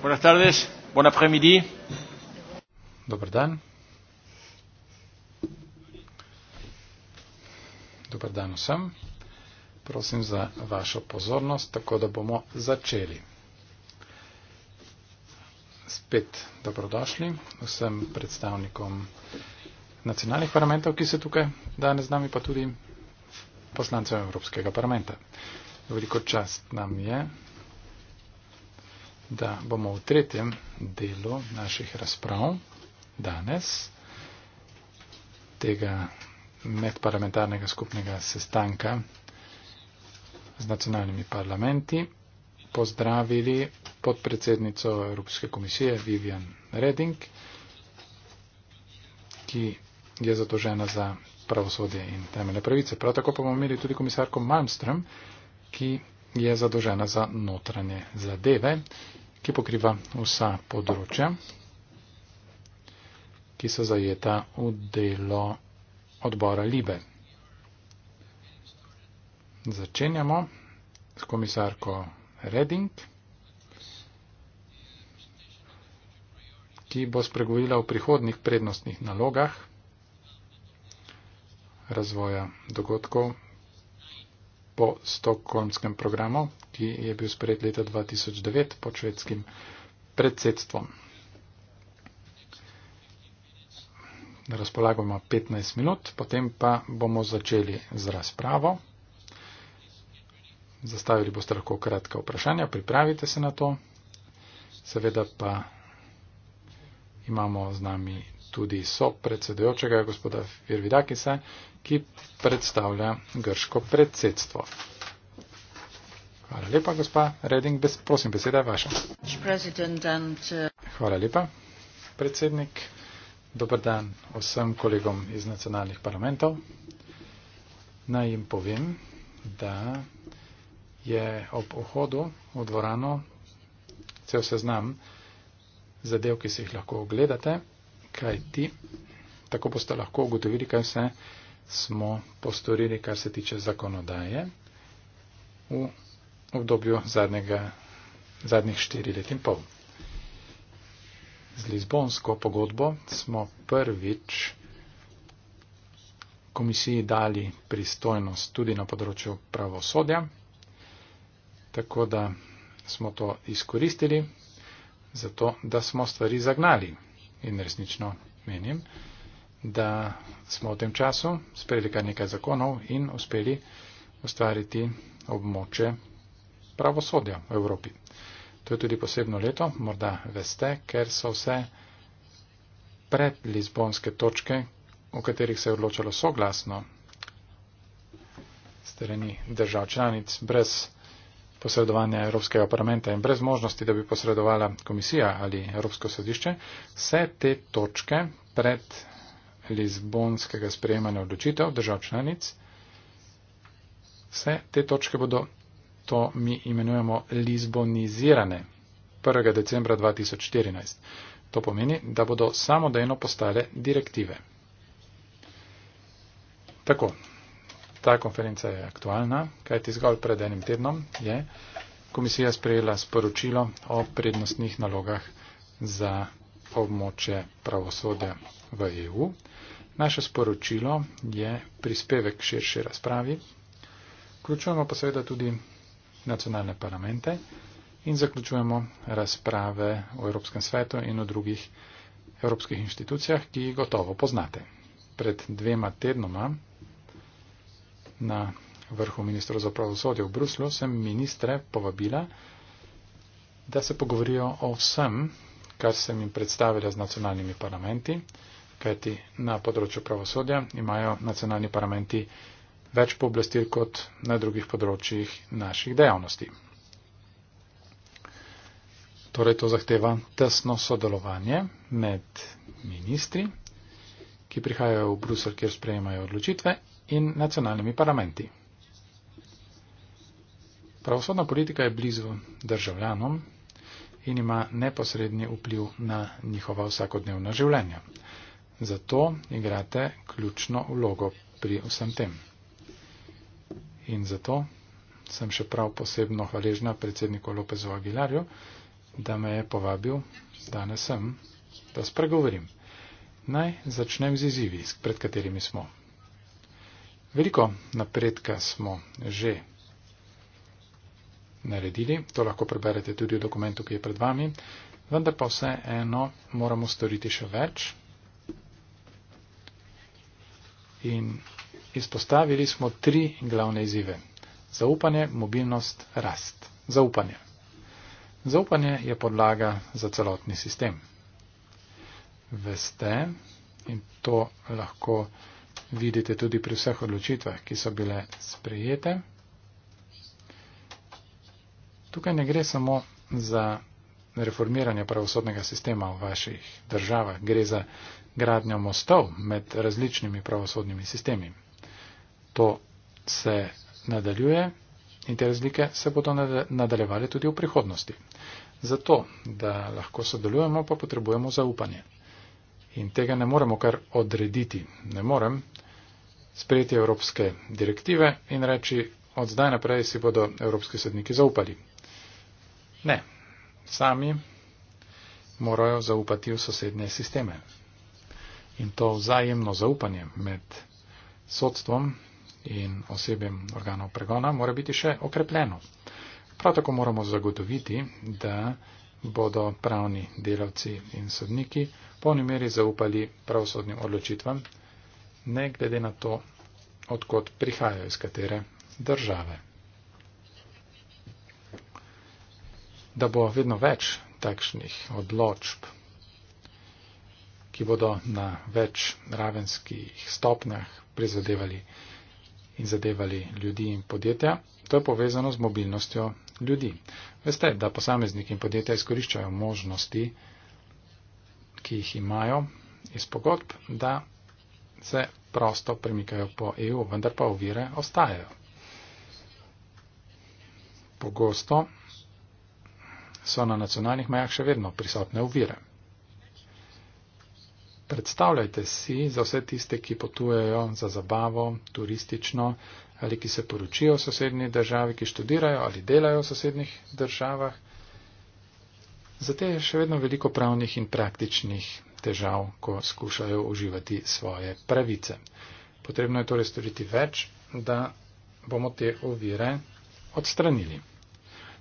Buenas tardes, buen après-midi. Dobar dan. Dobar dan vsem. Prosim za vašo pozornost, tako da bomo začeli. Spet dobrodošli vsem predstavnikom nacionalnih parlamentov, ki so tukaj danes z nami, pa tudi poslancem Evropskega parlamenta veliko čast nam je, da bomo v tretjem delu naših razprav danes tega medparlamentarnega skupnega sestanka z nacionalnimi parlamenti pozdravili podpredsednico Evropske komisije Vivian Reding, ki je zadožena za pravosodje in temeljne pravice. Prav tako pa bomo imeli tudi komisarko Malmström, ki je zadožena za notranje zadeve, ki pokriva vsa področja, ki so zajeta v delo odbora Libe. Začenjamo s komisarko Reding, ki bo spregovila o prihodnih prednostnih nalogah razvoja dogodkov po stokholmskem programu, ki je bil sprejet leta 2009 pod švedskim predsedstvom. Na razpolago ima 15 minut, potem pa bomo začeli z razpravo. Zastavili boste lahko kratka vprašanja, pripravite se na to. Seveda pa imamo z nami tudi so predsedujočega gospoda Virvidakisa, ki predstavlja grško predsedstvo. Hvala lepa, gospa Reding, bez, prosim, beseda je vaša. Uh, Hvala lepa, predsednik. Dobar dan vsem kolegom iz nacionalnih parlamentov. Naj jim povem, da je ob vhodu v dvorano cel seznam zadev, ki si jih lahko ogledate kajti tako boste lahko ugotovili, kaj vse smo postorili, kar se tiče zakonodaje v obdobju zadnjega, zadnjih štiri let in pol. Z Lizbonsko pogodbo smo prvič komisiji dali pristojnost tudi na področju pravosodja, tako da smo to izkoristili, zato da smo stvari zagnali. In resnično menim, da smo v tem času sprejeli kar nekaj zakonov in uspeli ustvariti območje pravosodja v Evropi. To je tudi posebno leto, morda veste, ker so vse predlizbonske točke, o katerih se je odločalo soglasno strani držav članic brez posredovanja Evropskega parlamenta in brez možnosti, da bi posredovala komisija ali Evropsko sodišče, vse te točke pred Lizbonskega sprejemanja odločitev držav članic, vse te točke bodo, to mi imenujemo, lizbonizirane 1. decembra 2014. To pomeni, da bodo samodejno postale direktive. Tako, Ta konferenca je aktualna, kajti zgolj pred enim tednom je komisija sprejela sporočilo o prednostnih nalogah za območje pravosodja v EU. Naše sporočilo je prispevek k širši razpravi. Vključujemo pa seveda tudi nacionalne parlamente in zaključujemo razprave v Evropskem svetu in v drugih evropskih inštitucijah, ki jih gotovo poznate. Pred dvema tednoma na vrhu ministrov za pravosodje v Bruslu, sem ministre povabila, da se pogovorijo o vsem, kar sem jim predstavila z nacionalnimi parlamenti, kajti na področju pravosodja imajo nacionalni parlamenti več pooblastil kot na drugih področjih naših dejavnosti. Torej to zahteva tesno sodelovanje med ministri, ki prihajajo v Brusel, kjer sprejemajo odločitve in nacionalnimi parlamenti. Pravosodna politika je blizu državljanom in ima neposredni vpliv na njihova vsakodnevna življenja. Zato igrate ključno vlogo pri vsem tem. In zato sem še prav posebno hvaležna predsedniku Lopezu Aguilarju, da me je povabil danes sem, da spregovorim. Naj začnem z izzivi, pred katerimi smo. Veliko napredka smo že naredili, to lahko preberete tudi v dokumentu, ki je pred vami, vendar pa vse eno moramo storiti še več. In izpostavili smo tri glavne izzive. Zaupanje, mobilnost, rast. Zaupanje. Zaupanje je podlaga za celotni sistem. Veste, in to lahko vidite tudi pri vseh odločitvah, ki so bile sprejete. Tukaj ne gre samo za reformiranje pravosodnega sistema v vaših državah, gre za gradnjo mostov med različnimi pravosodnimi sistemi. To se nadaljuje in te razlike se bodo nadaljevali tudi v prihodnosti. Zato, da lahko sodelujemo, pa potrebujemo zaupanje. In tega ne moremo kar odrediti. Ne morem sprejeti evropske direktive in reči, od zdaj naprej si bodo evropski sodniki zaupali. Ne, sami morajo zaupati v sosednje sisteme. In to vzajemno zaupanje med sodstvom in osebjem organov pregona mora biti še okrepljeno. Prav tako moramo zagotoviti, da bodo pravni delavci in sodniki v polni meri zaupali pravosodnim odločitvam, ne glede na to, odkot prihajajo, iz katere države. Da bo vedno več takšnih odločb, ki bodo na več ravenskih stopnjah prizadevali in zadevali ljudi in podjetja, to je povezano z mobilnostjo ljudi. Veste, da posamezniki in podjetja izkoriščajo možnosti, ki jih imajo iz pogodb, da se prosto premikajo po EU, vendar pa ovire ostajajo. Pogosto so na nacionalnih mejah še vedno prisotne ovire. Predstavljajte si za vse tiste, ki potujejo za zabavo, turistično, ali ki se poročijo v sosednji državi, ki študirajo ali delajo v sosednjih državah. Za te je še vedno veliko pravnih in praktičnih težav, ko skušajo uživati svoje pravice. Potrebno je torej storiti več, da bomo te ovire odstranili.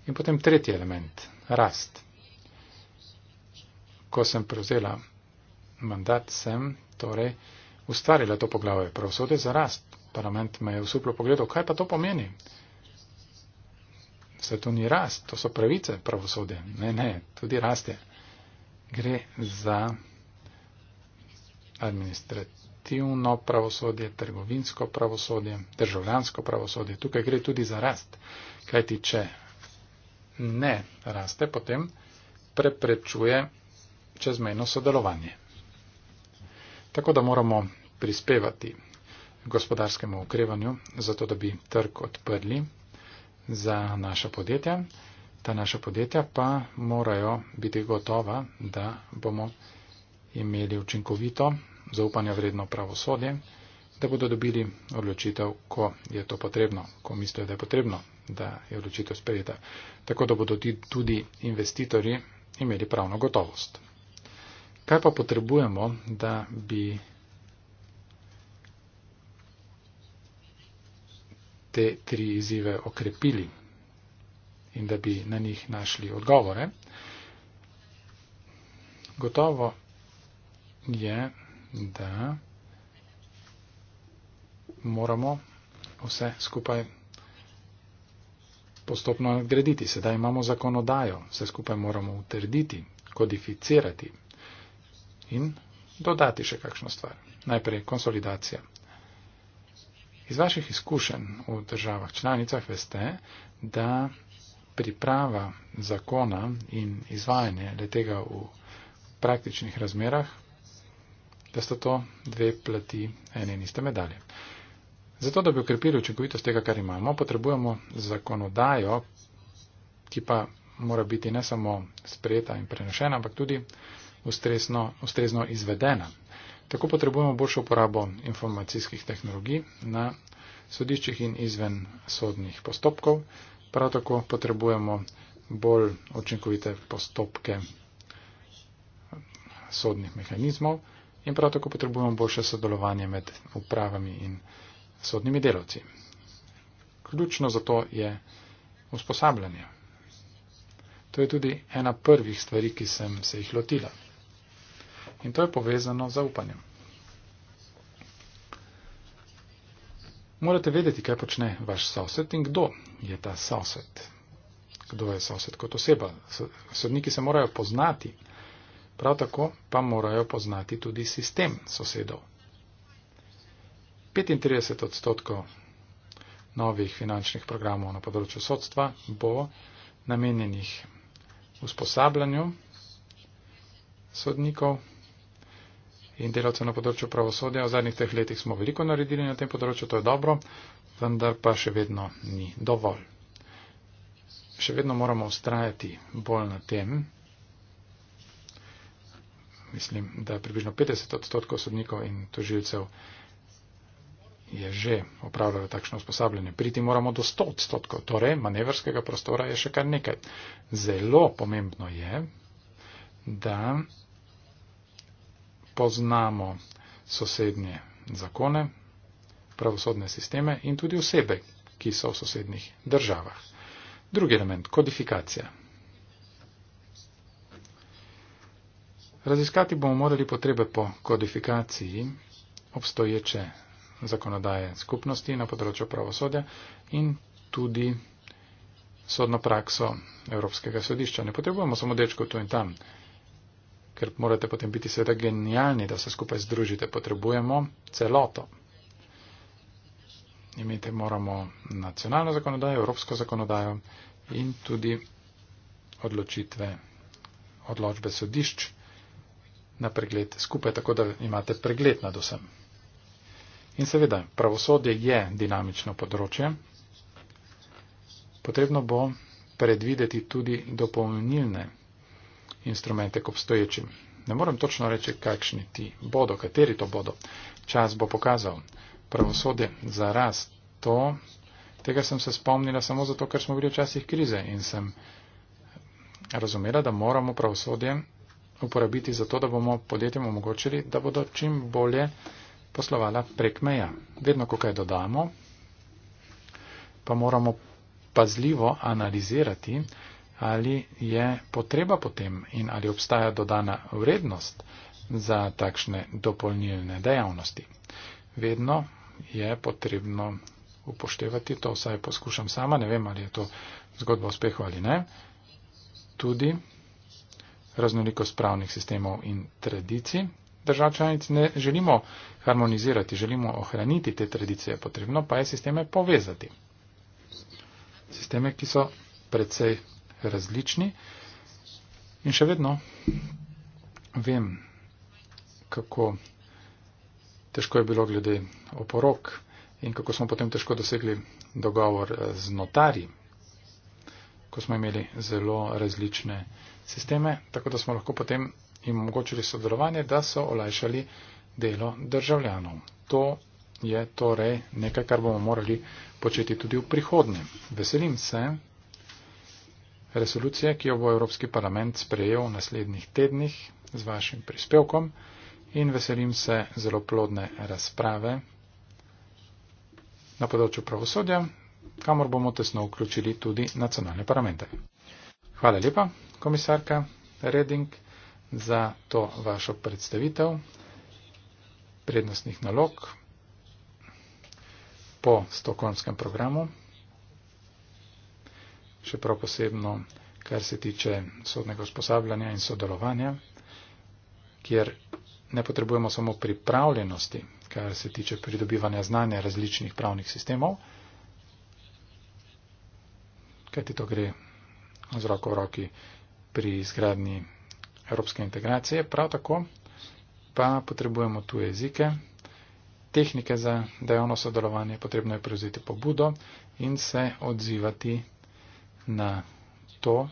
In potem tretji element, rast. Ko sem prevzela mandat, sem torej ustvarila to poglavje pravosode za rast, parlament me je usuplo pogledal, kaj pa to pomeni. Vse to ni rast, to so pravice pravosodje. Ne, ne, tudi rast je. Gre za administrativno pravosodje, trgovinsko pravosodje, državljansko pravosodje. Tukaj gre tudi za rast. Kaj ti, če ne raste, potem preprečuje čezmejno sodelovanje. Tako da moramo prispevati gospodarskemu okrevanju, zato da bi trg odprli za naša podjetja. Ta naša podjetja pa morajo biti gotova, da bomo imeli učinkovito zaupanja vredno pravosodje, da bodo dobili odločitev, ko je to potrebno, ko mislijo, da je potrebno, da je odločitev sprejeta. Tako da bodo tudi investitorji imeli pravno gotovost. Kaj pa potrebujemo, da bi te tri izzive okrepili in da bi na njih našli odgovore. Gotovo je, da moramo vse skupaj postopno nadgraditi. Sedaj imamo zakonodajo, vse skupaj moramo utrditi, kodificirati in dodati še kakšno stvar. Najprej konsolidacija. Iz vaših izkušenj v državah članicah veste, da priprava zakona in izvajanje le tega v praktičnih razmerah, da sta to dve plati ene in iste medalje. Zato, da bi ukrepili učinkovitost tega, kar imamo, potrebujemo zakonodajo, ki pa mora biti ne samo sprejeta in prenešena, ampak tudi ustrezno, ustrezno izvedena. Tako potrebujemo boljšo uporabo informacijskih tehnologij na sodiščih in izven sodnih postopkov. Prav tako potrebujemo bolj očinkovite postopke sodnih mehanizmov in prav tako potrebujemo boljše sodelovanje med upravami in sodnimi delavci. Ključno za to je usposabljanje. To je tudi ena prvih stvari, ki sem se jih lotila. In to je povezano z zaupanjem. Morate vedeti, kaj počne vaš sosed in kdo je ta sosed. Kdo je sosed kot oseba? Sodniki se morajo poznati, prav tako pa morajo poznati tudi sistem sosedov. 35 odstotkov novih finančnih programov na področju sodstva bo namenjenih usposabljanju sodnikov in delavce na področju pravosodja. V zadnjih teh letih smo veliko naredili na tem področju, to je dobro, vendar pa še vedno ni dovolj. Še vedno moramo ustrajati bolj na tem. Mislim, da približno 50 odstotkov sodnikov in tožilcev je že opravljalo takšno usposabljanje. Priti moramo do 100 odstotkov, torej manevrskega prostora je še kar nekaj. Zelo pomembno je, da poznamo sosednje zakone, pravosodne sisteme in tudi osebe, ki so v sosednjih državah. Drugi element, kodifikacija. Raziskati bomo morali potrebe po kodifikaciji obstoječe zakonodaje skupnosti na področju pravosodja in tudi sodno prakso Evropskega sodišča. Ne potrebujemo samo dečko tu in tam ker morate potem biti seveda genialni, da se skupaj združite. Potrebujemo celoto. Imeti moramo nacionalno zakonodajo, evropsko zakonodajo in tudi odločitve, odločbe sodišč na pregled skupaj, tako da imate pregled nad vsem. In seveda, pravosodje je dinamično področje. Potrebno bo predvideti tudi dopolnilne instrumente k obstoječim. Ne morem točno reči, kakšni ti bodo, kateri to bodo. Čas bo pokazal. Pravosodje za raz to, tega sem se spomnila samo zato, ker smo bili včasih krize in sem razumela, da moramo pravosodje uporabiti za to, da bomo podjetjem omogočili, da bodo čim bolje poslovala prek meja. Vedno, ko kaj dodamo, pa moramo pazljivo analizirati, ali je potreba potem in ali obstaja dodana vrednost za takšne dopolnilne dejavnosti. Vedno je potrebno upoštevati to, vsaj poskušam sama, ne vem, ali je to zgodba uspehu ali ne, tudi raznoliko spravnih sistemov in tradicij. Držav članic ne želimo harmonizirati, želimo ohraniti te tradicije, potrebno pa je sisteme povezati. Sisteme, ki so predvsej različni. In še vedno vem, kako težko je bilo glede oporok in kako smo potem težko dosegli dogovor eh, z notarji, ko smo imeli zelo različne sisteme, tako da smo lahko potem jim omogočili sodelovanje, da so olajšali delo državljanov. To je torej nekaj, kar bomo morali početi tudi v prihodnje. Veselim se resolucije, ki jo bo Evropski parlament sprejel v naslednjih tednih z vašim prispevkom in veselim se zelo plodne razprave na področju pravosodja, kamor bomo tesno vključili tudi nacionalne parlamente. Hvala lepa, komisarka Reding, za to vašo predstavitev prednostnih nalog po stokholmskem programu še prav posebno, kar se tiče sodnega usposabljanja in sodelovanja, kjer ne potrebujemo samo pripravljenosti, kar se tiče pridobivanja znanja različnih pravnih sistemov, kajti to gre z roko v roki pri izgradnji evropske integracije, prav tako pa potrebujemo tu jezike, tehnike za dejavno sodelovanje, potrebno je prevzeti pobudo in se odzivati na to,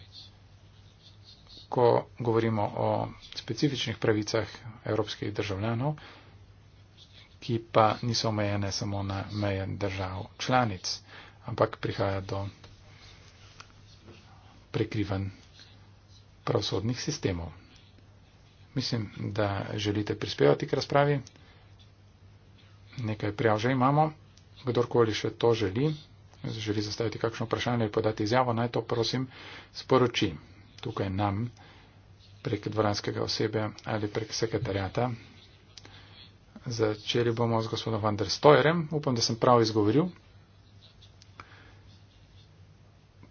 ko govorimo o specifičnih pravicah evropskih državljanov, ki pa niso omejene samo na meje držav članic, ampak prihaja do prekrivan pravosodnih sistemov. Mislim, da želite prispevati k razpravi. Nekaj prijav že imamo. Kdorkoli še to želi, želi zastaviti kakšno vprašanje ali podati izjavo, naj to prosim sporoči tukaj nam prek dvoranskega osebe ali prek sekretarjata. Začeli bomo z gospodom Van der Stojerem. Upam, da sem prav izgovoril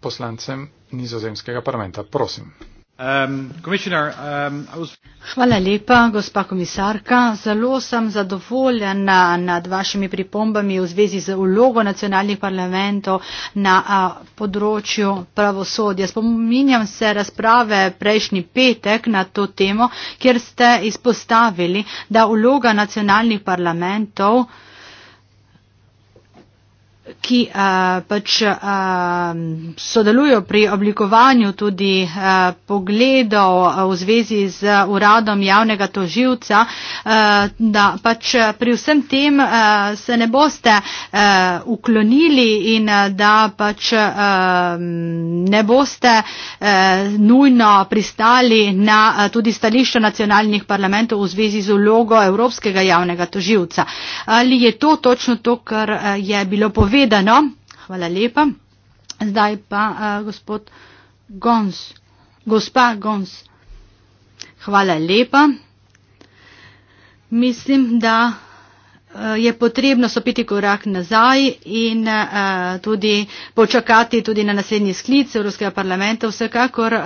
poslancem nizozemskega parlamenta. Prosim. Um, um, was... Hvala lepa, gospa komisarka. Zelo sem zadovoljena nad vašimi pripombami v zvezi z ulogo nacionalnih parlamentov na a, področju pravosodja. Spominjam se razprave prejšnji petek na to temo, kjer ste izpostavili, da uloga nacionalnih parlamentov ki uh, pač uh, sodelujo pri oblikovanju tudi uh, pogledov v zvezi z uradom javnega toživca, uh, da pač pri vsem tem uh, se ne boste uh, uklonili in da pač uh, ne boste uh, nujno pristali na uh, tudi stališča nacionalnih parlamentov v zvezi z vlogo Evropskega javnega toživca. Ali je to točno to, kar je bilo povedano? povedano. Hvala lepa. Zdaj pa uh, gospod Gons. Gospa Gons. Hvala lepa. Mislim, da. Eh, je potrebno stopiti korak nazaj in eh, tudi počakati tudi na naslednji sklic Evropskega parlamenta. Vsekakor eh,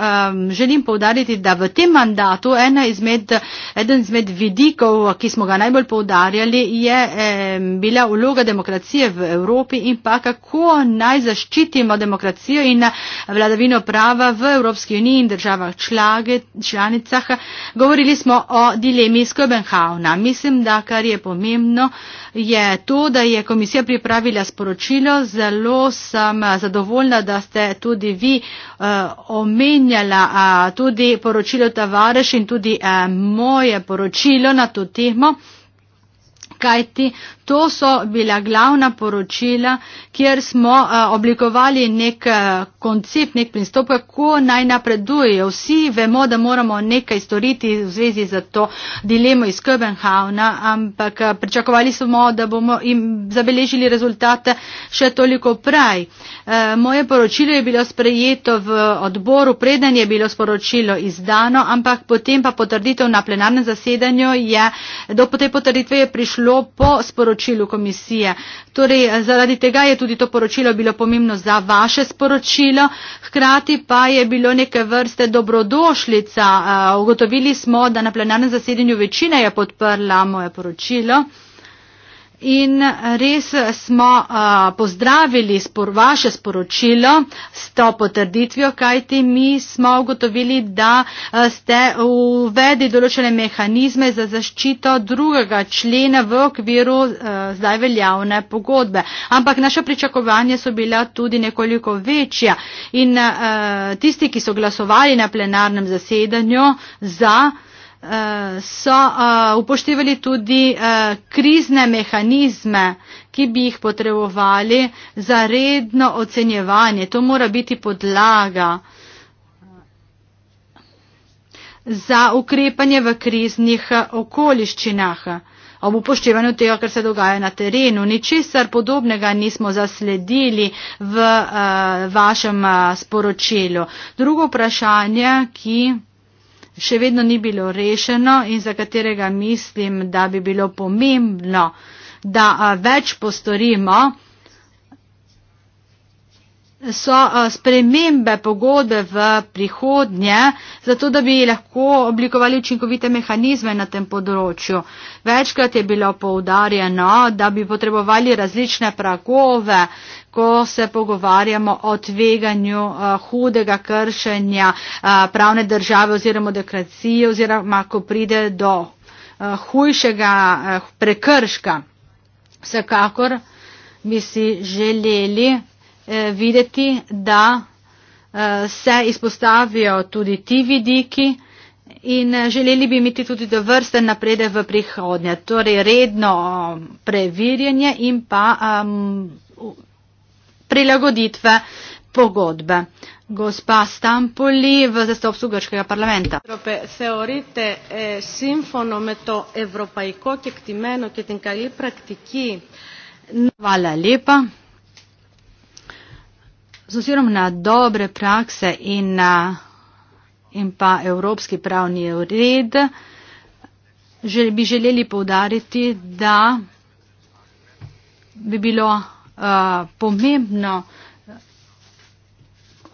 želim povdariti, da v tem mandatu izmed, eden izmed vidikov, ki smo ga najbolj povdarjali, je bila vloga demokracije v Evropi in pa kako naj zaščitimo demokracijo in vladavino prava v Evropski uniji in državah člage, članicah. Govorili smo o dilemi Skobenhavna. Mislim, da kar je pomembno, je to, da je komisija pripravila sporočilo. Zelo sem zadovoljna, da ste tudi vi uh, omenjala uh, tudi poročilo Tavareš in tudi uh, moje poročilo na to temo. Kajti To so bila glavna poročila, kjer smo eh, oblikovali nek eh, koncept, nek pristop, kako naj napredujejo. Vsi vemo, da moramo nekaj storiti v zvezi z to dilemo iz Köbenhavna, ampak eh, pričakovali smo, da bomo jim zabeležili rezultate še toliko prej. Moje poročilo je bilo sprejeto v odboru, preden je bilo sporočilo izdano, ampak potem pa potrditev na plenarnem zasedanju je, do te potrditve je prišlo po sporočilu poročilu komisije. Torej, eh, zaradi tega je tudi to poročilo bilo pomembno za vaše sporočilo, hkrati pa je bilo neke vrste dobrodošlica. Eh, ugotovili smo, da na plenarnem zasedanju večina je podprla moje poročilo. In res smo a, pozdravili spor, vaše sporočilo s to potrditvijo, kajti mi smo ugotovili, da a, ste uvedli določene mehanizme za zaščito drugega člena v okviru a, zdaj veljavne pogodbe. Ampak naše pričakovanje so bila tudi nekoliko večja in a, tisti, ki so glasovali na plenarnem zasedanju za. Eh, so eh, upoštevali tudi eh, krizne mehanizme, ki bi jih potrebovali za redno ocenjevanje. To mora biti podlaga za ukrepanje v kriznih okoliščinah ob upoštevanju tega, kar se dogaja na terenu. Ničesar podobnega nismo zasledili v uh, vašem uh, sporočilu. Drugo vprašanje, ki še vedno ni bilo rešeno in za katerega mislim, da bi bilo pomembno, da več postorimo, so spremembe pogode v prihodnje, zato da bi lahko oblikovali učinkovite mehanizme na tem področju. Večkrat je bilo poudarjeno, da bi potrebovali različne pragove, ko se pogovarjamo o tveganju eh, hudega kršenja eh, pravne države oziroma demokracije oziroma ko pride do eh, hujšega prekrška. Vsekakor bi si želeli videti, da se izpostavijo tudi ti vidiki in želeli bi imeti tudi do vrste naprede v prihodnje, torej redno preverjanje in pa um, prilagoditve pogodbe. Gospa Stampoli v zastopstvu Grškega parlamenta. Eh, Hvala lepa. Z ozirom na dobre prakse in, na, eh, in pa evropski pravni red, že, bi želeli povdariti, da bi bilo Eh, pomembno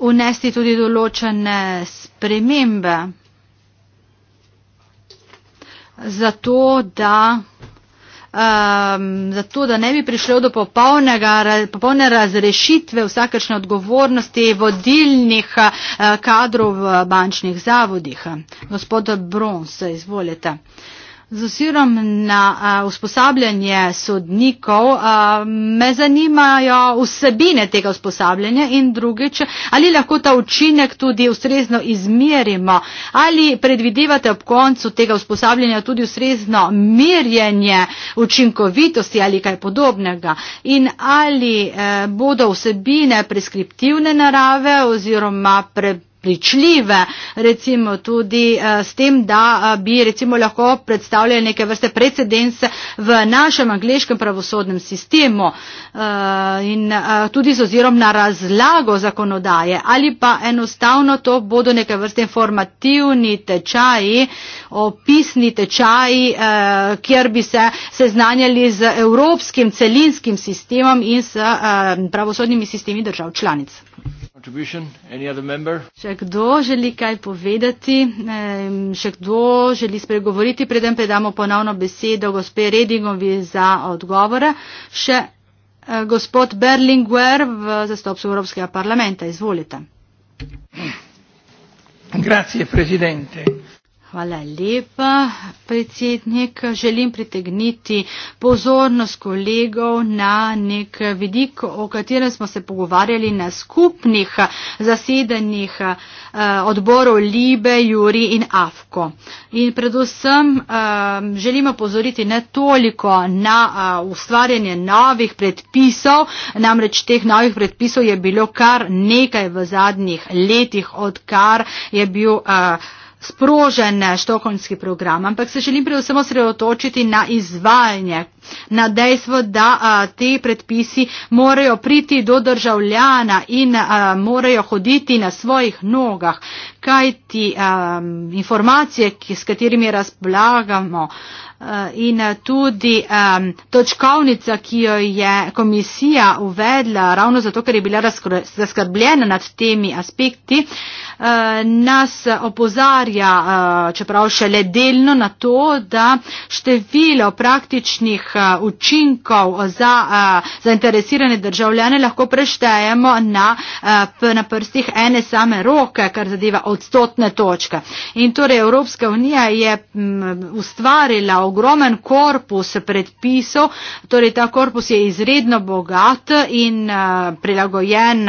unesti tudi določene spremembe, zato da, um, zato da ne bi prišlo do popolne razrešitve vsakečne odgovornosti vodilnih eh, kadrov v bančnih zavodih. Gospod Brons, izvolite. Uh, Z osirom na uh, usposabljanje sodnikov uh, me zanimajo vsebine tega usposabljanja in drugič, ali lahko ta učinek tudi ustrezno izmerimo, ali predvidevate ob koncu tega usposabljanja tudi ustrezno merjenje učinkovitosti ali kaj podobnega in ali uh, bodo vsebine preskriptivne narave oziroma preprosti prepričljive, recimo tudi eh, s tem, da eh, bi recimo lahko predstavljali neke vrste precedence v našem angliškem pravosodnem sistemu eh, in tudi z ozirom na razlago zakonodaje ali pa enostavno to bodo neke vrste informativni tečaji, opisni tečaji, kjer bi se seznanjali z evropskim celinskim sistemom in s pravosodnimi sistemi držav članic. Še kdo želi kaj povedati? Še kdo želi spregovoriti? Preden predamo ponovno besedo gospe Redingovi za odgovore. Še eh, gospod Berlinguer v zastopstvu Evropskega parlamenta. Izvolite. Grazie, Hvala lepa, predsednik. Želim pritegniti pozornost kolegov na nek vidik, o katerem smo se pogovarjali na skupnih zasedanjih eh, odborov Libe, Juri in Afko. In predvsem eh, želimo pozoriti ne toliko na eh, ustvarjanje novih predpisov, namreč teh novih predpisov je bilo kar nekaj v zadnjih letih, odkar je bil sprožen eh, štokholmski program, ampak se želim predvsem osredotočiti na izvajanje, na dejstvo, da a, eh, te predpisi morajo priti do državljana in a, eh, morajo hoditi na svojih nogah, kaj ti a, ehm, informacije, ki, s katerimi razblagamo in tudi um, točkovnica, ki jo je komisija uvedla ravno zato, ker je bila razkrbljena nad temi aspekti, uh, Eh, nas opozarja, eh, čeprav še le delno, na to, da število praktičnih eh, učinkov za zainteresirane državljane lahko preštejemo na, na prstih ene same roke, kar zadeva odstotne točke. In torej Evropska unija je mm, ustvarila ogromen korpus predpisov, torej ta korpus je izredno bogat in prilagojen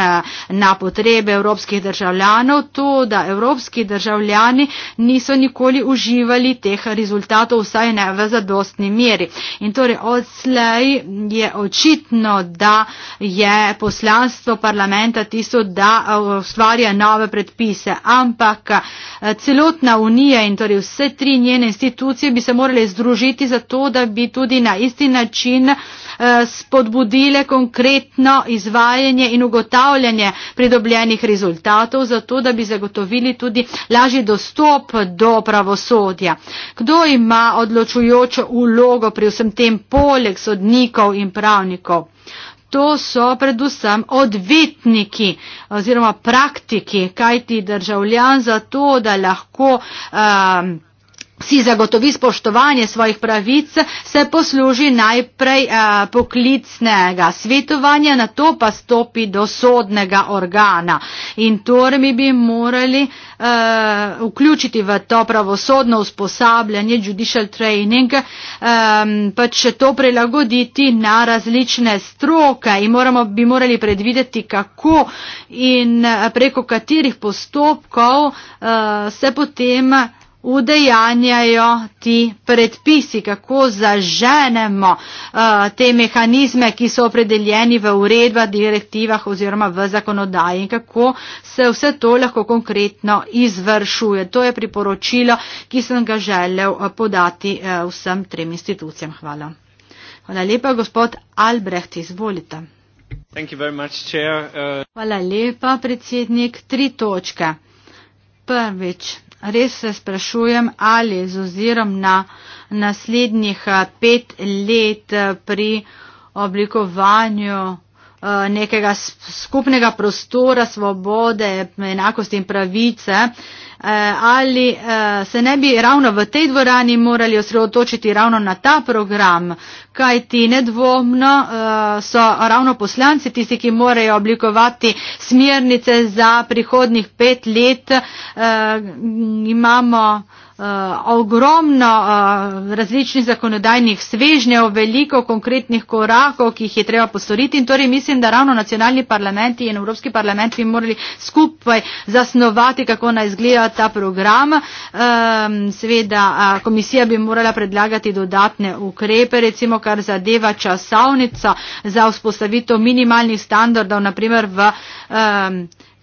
na potrebe evropskih državljanov to, da evropski državljani niso nikoli uživali teh rezultatov, vsaj ne v zadostni meri. In torej odslej je očitno, da je poslanstvo parlamenta tisto, da eh, ustvarja nove predpise, ampak eh, celotna unija in torej vse tri njene institucije bi se morali združiti za to, da bi tudi na isti način eh, spodbudile konkretno izvajanje in ugotavljanje pridobljenih rezultatov, zato da bi zagotovili tudi lažji dostop do pravosodja. Kdo ima odločujočo ulogo pri vsem tem poleg sodnikov in pravnikov? To so predvsem odvetniki oziroma praktiki, kajti državljan za to, da lahko um, si zagotovi spoštovanje svojih pravic, se posluži najprej a, eh, poklicnega svetovanja, na to pa stopi do sodnega organa. In torej mi bi morali a, eh, vključiti v to pravosodno usposabljanje, judicial training, a, ehm, pač to prilagoditi na različne stroke in moramo, bi morali predvideti, kako in eh, preko katerih postopkov a, se potem udejanjajo ti predpisi, kako zaženemo uh, te mehanizme, ki so opredeljeni v uredbah, direktivah oziroma v zakonodaji in kako se vse to lahko konkretno izvršuje. To je priporočilo, ki sem ga želel eh, podati uh, vsem trem institucijam. Hvala. Hvala lepa, gospod Albrecht, izvolite. Much, uh, Hvala lepa, predsednik. Tri točke. Prvič. Res se sprašujem, ali z ozirom na naslednjih eh, pet let eh, pri oblikovanju eh, nekega skupnega prostora svobode, enakosti in pravice, Eh, ali eh, se ne bi ravno v tej dvorani morali osredotočiti ravno na ta program, kajti nedvomno eh, so ravno poslanci tisti, ki morajo oblikovati smernice za prihodnih pet let. Imamo Eh, ogromno eh, različnih zakonodajnih svežnjev, veliko konkretnih korakov, ki jih je treba postoriti in torej mislim, da ravno nacionalni parlamenti in Evropski parlament bi morali skupaj zasnovati, kako naj izgleda ta program. Seveda komisija bi morala predlagati dodatne ukrepe, recimo kar zadeva časovnica za vzpostavitev minimalnih standardov, naprimer v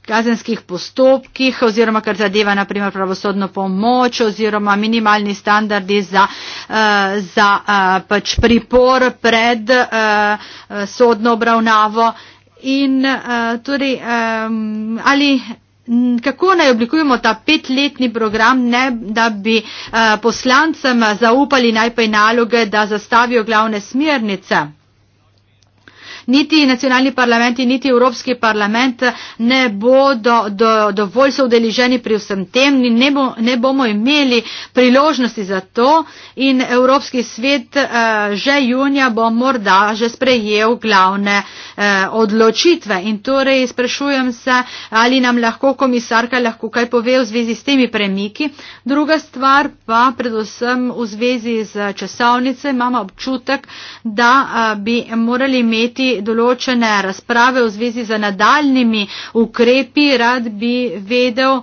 kazenskih postopkih oziroma kar zadeva naprimer pravosodno pomoč oziroma minimalni standardi za, eh, za eh, pač pripor pred eh, sodno obravnavo. In torej, ali kako naj oblikujemo ta petletni program, ne da bi poslancem zaupali najprej naloge, da zastavijo glavne smernice? niti nacionalni parlamenti, niti Evropski parlament ne bodo do, dovolj so udeleženi pri vsem tem, ne, bo, ne bomo imeli priložnosti za to in Evropski svet eh, že junija bo morda že sprejel glavne eh, odločitve. In torej sprašujem se, ali nam lahko komisarka lahko kaj pove v zvezi s temi premiki. Druga stvar pa predvsem v zvezi z časovnice imamo občutek, da eh, bi morali imeti določene razprave v zvezi z nadaljnimi ukrepi, rad bi vedel,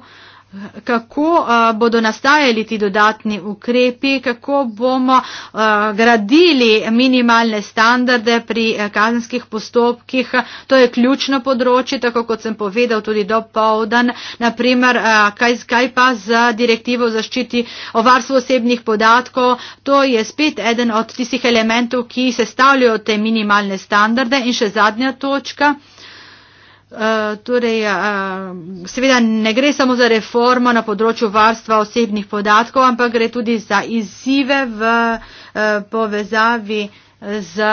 Kako uh, bodo nastajali ti dodatni ukrepi, kako bomo uh, gradili minimalne standarde pri uh, kazenskih postopkih, to je ključno področje, tako kot sem povedal tudi do povdan. Naprimer, uh, kaj, kaj pa z direktivo zaščiti o varstvu osebnih podatkov, to je spet eden od tistih elementov, ki sestavljajo te minimalne standarde in še zadnja točka. Eh, torej, uh, seveda ne gre samo za reformo na področju varstva osebnih podatkov, ampak gre tudi za izzive v uh, povezavi z,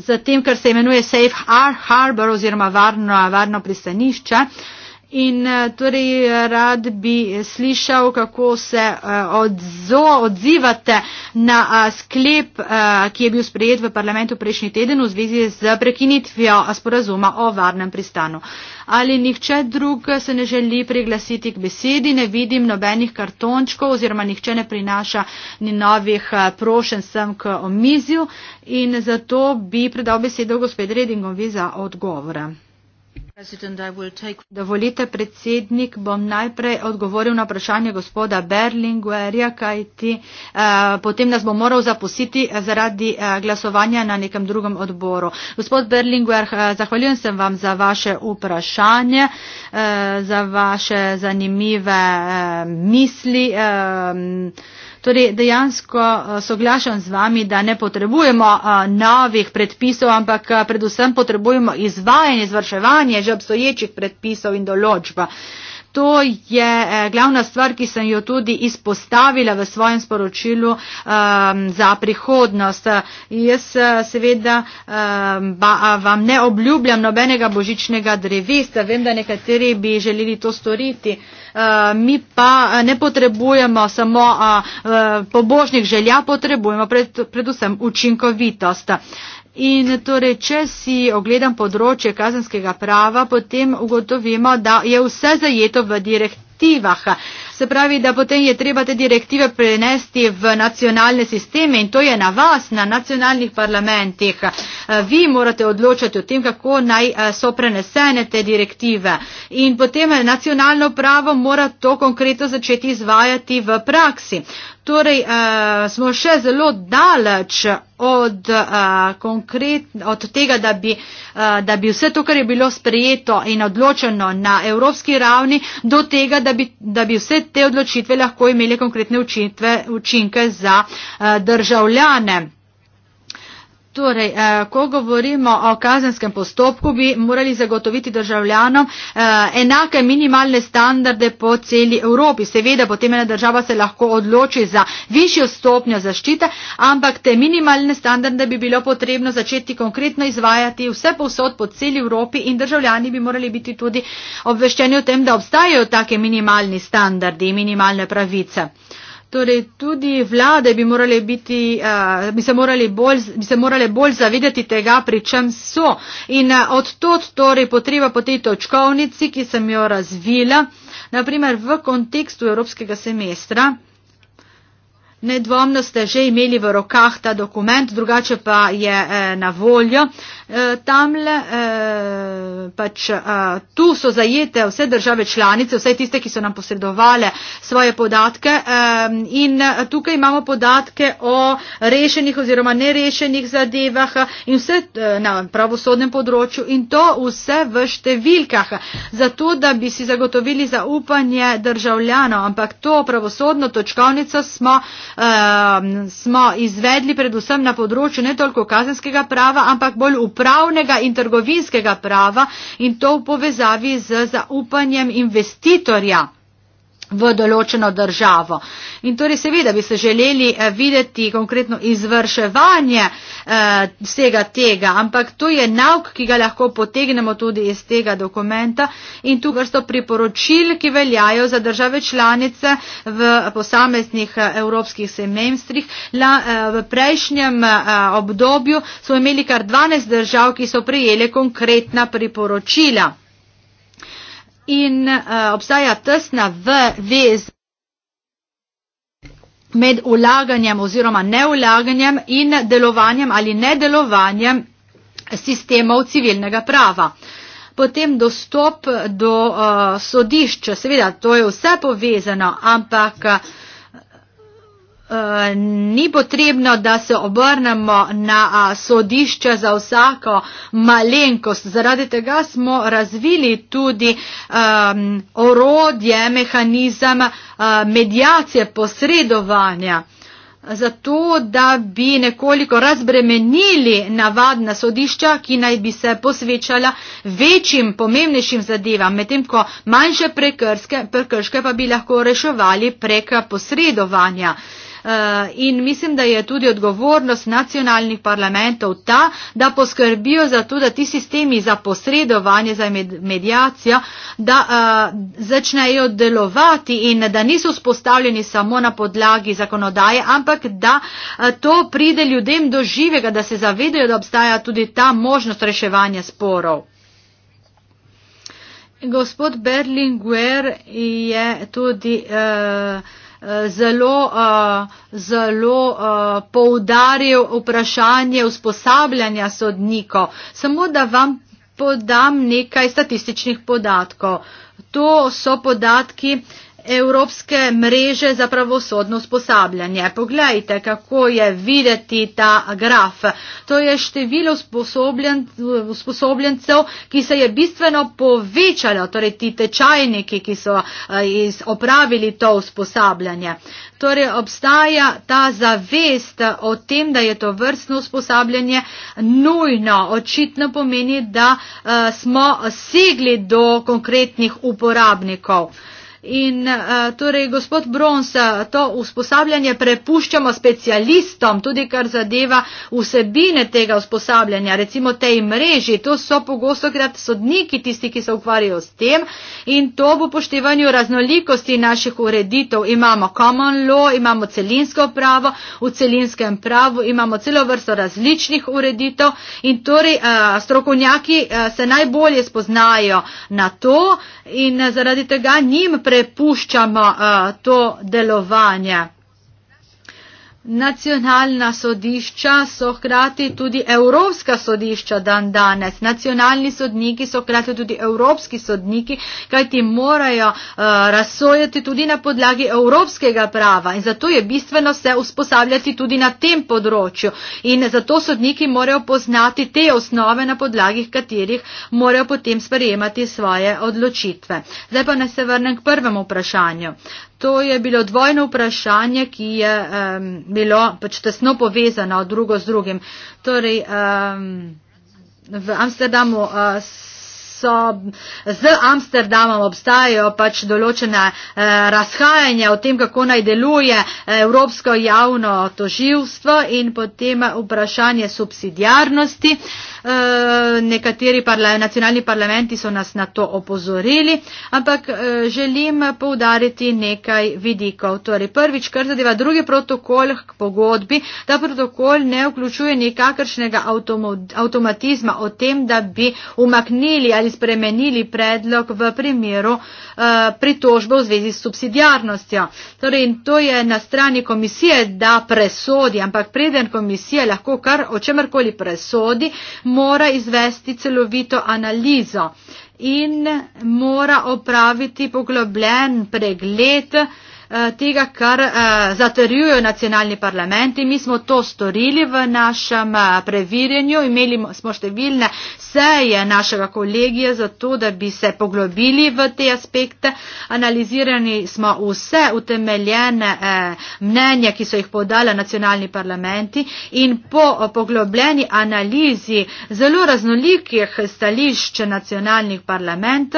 z tem, kar se imenuje Safe Harbor oziroma varno, varno pristanišče. Uh, In eh, torej rad bi slišal, kako se eh, odzo, odzivate na eh, sklep, ki je bil sprejet v parlamentu prejšnji teden v zvezi z prekinitvijo sporazuma o varnem pristanu. Ali nihče drug se ne želi priglasiti k besedi, ne vidim nobenih kartončkov oziroma nihče ne prinaša ni novih prošen sem k omizju in zato bi predal besedo gospod Redingovi za odgovore. Dovolite, predsednik, bom najprej odgovoril na vprašanje gospoda Berlinguerja, kajti eh, potem nas bo moral zapustiti eh, zaradi eh, glasovanja na nekem drugem odboru. Gospod Berlinguer, eh, zahvaljujem se vam za vaše vprašanje, eh, za vaše zanimive eh, misli. Eh, Torej, dejansko eh, soglašam z vami, da ne potrebujemo eh, novih predpisov, ampak eh, predvsem potrebujemo izvajanje, izvrševanje že obstoječih predpisov in določb. To je glavna stvar, ki sem jo tudi izpostavila v svojem sporočilu um, za prihodnost. Jaz seveda um, ba, vam ne obljubljam nobenega božičnega drevesta, vem, da nekateri bi želeli to storiti. Uh, Eh, mi pa eh, ne potrebujemo samo eh, pobožnih želja, potrebujemo predvsem učinkovitost. In torej, če si ogledam področje kazenskega prava, potem ugotovimo, da je vse zajeto v direktivah se pravi, da potem je treba te direktive prenesti v nacionalne sisteme in to je na vas, na nacionalnih parlamentih. Eh, vi morate odločati o tem, kako naj eh, so prenesene te direktive in potem eh, nacionalno pravo mora to konkretno začeti izvajati v praksi. Torej uh, smo še zelo daleč od, uh, konkret, od tega, da bi, uh, da bi vse to, kar je bilo sprejeto in odločeno na evropski ravni, do tega, da bi, da bi vse te odločitve lahko imele konkretne učitve, učinke za eh, državljane. Torej, eh, ko govorimo o kazenskem postopku, bi morali zagotoviti državljanom eh, enake minimalne standarde po celi Evropi. Seveda, potem ena država se lahko odloči za višjo stopnjo zaščite, ampak te minimalne standarde bi bilo potrebno začeti konkretno izvajati vse posod po celi Evropi in državljani bi morali biti tudi obveščeni o tem, da obstajajo take minimalni standardi, minimalne pravice. Eh, Torej, tudi vlade bi, biti, uh, bi, se bolj, bi se morale bolj zavedati tega, pri čem so. In uh, od tod torej potreba po tej točkovnici, ki sem jo razvila, naprimer v kontekstu evropskega semestra. Nedvomno ste že imeli v rokah ta dokument, drugače pa je eh, na voljo. Eh, Eh, tam le, eh, pač eh, tu so zajete vse države članice, vse tiste, ki so nam posredovale svoje podatke in tukaj imamo podatke o rešenih oziroma nerešenih zadevah in vse na pravosodnem področju in to vse v številkah, zato da bi si zagotovili zaupanje državljanov, ampak to pravosodno točkovnico smo, smo izvedli predvsem na področju ne toliko kazenskega prava, ampak bolj upanja pravnega in trgovinskega prava in to v povezavi z zaupanjem investitorja v določeno državo. In torej seveda bi se želeli eh, videti konkretno izvrševanje eh, vsega eh, tega, ampak to je nauk, ki ga lahko potegnemo tudi iz tega dokumenta in tu vrsto priporočil, ki veljajo za države članice v posameznih eh, evropskih semestrih. La, eh, v prejšnjem eh, obdobju so imeli kar 12 držav, ki so prijele konkretna priporočila in uh, obstaja tesna vez med ulaganjem oziroma neulaganjem in delovanjem ali nedelovanjem sistemov civilnega prava. Potem dostop do uh, eh, sodišča, seveda to je vse povezano, ampak uh, Eh, ni potrebno, da se obrnemo na sodišče za vsako malenkost. Zaradi tega smo razvili tudi um, orodje, mehanizem uh, eh, medijacije, posredovanja. Zato, da bi nekoliko razbremenili navadna sodišča, ki naj bi se posvečala večjim, pomembnejšim zadevam, medtem ko manjše prekrške pa bi lahko reševali prek posredovanja. Uh, Eh, in mislim, da je tudi odgovornost nacionalnih parlamentov ta, da poskrbijo za to, da ti sistemi za posredovanje, za medijacijo, da eh, začnejo delovati in da niso spostavljeni samo na podlagi zakonodaje, ampak da eh, to pride ljudem do živega, da se zavedajo, da obstaja tudi ta možnost reševanja sporov. Gospod Berlinguer je tudi uh, zelo, zelo poudaril vprašanje usposabljanja sodnikov. Samo da vam podam nekaj statističnih podatkov. To so podatki, Evropske mreže za pravosodno usposabljanje. Poglejte, kako je videti ta graf. To je število usposobljencev, ki se je bistveno povečalo, torej ti tečajniki, ki so eh, opravili to usposabljanje. Torej obstaja ta zavest o tem, da je to vrstno usposabljanje nujno. Očitno pomeni, da eh, smo segli do konkretnih uporabnikov. In uh, torej, gospod Brons, eh, to usposabljanje prepuščamo specialistom, tudi kar zadeva vsebine tega usposabljanja, recimo tej mreži. To so pogosto krat sodniki, tisti, ki se ukvarjajo s tem. In to v upoštevanju raznolikosti naših ureditev. Imamo common law, imamo celinsko pravo, v celinskem pravu imamo celo vrsto različnih ureditev. In torej, uh, strokovnjaki uh, se najbolje spoznajo na to in uh, zaradi tega njim prepuščamo prepuščamo uh, to delovanje. Nacionalna sodišča so hkrati tudi evropska sodišča dan danes. Nacionalni sodniki so hkrati tudi evropski sodniki, kajti morajo uh, razsojati tudi na podlagi evropskega prava in zato je bistveno se usposabljati tudi na tem področju. In zato sodniki morajo poznati te osnove, na podlagih katerih morajo potem sprejemati svoje odločitve. Zdaj pa ne se vrnem k prvemu vprašanju to je bilo dvojno vprašanje, ki je um, bilo pač tesno povezano drugo z drugim. Torej, um, v Amsterdamu uh, so, z Amsterdamom obstajajo pač določene uh, razhajanja o tem, kako naj deluje eh, Evropsko javno toživstvo in potem vprašanje subsidijarnosti. Uh, Eh, nekateri parla nacionalni parlamenti so nas na to opozorili, ampak e, želim poudariti nekaj vidikov. Torej, prvič, kar zadeva drugi protokol k pogodbi, ta protokol ne vključuje nikakršnega avtomatizma o tem, da bi umaknili ali spremenili predlog v primeru Eh, pritožbe v zvezi s subsidijarnostjo. Torej, in to je na strani komisije, da presodi, ampak preden komisija lahko kar o čemarkoli presodi, mora izvesti celovito analizo in mora opraviti poglobljen pregled uh, Eh, tega, kar eh, zaterjujo nacionalni parlamenti. Mi smo to storili v našem eh, preverjanju, imeli smo številne seje našega kolegije za to, da bi se poglobili v te aspekte. Analizirani smo vse utemeljene mnenja, ki so jih podala nacionalni parlamenti in po poglobljeni analizi zelo raznolikih stališč nacionalnih, parlament,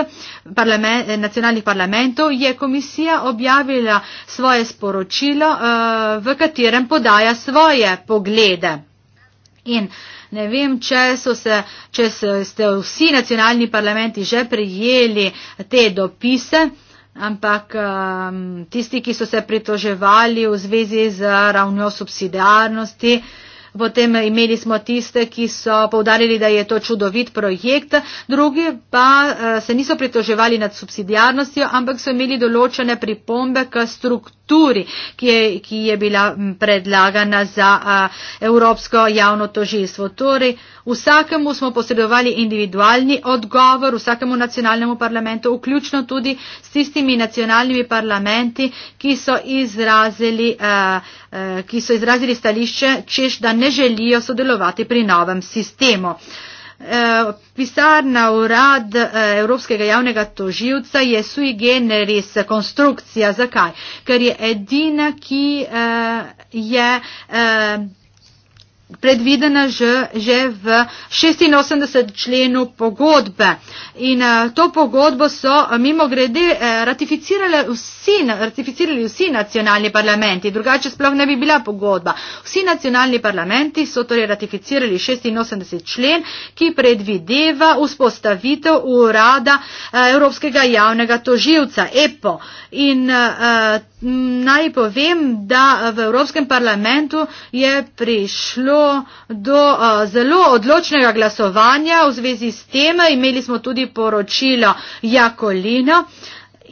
parlament, nacionalnih parlamentov je komisija objavila svoje sporočilo, eh, v katerem podaja svoje poglede. In ne vem, če, se, če ste vsi nacionalni parlamenti že prijeli te dopise. Ampak ehm, tisti, ki so se pritoževali v zvezi z ravnjo subsidiarnosti, Potem imeli smo tiste, ki so povdarjali, da je to čudovit projekt, drugi pa eh, se niso pritoževali nad subsidijarnostjo, ampak so imeli določene pripombe k strukturi strukturi, ki je, ki je bila predlagana za a, Evropsko javno toživstvo. Torej, vsakemu smo posredovali individualni odgovor, vsakemu nacionalnemu parlamentu, vključno tudi s tistimi nacionalnimi parlamenti, ki so izrazili, a, a, ki so izrazili stališče, češ da ne želijo sodelovati pri novem sistemu. Eh, pisarna urad eh, Evropskega javnega toživca je sui generis konstrukcija. Zakaj? Ker je edina, ki eh, je predvidena že, že v 86 členu pogodbe. In uh, to pogodbo so eh, mimo grede eh, vsi, ratificirali vsi nacionalni parlamenti, drugače sploh ne bi bila pogodba. Vsi nacionalni parlamenti so torej ratificirali 86 člen, ki predvideva vzpostavitev urada uh, Evropskega javnega toživca EPO. In, uh, Naj povem, da v Evropskem parlamentu je prišlo do uh, zelo odločnega glasovanja v zvezi s tem. Imeli smo tudi poročilo Jakolina.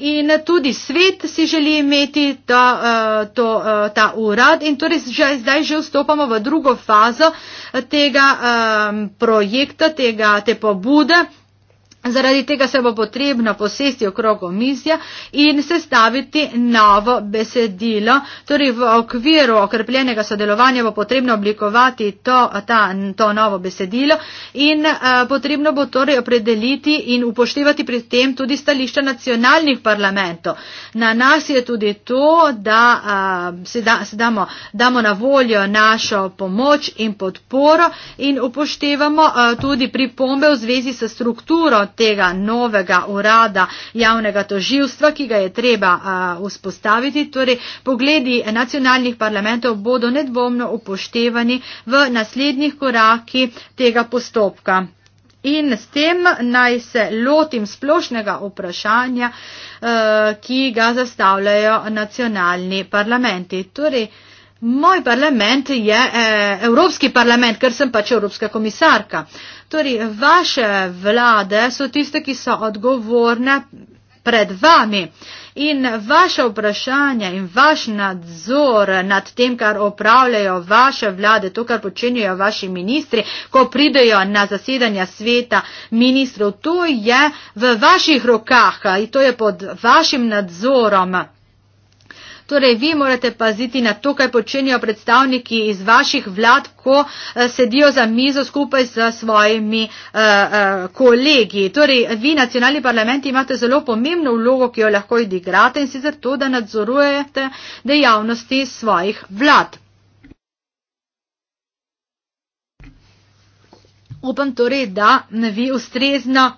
In tudi svet si želi imeti ta, to, ta urad in torej zdaj že vstopamo v drugo fazo tega projekta, tega, te pobude. Zaradi tega se bo potrebno posesti okrog omizja in sestaviti novo besedilo. Torej v okviru okrepljenega sodelovanja bo potrebno oblikovati to, ta, to novo besedilo in a, eh, potrebno bo torej opredeliti in upoštevati pri tem tudi stališča nacionalnih parlamentov. Na nas je tudi to, da a, eh, se, da, se damo, damo na voljo našo pomoč in podporo in upoštevamo a, eh, tudi pripombe v zvezi s strukturo tega novega urada javnega toživstva, ki ga je treba vzpostaviti. Torej, pogledi nacionalnih parlamentov bodo nedvomno upoštevani v naslednjih koraki tega postopka. In s tem naj se lotim splošnega vprašanja, e, ki ga zastavljajo nacionalni parlamenti. Torej, moj parlament je e, Evropski parlament, ker sem pač Evropska komisarka. Torej, vaše vlade so tiste, ki so odgovorne pred vami. In vaše vprašanje in vaš nadzor nad tem, kar opravljajo vaše vlade, to, kar počenjajo vaši ministri, ko pridejo na zasedanja sveta ministrov, to je v vaših rokah in to je pod vašim nadzorom. Torej, vi morate paziti na to, kaj počenjajo predstavniki iz vaših vlad, ko eh, sedijo za mizo skupaj s svojimi eh, eh kolegi. Torej, vi, nacionalni parlamenti, imate zelo pomembno vlogo, ki jo lahko odigrate in sicer to, da nadzorujete dejavnosti svojih vlad. Upam torej, da vi ustrezno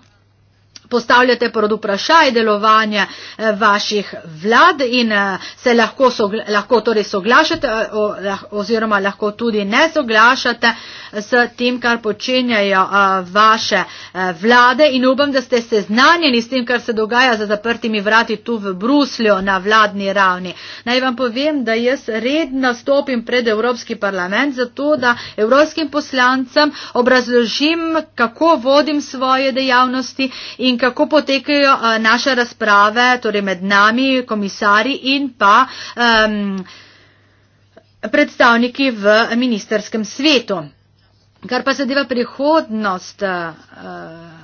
postavljate pod vprašaj delovanje eh, vaših vlad in eh, se lahko, lahko torej soglašate eh, oziroma lahko tudi ne soglašate s tem, kar počenjajo vaše vlade in upam, da ste seznanjeni s tem, kar se dogaja za zaprtimi vrati tu v Bruslju na vladni ravni. Naj vam povem, da jaz redno stopim pred Evropski parlament zato, da evropskim poslancem obrazložim, kako vodim svoje dejavnosti in kako potekajo eh, naše razprave, torej med nami, komisari in pa um, predstavniki v ministerskem svetu. Kar pa zadeva prihodnost. Uh,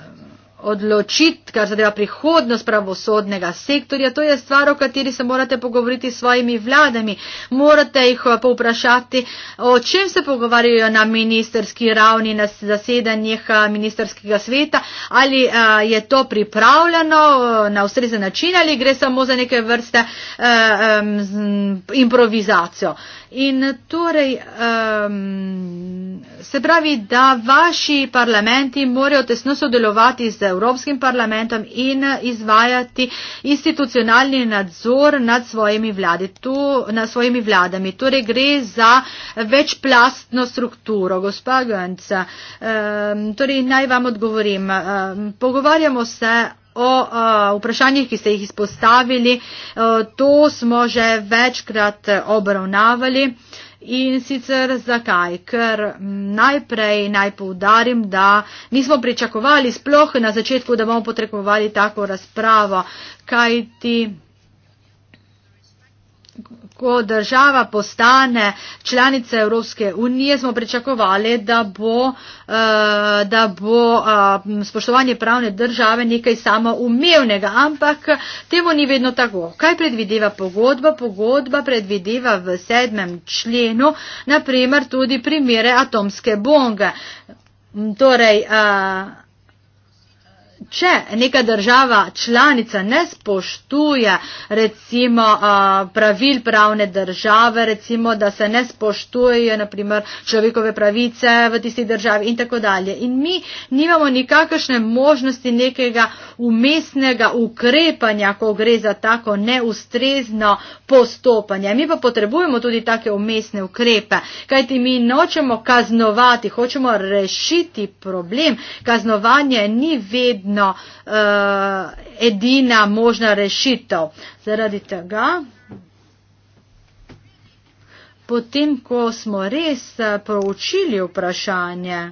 odločiti, kar zadeva prihodnost pravosodnega sektorja, to je stvar, o kateri se morate pogovoriti s svojimi vladami. Morate jih eh, povprašati, o čem se pogovarjajo na ministerski ravni, na zasedanjih eh, ministerskega sveta, ali a, eh, je to pripravljeno na ustrezen način ali gre samo za neke vrste a, a, z, improvizacijo. A, In torej, um, se pravi, da vaši parlamenti morajo tesno sodelovati z Evropskim parlamentom in izvajati institucionalni nadzor nad svojimi, vladi, tu, nad svojimi vladami. Torej, gre za večplastno strukturo. Gospa Gönc, um, torej naj vam odgovorim. Um, pogovarjamo se o a, vprašanjih, ki ste jih izpostavili. A, e, to smo že večkrat obravnavali. In sicer zakaj? Ker najprej naj poudarim, da nismo pričakovali sploh na začetku, da bomo potrebovali tako razpravo, kajti ko država postane članica Evropske unije, smo pričakovali, da bo, eh, da bo eh, spoštovanje pravne države nekaj samoumevnega, ampak temu ni vedno tako. Kaj predvideva pogodba? Pogodba predvideva v sedmem členu, naprimer, tudi primere atomske bombe. Torej, eh, če neka država članica ne spoštuje recimo pravil pravne države, recimo, da se ne spoštujejo naprimer človekove pravice v tisti državi in tako dalje. In mi nimamo nikakršne možnosti nekega umestnega ukrepanja, ko gre za tako neustrezno postopanje. Mi pa potrebujemo tudi take umestne ukrepe, kajti mi nočemo kaznovati, hočemo rešiti problem. Kaznovanje ni vedno edino, uh, eh, edina možna rešitev. Zaradi tega, potem, ko smo res eh, proučili vprašanje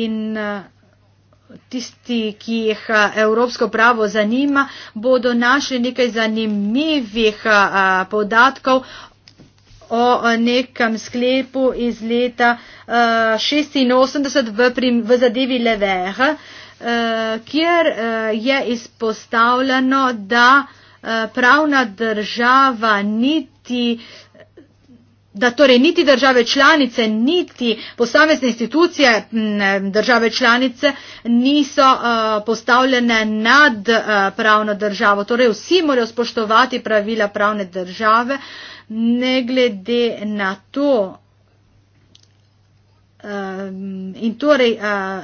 in eh, tisti, ki jih evropsko pravo zanima, bodo našli nekaj zanimivih a, podatkov o nekem sklepu iz leta a, 86 v, prim, v zadevi Leveha. Eh, kjer eh, je izpostavljeno, da eh, pravna država niti, da torej niti države članice, niti posamezne institucije države članice niso postavljene nad pravno državo. Torej vsi morajo spoštovati pravila pravne države, ne glede na to, Ehm, in torej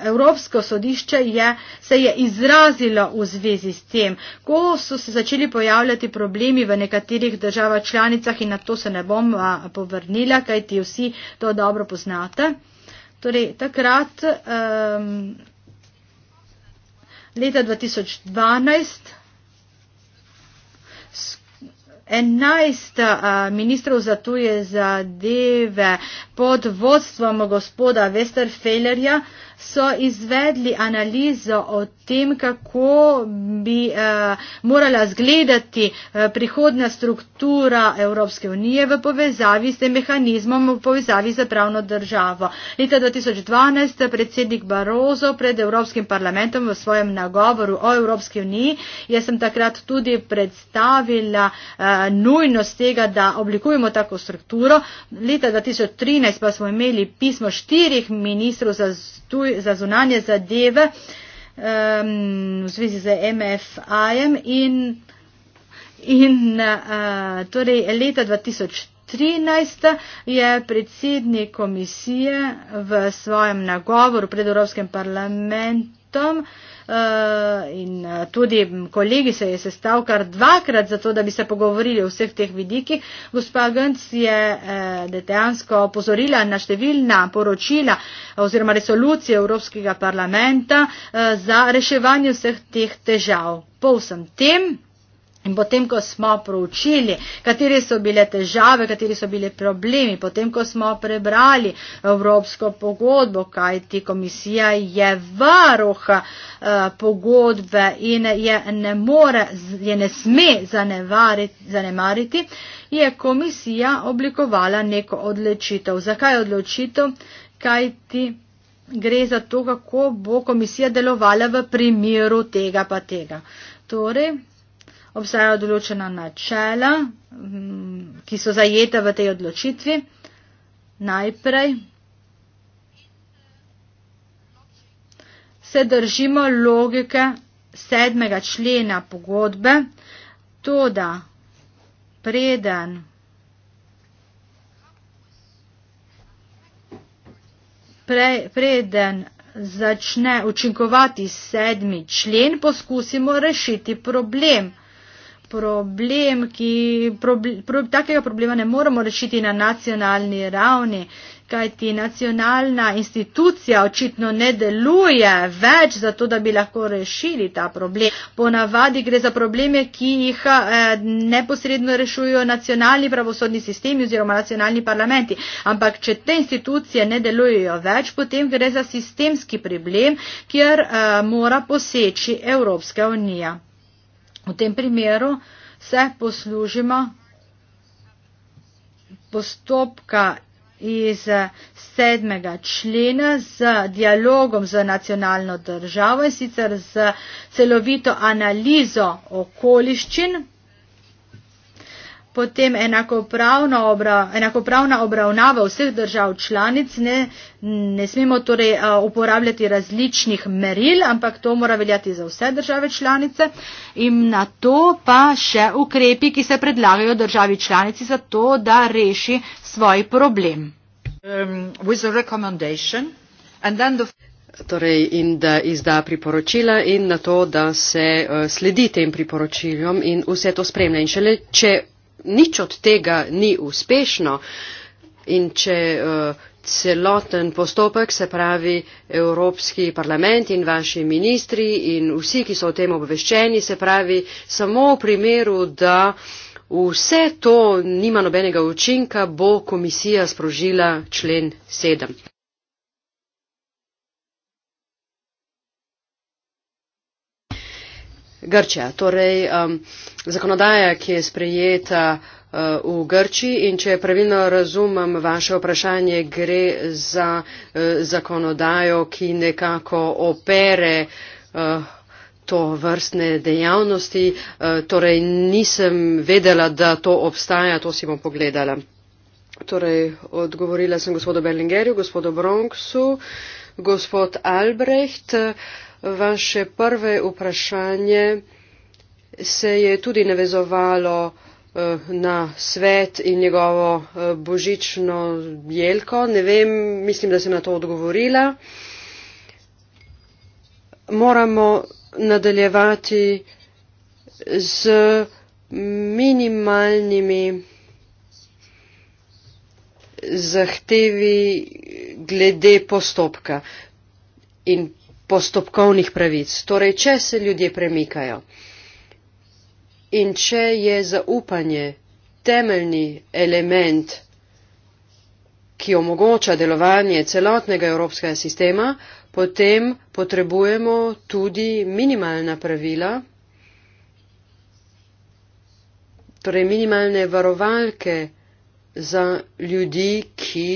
Evropsko sodišče je, se je izrazilo v zvezi s tem, ko so se začeli pojavljati problemi v nekaterih državah članicah in na to se ne bom povrnila, kajti vsi to dobro poznate. Torej, takrat um, leta 2012. 11 eh, ministrov za tuje zadeve pod vodstvom gospoda Westerfellerja so izvedli analizo o tem, kako bi uh, morala zgledati uh, prihodna struktura Evropske unije v povezavi z tem mehanizmom v povezavi z pravno državo. Leta 2012 predsednik Barozo pred Evropskim parlamentom v svojem nagovoru o Evropski uniji, jaz sem takrat tudi predstavila uh, nujnost tega, da oblikujemo tako strukturo. Leta 2013 pa smo imeli pismo štirih ministrov za tuje za zunanje zadeve um, v zvezi z MFI-em in, in uh, torej leta 2013 je predsednik komisije v svojem nagovoru pred Evropskim parlamentom uh, Eh, in eh, tudi kolegi se je sestav kar dvakrat za to, da bi se pogovorili o vseh teh vidikih. Gospa Gönc je eh, dejansko opozorila na številna poročila oziroma resolucije Evropskega parlamenta za reševanje vseh teh težav. Po vsem tem In potem, ko smo proučili, kateri so bile težave, kateri so bile problemi, potem, ko smo prebrali Evropsko pogodbo, kaj ti komisija je varuh eh, pogodbe in je ne, more, je ne sme zanemariti, je komisija oblikovala neko odločitev. Zakaj odločitev? Kaj ti gre za to, kako bo komisija delovala v primeru tega pa tega. Torej, obstajajo določena načela, mm, ki so zajeta v tej odločitvi. Najprej se držimo logike sedmega člena pogodbe, to da preden Pre, preden začne učinkovati sedmi člen, poskusimo rešiti problem problem, ki proble, pro, takega problema ne moremo rešiti na nacionalni ravni, kajti nacionalna institucija očitno ne deluje več za to, da bi lahko rešili ta problem. Ponavadi gre za probleme, ki jih eh, neposredno rešujo nacionalni pravosodni sistemi oziroma nacionalni parlamenti. Ampak, če te institucije ne delujejo več, potem gre za sistemski problem, kjer eh, mora poseči Evropska unija. V tem primeru se poslužimo postopka iz sedmega člena z dialogom z nacionalno državo in sicer z celovito analizo okoliščin potem enakopravna, obra, enakopravna obravnava vseh držav članic, ne, ne smemo torej uporabljati različnih meril, ampak to mora veljati za vse države članice in na to pa še ukrepi, ki se predlagajo državi članici za to, da reši svoj problem. Um, Torej, in da izda priporočila in na to, da se uh, sledi tem priporočilom in vse to spremlja. In šele, če nič od tega ni uspešno in če eh, celoten postopek, se pravi Evropski parlament in vaši ministri in vsi, ki so o tem obveščeni, se pravi samo v primeru, da vse to nima nobenega učinka, bo komisija sprožila člen 7. Grčija. Torej, um, zakonodaja, ki je sprejeta uh, v Grčiji in če pravilno razumem vaše vprašanje, gre za uh, zakonodajo, ki nekako opere uh, to vrstne dejavnosti. Uh, torej, nisem vedela, da to obstaja, to si bom pogledala. Torej, odgovorila sem gospodu Berlingerju, gospodu Bronxu, gospod Albrecht. Uh, vaše prve vprašanje se je tudi navezovalo eh, na svet in njegovo eh, božično jelko. Ne vem, mislim, da sem na to odgovorila. Moramo nadaljevati z minimalnimi zahtevi glede postopka. In postopkovnih pravic, torej če se ljudje premikajo in če je zaupanje temeljni element, ki omogoča delovanje celotnega evropskega sistema, potem potrebujemo tudi minimalna pravila, torej minimalne varovalke za ljudi, ki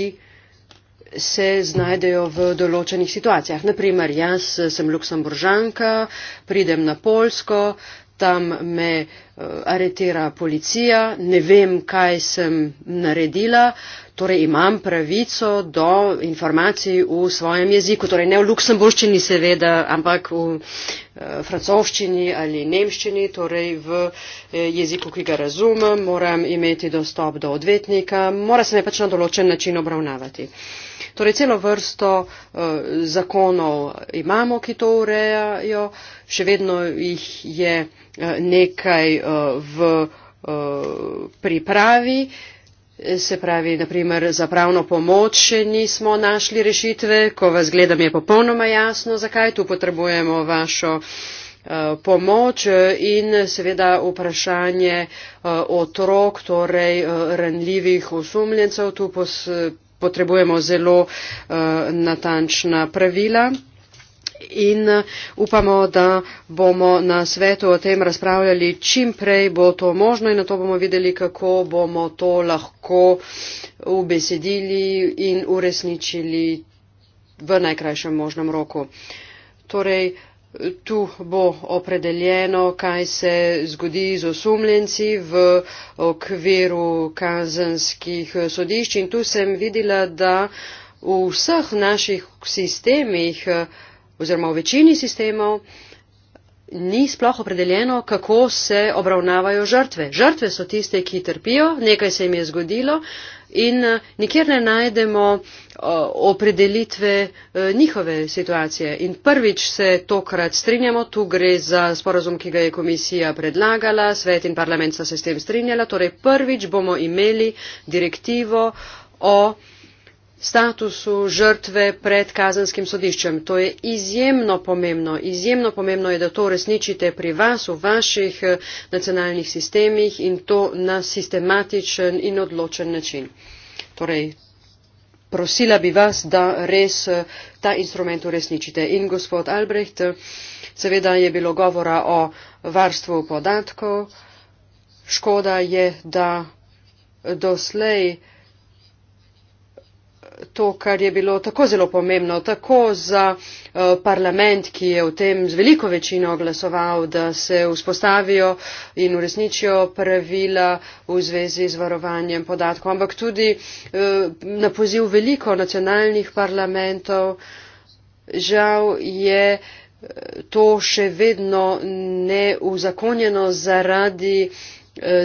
se znajdejo v določenih situacijah. Naprimer, jaz eh, sem luksemburžanka, pridem na Polsko, tam me uh, aretira policija, ne vem, kaj sem naredila, uh, torej imam pravico do informacij v svojem jeziku, torej ne v luksemburščini seveda, ampak v eh, francoščini ali nemščini, torej v eh, jeziku, ki ga razumem, moram imeti dostop do odvetnika, mora se me pač na določen način obravnavati. Torej celo vrsto uh, zakonov imamo, ki to urejajo, še vedno jih je uh, nekaj uh, v uh, pripravi, uh, se pravi na primer za pravno pomoč nismo našli rešitve, ko vas gledam je popolnoma jasno, zakaj tu potrebujemo vašo eh, pomoč in seveda vprašanje eh, otrok, torej eh, ranljivih osumljencev, tu potrebujemo zelo natančna pravila in eh, upamo, da bomo na svetu o tem razpravljali čim prej bo to možno in na to bomo videli, kako bomo to lahko ubesedili in uresničili v najkrajšem možnem roku. Torej, Tu bo opredeljeno, kaj se zgodi z osumljenci v okviru kazenskih sodišč. In tu sem videla, da v vseh naših sistemih oziroma v večini sistemov ni sploh opredeljeno, kako se obravnavajo žrtve. Žrtve so tiste, ki trpijo, nekaj se jim je zgodilo in eh, nikjer ne najdemo eh, opredelitve eh, njihove situacije. In prvič se tokrat strinjamo, tu gre za sporozum, ki ga je komisija predlagala, svet in parlament sta se s tem strinjala, torej prvič bomo imeli direktivo o statusu žrtve pred kazanskim sodiščem. To je izjemno pomembno. Izjemno pomembno je, da to resničite pri vas, v vaših eh, nacionalnih sistemih in to na sistematičen in odločen način. Torej, prosila bi vas, da res eh, ta instrument uresničite. In gospod Albrecht, eh, seveda je bilo govora o varstvu podatkov. Škoda je, da doslej to, kar je bilo tako zelo pomembno, tako za eh, parlament, ki je v tem z veliko večino glasoval, da se vzpostavijo in uresničijo pravila v zvezi z varovanjem podatkov, ampak tudi eh, na poziv veliko nacionalnih parlamentov. Žal je eh, to še vedno neuzakonjeno zaradi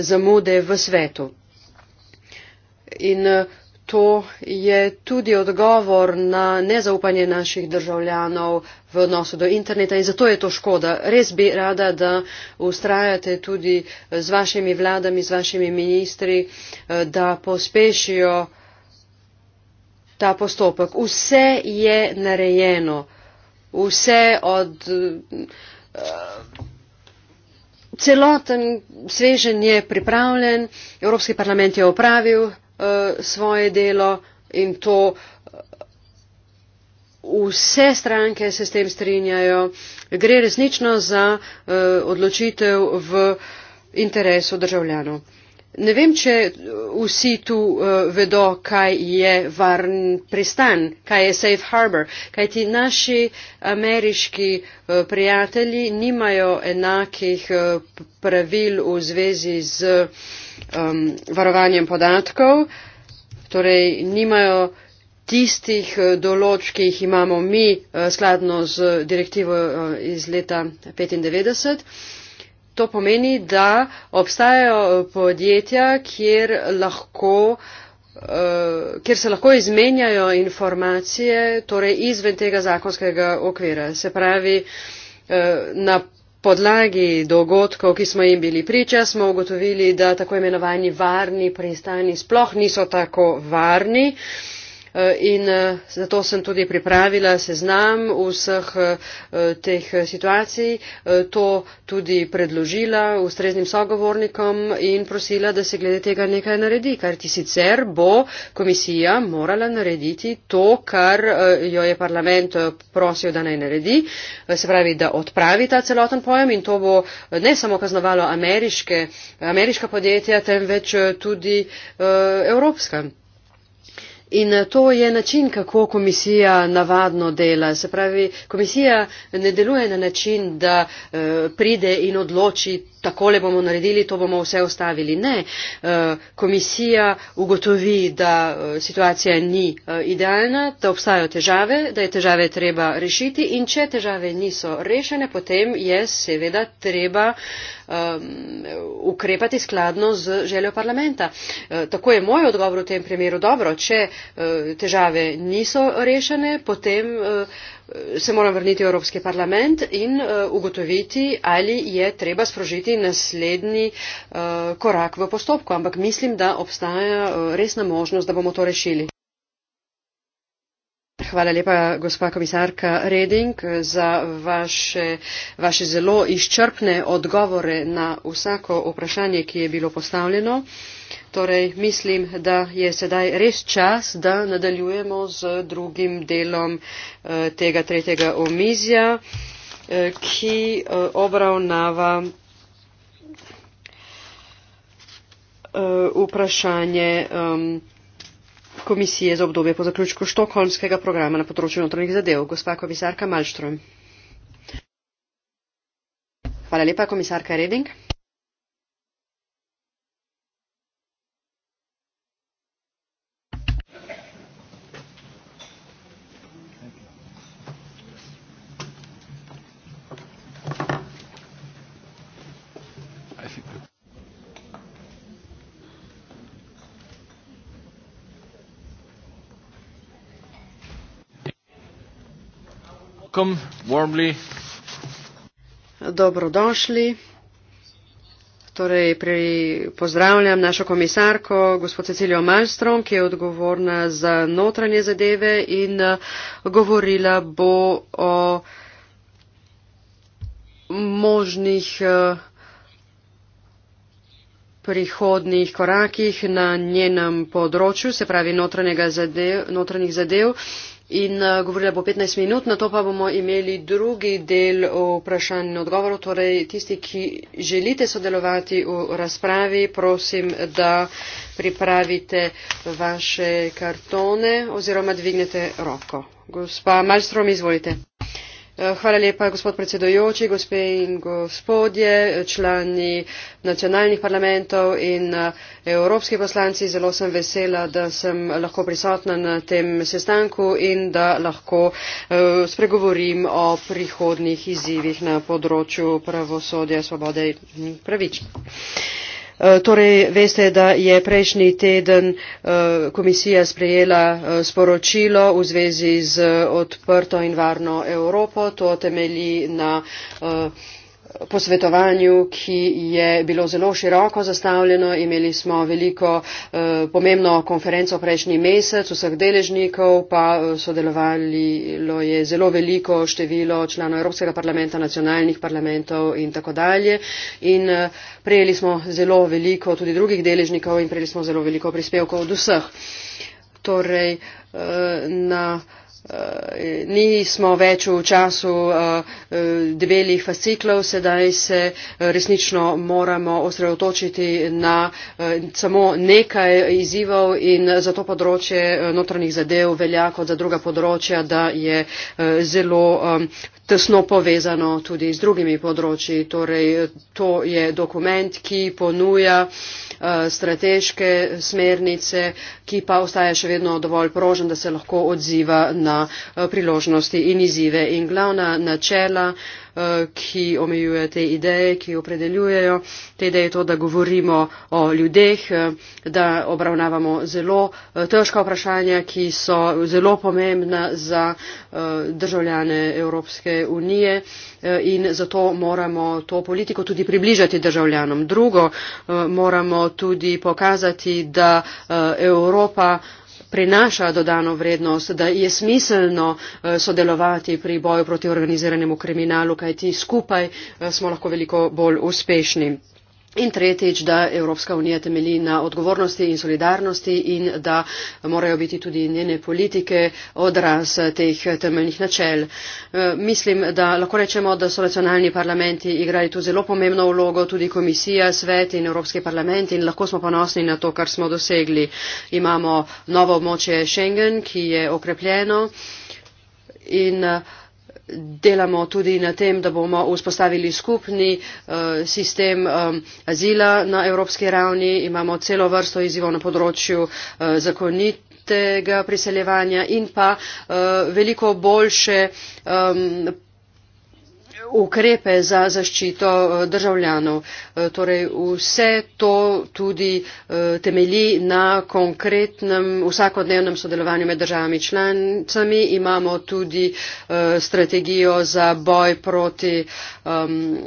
zamude v svetu. In uh, to je tudi odgovor na nezaupanje naših državljanov v odnosu do interneta in zato je to škoda. Res bi rada, da ustrajate tudi z vašimi vladami, z vašimi ministri, eh, da pospešijo ta postopek. Vse je narejeno. Vse od. Eh, celoten svežen je pripravljen, Evropski parlament je opravil Eh, svoje delo in to eh, vse stranke se s tem strinjajo. Gre resnično za eh, odločitev v interesu državljanov. Ne vem, če vsi tu vedo, kaj je varen pristan, kaj je safe harbor, kaj ti naši ameriški prijatelji nimajo enakih pravil v zvezi z um, varovanjem podatkov, torej nimajo tistih eh, določb, ki jih imamo mi eh, skladno z direktivo eh, iz leta 1995. To pomeni, da obstajajo podjetja, kjer, lahko, kjer se lahko izmenjajo informacije torej izven tega zakonskega okvira. Se pravi, na podlagi dogodkov, ki smo jim bili priča, smo ugotovili, da tako imenovani varni pristani sploh niso tako varni. Uh, Eh, in eh, zato sem tudi pripravila seznam vseh eh, teh situacij to tudi predložila ustreznim sogovornikom in prosila da se glede tega nekaj naredi kajti sicer bo komisija morala narediti to kar jo je parlament prosil da naj naredi se pravi da odpravi ta celoten pojem in to bo ne samo kaznovalo ameriška podjetja temveč tudi evropska. In eh, to je način, kako komisija navadno dela. Se pravi, komisija ne deluje na način, da eh, pride in odloči, takole bomo naredili, to bomo vse ustavili. Ne, eh, komisija ugotovi, da situacija ni idealna, da obstajajo težave, da je težave treba rešiti in če težave niso rešene, potem je seveda treba Um, ukrepati skladno z željo parlamenta. Uh, tako je moj odgovor v tem primeru dobro. Če uh, težave niso rešene, potem uh, se moram vrniti v Evropski parlament in ugotoviti, ali je treba sprožiti naslednji korak v postopku. Ampak mislim, da obstaja resna možnost, da bomo to rešili hvala lepa, gospa komisarka Reding, za vaše, vaše zelo izčrpne odgovore na vsako vprašanje, ki je bilo postavljeno. Torej, mislim, da je sedaj res čas, da nadaljujemo z drugim delom eh, tega tretjega omizja, eh, ki eh, obravnava vprašanje komisije za obdobje po zaključku štokholmskega programa na področju notranjih zadev, gospa komisarka Malmström. Hvala lepa, komisarka Reding. welcome warmly. Dobrodošli. Torej, pozdravljam našo komisarko, gospod Cecilijo Malmstrom, ki je odgovorna za notranje zadeve in uh, govorila bo o možnih uh, prihodnih korakih na njenem področju, se pravi notranjih zadev. Notranjih zadev. In uh, govorila bo 15 minut, na to pa bomo imeli drugi del vprašanj in odgovorov. Torej, tisti, ki želite sodelovati v razpravi, prosim, da pripravite vaše kartone oziroma dvignete roko. Gospa Malstrom, izvolite. Uh, Eh, hvala lepa, gospod predsedujoči, gospe in gospodje, člani nacionalnih parlamentov in eh, evropski poslanci. Zelo sem vesela, da sem lahko prisotna na tem sestanku in da lahko eh, spregovorim o prihodnih izzivih na področju pravosodja, svobode in pravičnosti. Eh, torej veste da je prejšnji teden eh, komisija sprejela eh, sporočilo v zvezi z odprto in varno evropo to temelji na posvetovanju, ki je bilo zelo široko zastavljeno. Imeli smo veliko uh, pomembno konferenco prejšnji mesec, vseh deležnikov pa eh, sodelovalo je zelo veliko število članov Evropskega parlamenta, nacionalnih parlamentov in tako dalje. In uh, prejeli smo zelo veliko tudi drugih deležnikov in prejeli smo zelo veliko prispevkov od vseh. Torej, uh, Eh, nismo več v času eh, eh, debelih fasciklov, sedaj se resnično moramo osredotočiti na samo nekaj izzivov in za to področje notranjih zadev velja kot za druga področja, da je zelo tesno povezano tudi z drugimi področji. Torej, to je dokument, ki ponuja uh, Eh, strateške smernice, ki pa ostaje še vedno dovolj prožen, da se lahko odziva na eh, priložnosti in izzive. In glavna načela Eh, ki omejuje te ideje, ki opredeljujejo. Te ideje je to, da govorimo o ljudeh, eh, da obravnavamo zelo eh, težka vprašanja, ki so zelo pomembna za državljane Evropske unije in zato moramo to politiko tudi približati državljanom. Drugo, moramo tudi pokazati, da Evropa prinaša dodano vrednost, da je smiselno eh, sodelovati pri boju proti organiziranemu kriminalu, kajti skupaj eh, smo lahko veliko bolj uspešni. In tretjič, da Evropska unija temelji na odgovornosti in solidarnosti in da morajo biti tudi njene politike odraz teh temeljnih načel. E, mislim, da lahko rečemo, da so nacionalni parlamenti igrali tu zelo pomembno vlogo, tudi komisija, svet in Evropski parlament in lahko smo ponosni na to, kar smo dosegli. Imamo novo območje Schengen, ki je okrepljeno in delamo tudi na tem, da bomo vzpostavili skupni eh, sistem eh, azila na evropski ravni. Imamo celo vrsto izzivov na področju eh, zakonitega priseljevanja in pa veliko boljše ukrepe za zaščito eh, državljanov. Eh, torej vse to tudi eh, temelji na konkretnem vsakodnevnem sodelovanju med državami članicami. Imamo tudi strategijo za boj proti um,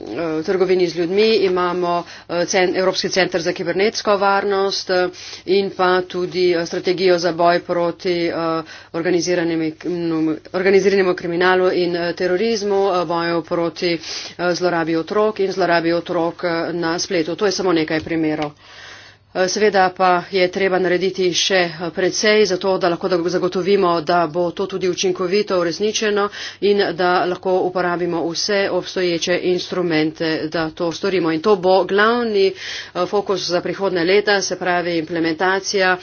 trgovini z ljudmi, imamo cen, Evropski centr za kibernetsko varnost in pa tudi strategijo za boj proti uh, organiziranemu kriminalu in terorizmu, boju proti proti eh, zlorabi otrok in zlorabi otrok eh, na spletu. To je samo nekaj primerov. Eh, seveda pa je treba narediti še eh, precej za to, da lahko zagotovimo, da bo to tudi učinkovito uresničeno in da lahko uporabimo vse obstoječe instrumente, da to storimo. In to bo glavni eh, fokus za prihodne leta, se pravi implementacija,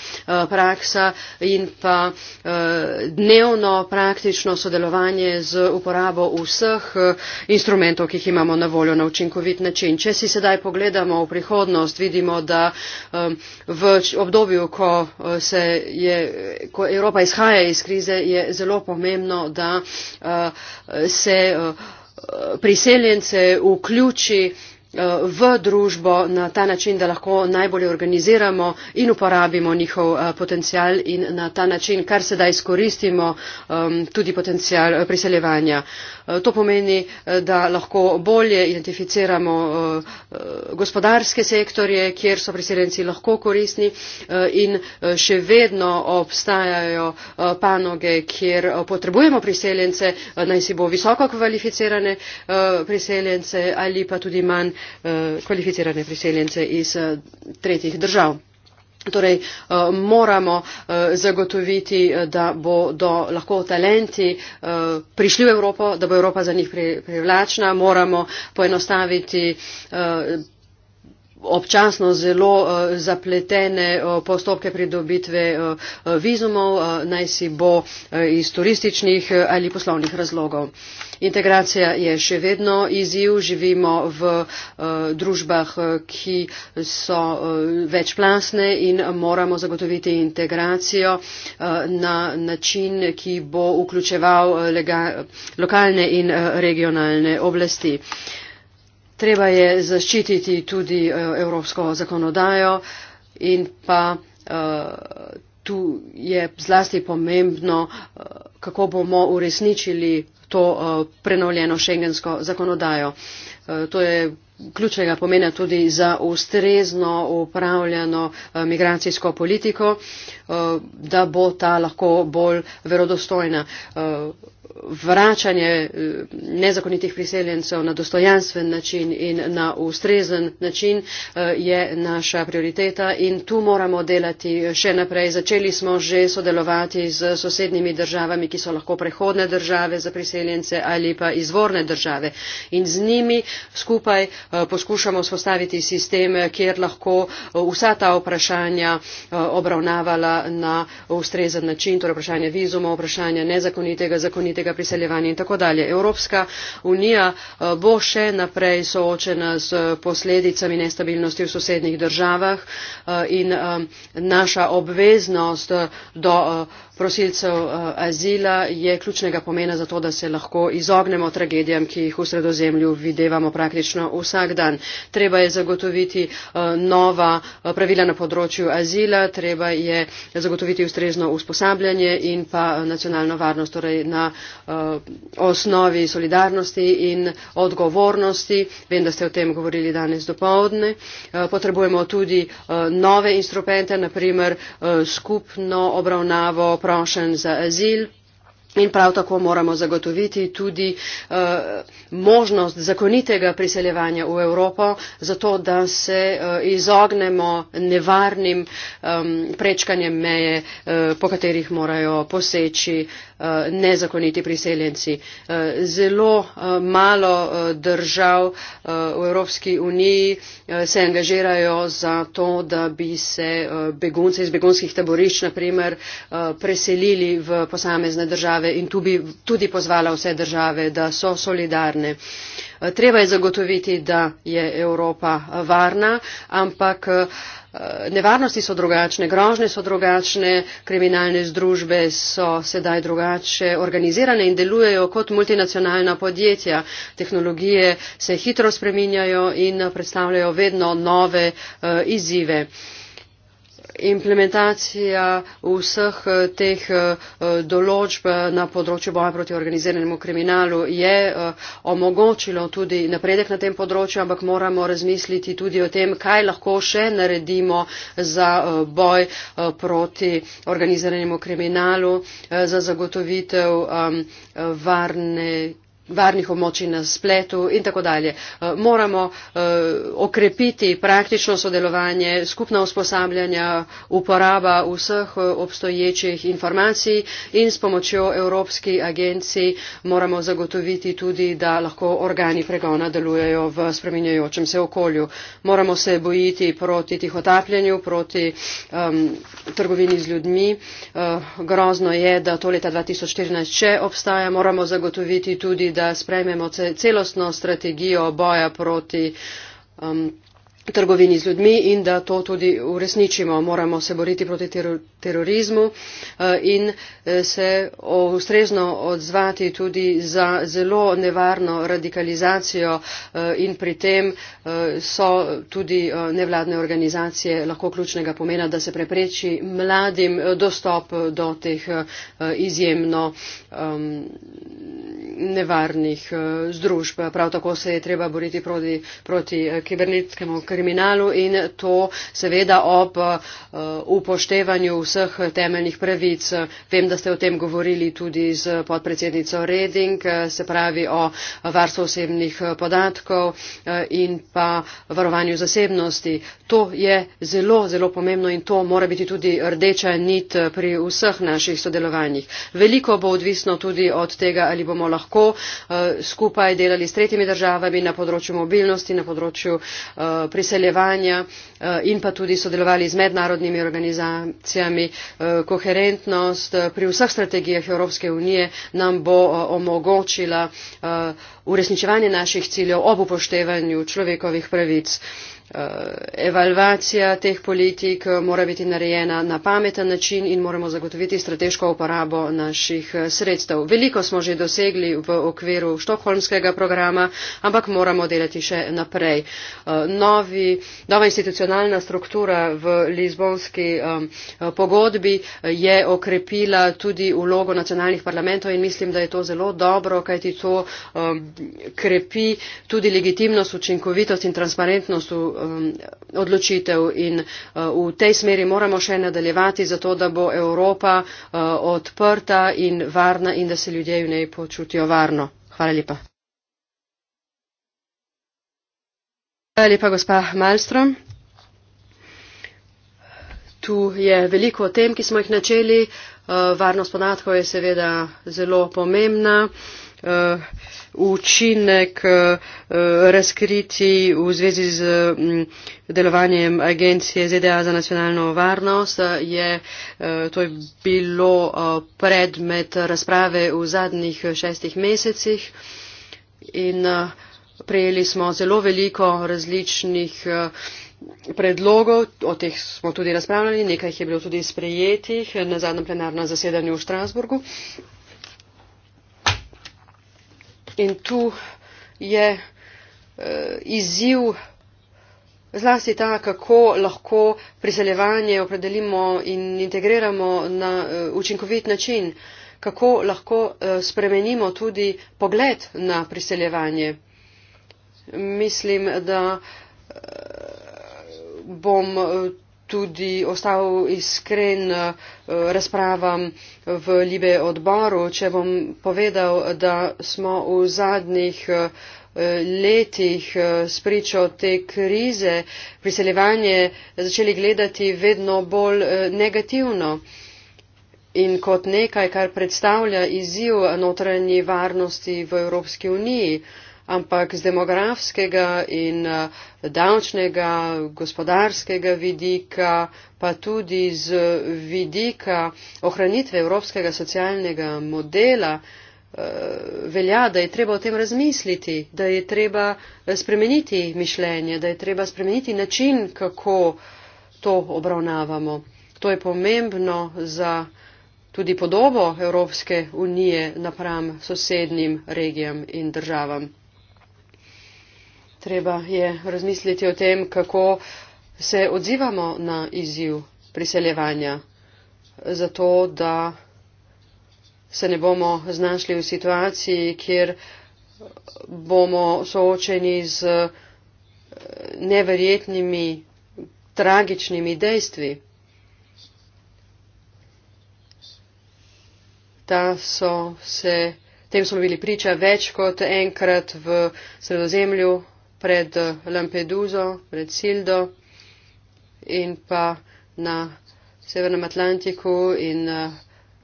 praksa in pa dnevno praktično sodelovanje z uporabo vseh instrumentov, ki jih imamo na voljo na učinkovit način. Če si sedaj pogledamo v prihodnost, vidimo, da Um, v obdobju, ko, uh, je, ko Evropa izhaja iz krize, je zelo pomembno, da uh, se uh, priseljence vključi Eh, v družbo na ta način, da lahko najbolje organiziramo in uporabimo njihov eh, potencial in na ta način, kar se da izkoristimo, tudi potencial eh, priseljevanja. To pomeni, da lahko bolje identificiramo gospodarske sektorje, kjer so priseljenci lahko koristni in še vedno obstajajo panoge, kjer potrebujemo priseljence, naj si bo visoko kvalificirane priseljence ali pa tudi manj Eh, kvalificirane priseljence iz eh, tretjih držav. Torej, eh, moramo zagotoviti, da bodo lahko talenti prišli v Evropo, da bo Evropa za njih privlačna, moramo poenostaviti občasno zelo uh, zapletene uh, postopke pridobitve uh, vizumov, uh, naj si bo uh, iz turističnih uh, ali poslovnih razlogov. Integracija je še vedno izziv, živimo v uh, družbah, uh, ki so uh, večplasne in moramo zagotoviti integracijo uh, na način, ki bo vključeval uh, lega, lokalne in uh, regionalne oblasti. Uh, treba je zaščititi tudi eh, evropsko zakonodajo in pa eh, tu je zlasti pomembno, eh, kako bomo uresničili to prenovljeno šengensko zakonodajo. To je ključnega pomena tudi za ustrezno upravljeno migracijsko politiko, da bo ta lahko bolj verodostojna vračanje eh, nezakonitih priseljencev na dostojanstven način in na ustrezen način eh, je naša prioriteta in tu moramo delati še naprej. Začeli smo že sodelovati z sosednjimi državami, ki so lahko prehodne države za priseljence ali pa izvorne države in z njimi skupaj eh, poskušamo spostaviti sistem, kjer lahko vsa ta vprašanja obravnavala na ustrezen način, torej vprašanje vizuma, vprašanje nezakonitega, zakonitega nezakonitega priseljevanja in tako dalje. Evropska unija eh, bo še naprej soočena s posledicami nestabilnosti v sosednjih državah eh, in eh, naša obveznost do prosilcev eh, azila je ključnega pomena za to, da se lahko izognemo tragedijam, ki jih v sredozemlju videvamo praktično vsak dan. Treba je zagotoviti eh, nova eh, pravila na področju azila, treba je zagotoviti ustrezno usposabljanje in pa nacionalno varnost, torej na osnovi solidarnosti in odgovornosti. Vem, da ste o tem govorili danes do povdne. Potrebujemo tudi nove instrumente, naprimer skupno obravnavo prošenj za azil in prav tako moramo zagotoviti tudi eh, možnost zakonitega priseljevanja v Evropo, zato da se eh, izognemo nevarnim prečkanjem meje, eh, po katerih morajo poseči eh, nezakoniti priseljenci. Zelo malo držav v Evropski uniji se angažirajo za to, da bi se begunce iz begunskih taborišč, na primer, preselili v posamezne države in tu bi tudi pozvala vse države, da so solidarni varne. Treba je zagotoviti, da je Evropa varna, ampak eh, nevarnosti so drugačne, grožne so drugačne, kriminalne združbe so sedaj drugače organizirane in delujejo kot multinacionalna podjetja. Tehnologije se hitro spreminjajo in predstavljajo vedno nove eh, izzive implementacija vseh eh, teh eh, določb eh, na področju boja proti organiziranemu kriminalu je omogočilo tudi napredek na tem področju, ampak moramo razmisliti tudi o tem, kaj lahko še naredimo za boj proti organiziranemu kriminalu, za zagotovitev varne varnih območij na spletu in tako dalje. Eh, moramo eh, okrepiti praktično sodelovanje, skupna usposabljanja, uporaba vseh eh, obstoječih informacij in s pomočjo Evropskih agencij moramo zagotoviti tudi, da lahko organi pregona delujejo v spreminjajočem se okolju. Moramo se bojiti proti tihotapljenju, proti um, trgovini z ljudmi. Uh, grozno je, da to leta 2014 še obstaja. Moramo zagotoviti tudi, da sprejmemo celostno strategijo boja proti um, trgovini z ljudmi in da to tudi uresničimo. Moramo se boriti proti teror terorizmu uh, in uh, se ustrezno odzvati tudi za zelo nevarno radikalizacijo uh, in pri tem so tudi nevladne organizacije lahko ključnega pomena, da se prepreči mladim dostop do teh izjemno. Um, nevarnih eh, združb. Prav tako se je treba boriti proti, proti eh, kibernetskemu kriminalu in to seveda ob eh, upoštevanju vseh temeljnih pravic. Vem, da ste o tem govorili tudi z podpredsednico Reding, se pravi o varstvu osebnih podatkov in pa varovanju zasebnosti. To je zelo, zelo pomembno in to mora biti tudi rdeča nit pri vseh naših sodelovanjih. Veliko bo odvisno tudi od tega, ali bomo lahko lahko eh, skupaj delali s tretjimi državami na področju mobilnosti na področju eh, priseljevanja eh, in pa tudi sodelovali z mednarodnimi organizacijami koherentnost pri vseh strategijah Evropske unije nam bo omogočila uresničevanje naših ciljev ob upoštevanju človekovih pravic. Eh, evalvacija teh politik eh, mora biti narejena na pameten način in moramo zagotoviti strateško uporabo naših eh, sredstev. Veliko smo že dosegli v okviru štokholmskega programa, ampak moramo delati še naprej. Novi, nova institucionalna struktura v Lizbonski pogodbi je okrepila tudi ulogo nacionalnih parlamentov in mislim, da je to zelo dobro, kajti to krepi tudi legitimnost, učinkovitost in transparentnost v Um, odločitev in uh, v tej smeri moramo še nadaljevati, zato da bo Evropa uh, odprta in varna in da se ljudje v njej počutijo varno. Hvala lepa. Hvala lepa, gospa Malstrom. Tu je veliko tem, ki smo jih načeli. Uh, varnost podatkov je seveda zelo pomembna. Eh, učinek eh, razkriti v zvezi z mm, delovanjem agencije ZDA za nacionalno varnost. Eh, je, to je bilo predmet razprave v zadnjih šestih mesecih in prejeli smo zelo veliko različnih predlogov, o teh smo tudi razpravljali, nekaj jih je bilo tudi sprejetih na zadnjem plenarnem zasedanju v Strasburgu in tu je eh, izziv zlasti ta, kako lahko priseljevanje opredelimo in integriramo na eh, učinkovit način, kako lahko eh, spremenimo tudi pogled na priseljevanje. Mislim, da bom tudi ostal iskren eh, razpravam v Libe odboru, če bom povedal, da smo v zadnjih eh, letih eh, spričo te krize priseljevanje začeli gledati vedno bolj negativno in kot nekaj, kar predstavlja izziv notranji varnosti v Evropski uniji ampak z demografskega in eh, davčnega, gospodarskega vidika, pa tudi z vidika ohranitve evropskega socialnega modela eh, velja, da je treba o tem razmisliti, da je treba eh, spremeniti mišljenje, da je treba spremeniti način, kako to obravnavamo. To je pomembno za tudi podobo Evropske unije napram sosednjim regijam in državam. Treba je razmisliti o tem, kako se odzivamo na izziv priseljevanja, zato da se ne bomo znašli v situaciji, kjer bomo soočeni z eh, neverjetnimi, tragičnimi dejstvi. So se, tem smo bili priča več kot enkrat v sredozemlju, pred Lampeduzo, pred Sildo in pa na Severnem Atlantiku in eh,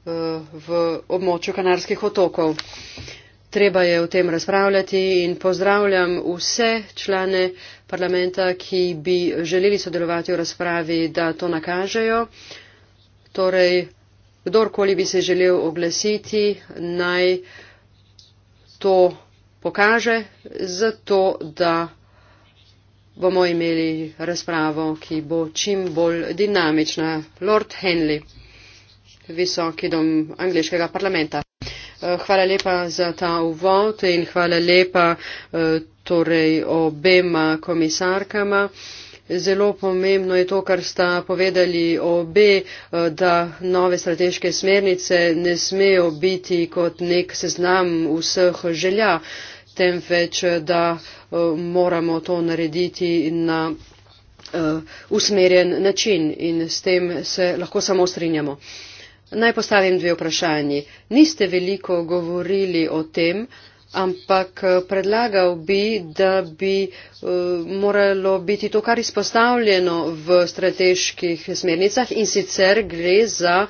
v območju Kanarskih otokov. Treba je o tem razpravljati in pozdravljam vse člane parlamenta, ki bi želeli sodelovati v razpravi, da to nakažejo. Torej, kdorkoli bi se želel oglasiti, naj to pokaže, zato da bomo imeli razpravo, ki bo čim bolj dinamična. Lord Henley, visoki dom angliškega parlamenta. Eh, hvala lepa za ta uvod in hvala lepa eh, torej obema komisarkama. Zelo pomembno je to, kar sta povedali obe, eh, da nove strateške smernice ne smejo biti kot nek seznam vseh želja temveč da eh, moramo to narediti na eh, usmerjen način in s tem se lahko samo strinjamo. Naj postavim dve vprašanji. Niste veliko govorili o tem, ampak eh, predlagal bi, da bi moralo biti to, kar izpostavljeno v strateških smernicah in sicer gre za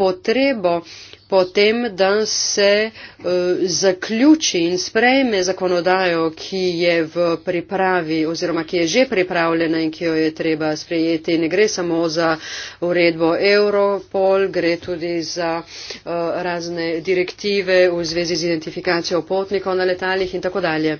potrebo uh, potem dan se uh, zaključi in sprejme zakonodajo, ki je v pripravi oziroma ki je že pripravljena in ki jo je treba sprejeti. Ne gre samo za uredbo Europol, gre tudi za uh, razne direktive v zvezi z identifikacijo potnikov na letalih in tako dalje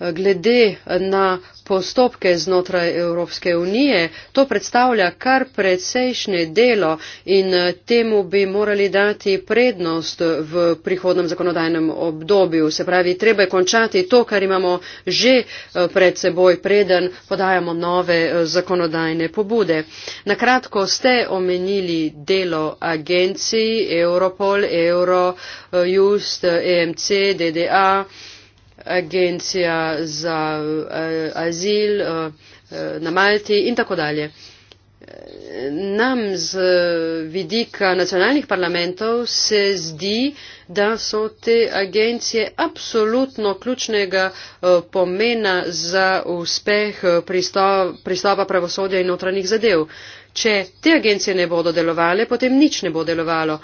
glede na postopke znotraj Evropske unije. To predstavlja kar precejšnje delo in eh, temu bi morali dati prednost v prihodnem zakonodajnem obdobju. Se pravi, treba je končati to, kar imamo že eh, pred seboj, preden podajamo nove eh, zakonodajne pobude. Na kratko ste omenili delo agencij Europol, Eurojust, EMC, DDA agencija za uh, azil uh, na Malti in tako dalje. Nam z vidika nacionalnih parlamentov se zdi, da so te agencije absolutno ključnega pomena za uspeh pristopa pravosodja in notranjih zadev če te agencije ne bodo delovale, potem nič ne bo delovalo.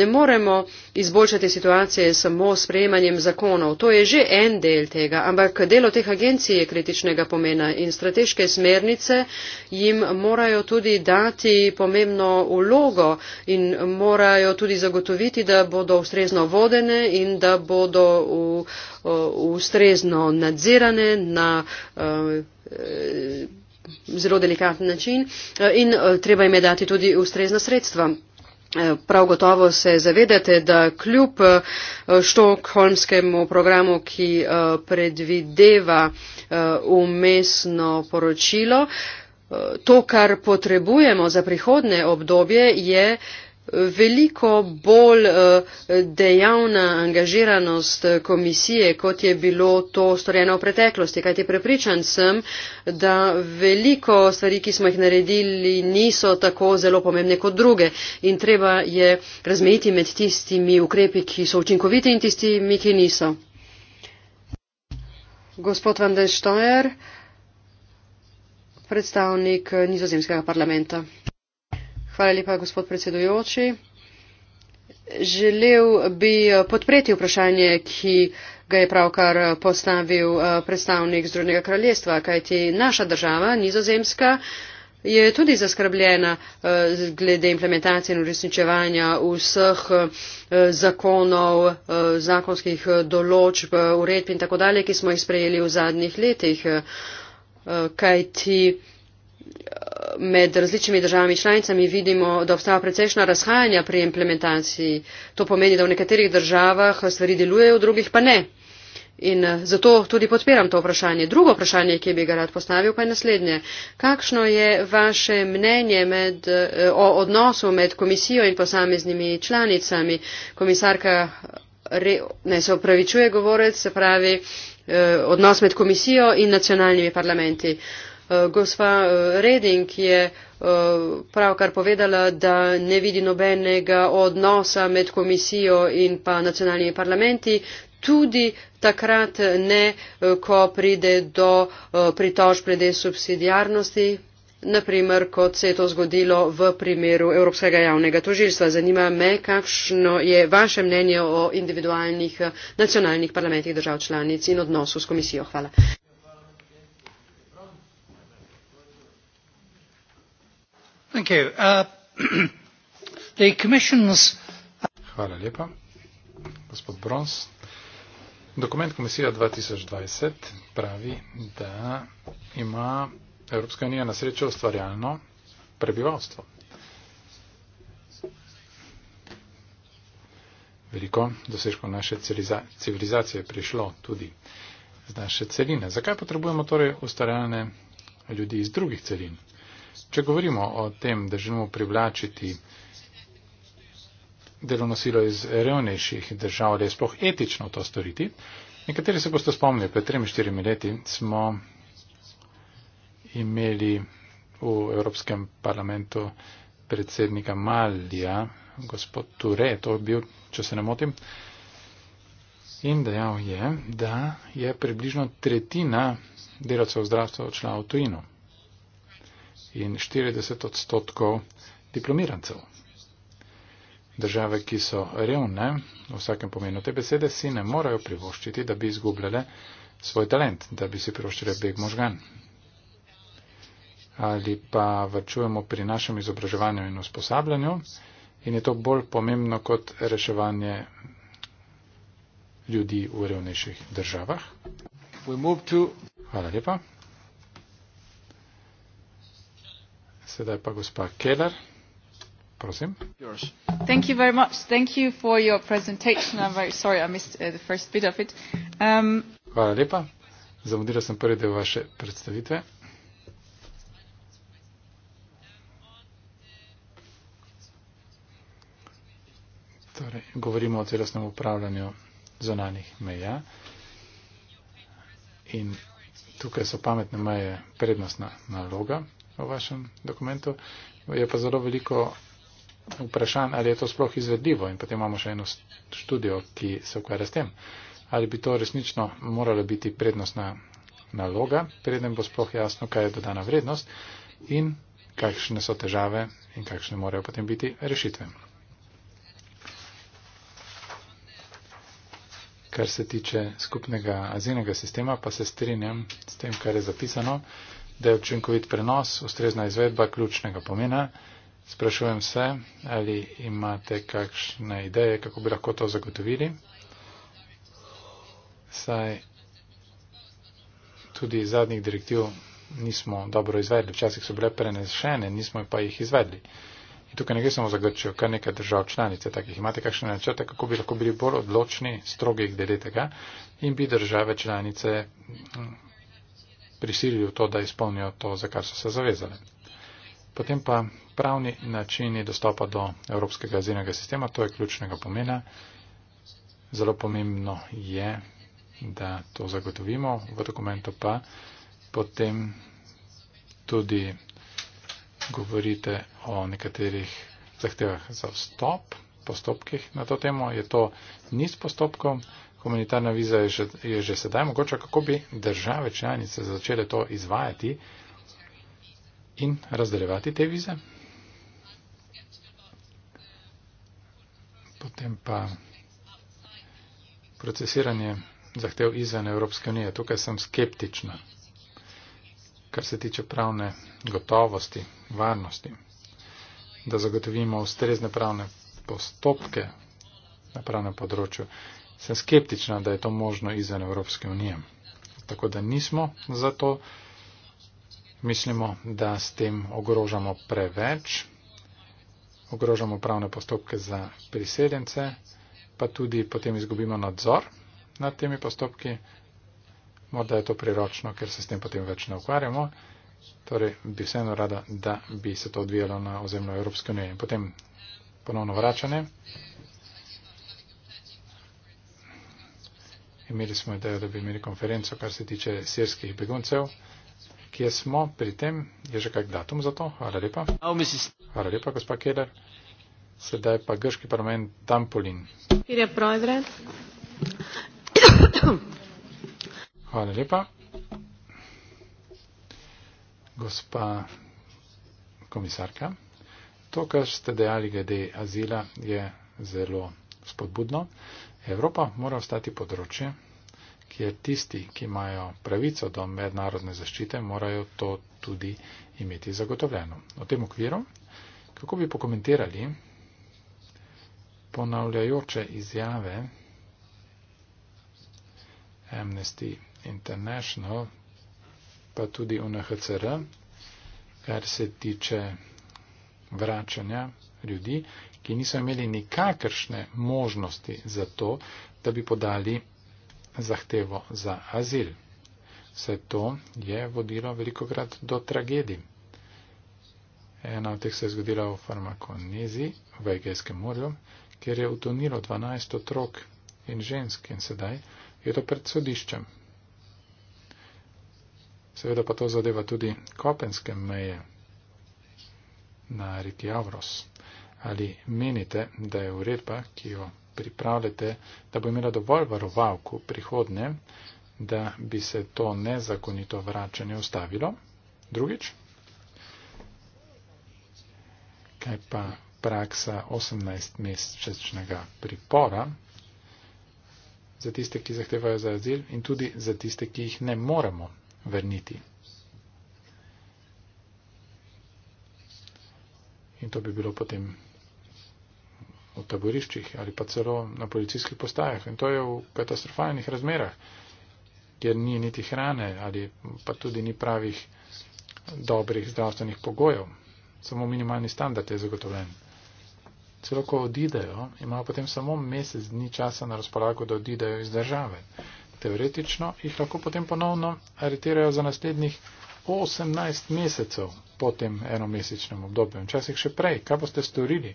Ne moremo izboljšati situacije samo s prejemanjem zakonov. To je že en del tega, ampak delo teh agencij je kritičnega pomena in strateške smernice jim morajo tudi dati pomembno ulogo in morajo tudi zagotoviti, da bodo ustrezno vodene in da bodo v, v, ustrezno nadzirane na. Uh, zelo delikaten način eh, in eh, treba jim je dati tudi ustrezna sredstva. Eh, prav gotovo se zavedate, da kljub štokholmskemu programu, ki predvideva umestno poročilo, to, kar potrebujemo za prihodne obdobje, je veliko bolj eh, dejavna angažiranost eh, komisije, kot je bilo to storjeno v preteklosti. Kajti prepričan sem, da veliko stvari, ki smo jih naredili, niso tako zelo pomembne kot druge. In treba je razmejiti med tistimi ukrepi, ki so učinkoviti in tistimi, ki niso. Gospod Van der Stoer, predstavnik eh, nizozemskega parlamenta. Hvala lepa, gospod predsedujoči. Želel bi eh, podpreti vprašanje, ki ga je pravkar eh, postavil eh, predstavnik Združenega kraljestva, kajti naša država, nizozemska, je tudi zaskrbljena glede implementacije in uresničevanja vseh zakonov, zakonskih določb, uredb in tako dalje, ki smo jih sprejeli v zadnjih letih. Kajti med različnimi državami članicami vidimo, da obstajajo precejšna razhajanja pri implementaciji. To pomeni, da v nekaterih državah stvari delujejo, v drugih pa ne. In eh, zato tudi podpiram to vprašanje. Drugo vprašanje, ki bi ga rad postavil, pa je naslednje. Kakšno je vaše mnenje med, eh, o odnosu med komisijo in posameznimi članicami? Komisarka re, ne se opravičuje govorec, se pravi, eh, odnos med komisijo in nacionalnimi parlamenti. Eh, gospa eh, Reding, ki je eh, pravkar povedala, da ne vidi nobenega odnosa med komisijo in pa nacionalnimi parlamenti, tudi takrat ne, ko pride do pritožb glede subsidijarnosti, naprimer, kot se je to zgodilo v primeru Evropskega javnega tožilstva. Zanima me, kakšno je vaše mnenje o individualnih nacionalnih parlamentih držav članic in odnosu s komisijo. Hvala. Uh, Hvala lepa, gospod Brons. Dokument Komisija 2020 pravi, da ima Evropska unija na srečo ustvarjalno prebivalstvo. Veliko dosežkov naše civilizacije je prišlo tudi z naše celine. Zakaj potrebujemo torej ustvarjalne ljudi iz drugih celin? Če govorimo o tem, da želimo privlačiti delovno silo iz revnejših držav, da je sploh etično to storiti, nekateri se boste spomnili, pred 3-4 leti smo imeli v Evropskem parlamentu predsednika Malija, gospod Ture, to je bil, če se ne motim, in dejal je, da je približno tretjina delavcev zdravstva odšla v tujino in 40 odstotkov diplomirancev. Države, ki so revne, v vsakem pomenu te besede, si ne morejo privoščiti, da bi izgubljale svoj talent, da bi si privoščile beg možgan. Ali pa vrčujemo pri našem izobraževanju in usposabljanju in je to bolj pomembno kot reševanje ljudi v revnejših državah. Hvala lepa. Sedaj pa gospa Keller. Prosim. Yours. Thank you very much. Thank you for your presentation. I'm very sorry I missed uh, the first bit of it. Um, Hvala lepa. Zamudila sem prvi del vaše predstavitve. Torej, govorimo o celostnem upravljanju zonalnih meja. In tukaj so pametne meje prednostna naloga v vašem dokumentu, je pa zelo veliko vprašanj, ali je to sploh izvedljivo in potem imamo še eno študijo, ki se ukvarja s tem. Ali bi to resnično morala biti prednostna naloga, preden bo sploh jasno, kaj je dodana vrednost in kakšne so težave in kakšne morajo potem biti rešitve. Kar se tiče skupnega azijnega sistema, pa se strinjam s tem, kar je zapisano da je učinkovit prenos, ustrezna izvedba ključnega pomena. Sprašujem se, ali imate kakšne ideje, kako bi lahko to zagotovili. Saj tudi zadnjih direktiv nismo dobro izvedli, včasih so bile prenešene, nismo pa jih izvedli. In tukaj ne gre samo za Grčijo, kar nekaj držav članice takih. Imate kakšne načrte, kako bi lahko bili bolj odločni, strogi glede tega in bi države članice prisilili v to, da izpolnijo to, za kar so se zavezali. Potem pa pravni načini dostopa do Evropskega azilnega sistema, to je ključnega pomena. Zelo pomembno je, da to zagotovimo v dokumentu, pa potem tudi govorite o nekaterih zahtevah za vstop, postopkih na to temo. Je to niz postopkov, humanitarna viza je že, je že sedaj mogoča, kako bi države članice začele to izvajati in razdeljevati te vize. Potem pa procesiranje zahtev izven Evropske unije. Tukaj sem skeptična, kar se tiče pravne gotovosti, varnosti, da zagotovimo ustrezne pravne postopke na pravnem področju sem skeptična, da je to možno izven Evropske unije. Tako da nismo za to. Mislimo, da s tem ogrožamo preveč. Ogrožamo pravne postopke za priseljence, pa tudi potem izgubimo nadzor nad temi postopki. Morda je to priročno, ker se s tem potem več ne ukvarjamo. Torej, bi vseeno rada, da bi se to odvijalo na ozemlju Evropske unije. Potem ponovno vračanje. Imeli smo idejo, da bi imeli konferenco, kar se tiče sirskih beguncev. Kje smo pri tem? Je že kak datum za to? Hvala lepa. Hvala lepa, gospod Keller. Sedaj pa grški parlament Tampolin. Hvala lepa. Gospa komisarka, to, kar ste dejali glede azila, je zelo spodbudno. Evropa mora ostati področje, kjer tisti, ki imajo pravico do mednarodne zaščite, morajo to tudi imeti zagotovljeno. O tem okviru, kako bi pokomentirali ponavljajoče izjave Amnesty International, pa tudi UNHCR, kar se tiče vračanja ljudi, ki niso imeli nikakršne možnosti za to, da bi podali zahtevo za azil. Vse to je vodilo velikokrat do tragedij. Ena od teh se je zgodila v farmakonezi, v Egejskem morju, kjer je utonilo 12 otrok in žensk in sedaj je to pred sodiščem. Seveda pa to zadeva tudi kopenske meje na reki Avros. Ali menite, da je uredba, ki jo pripravljate, da bo imela dovolj varovalk v prihodnje, da bi se to nezakonito vračanje ustavilo? Drugič, kaj pa praksa 18-mesečnega pripora za tiste, ki zahtevajo za azil in tudi za tiste, ki jih ne moremo vrniti? In to bi bilo potem v taboriščih ali pa celo na policijskih postajah. In to je v katastrofalnih razmerah, kjer ni niti hrane ali pa tudi ni pravih dobrih zdravstvenih pogojev. Samo minimalni standard je zagotovljen. Celo ko odidejo, imajo potem samo mesec dni časa na razpolago, da odidejo iz države. Teoretično jih lahko potem ponovno aretirajo za naslednjih 18 mesecev po tem enomesečnem obdobju. Včasih še prej. Kaj boste storili?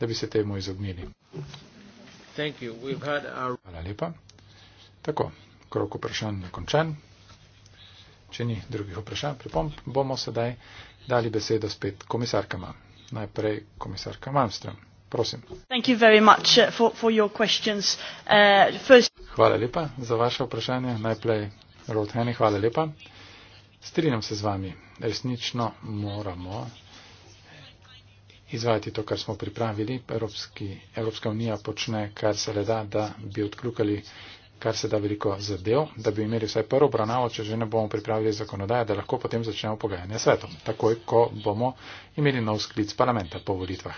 da bi se temu izognili. Our... Hvala lepa. Tako, krok vprašanj je končan. Če ni drugih vprašanj, pripomp, bomo sedaj dali besedo spet komisarkama. Najprej komisarka Malmström. Prosim. Much, uh, for, for uh, first... Hvala lepa za vaše vprašanje. Najprej Rod Henning, hvala lepa. Strinjam se z vami. Resnično moramo izvajati to, kar smo pripravili. Evropski, Evropska unija počne, kar se le da, da bi odkljukali kar se da veliko zadev, da bi imeli vsaj prvo obravnavo, če že ne bomo pripravili zakonodaje, da lahko potem začnemo pogajanje s svetom, takoj, ko bomo imeli nov sklic parlamenta po volitvah.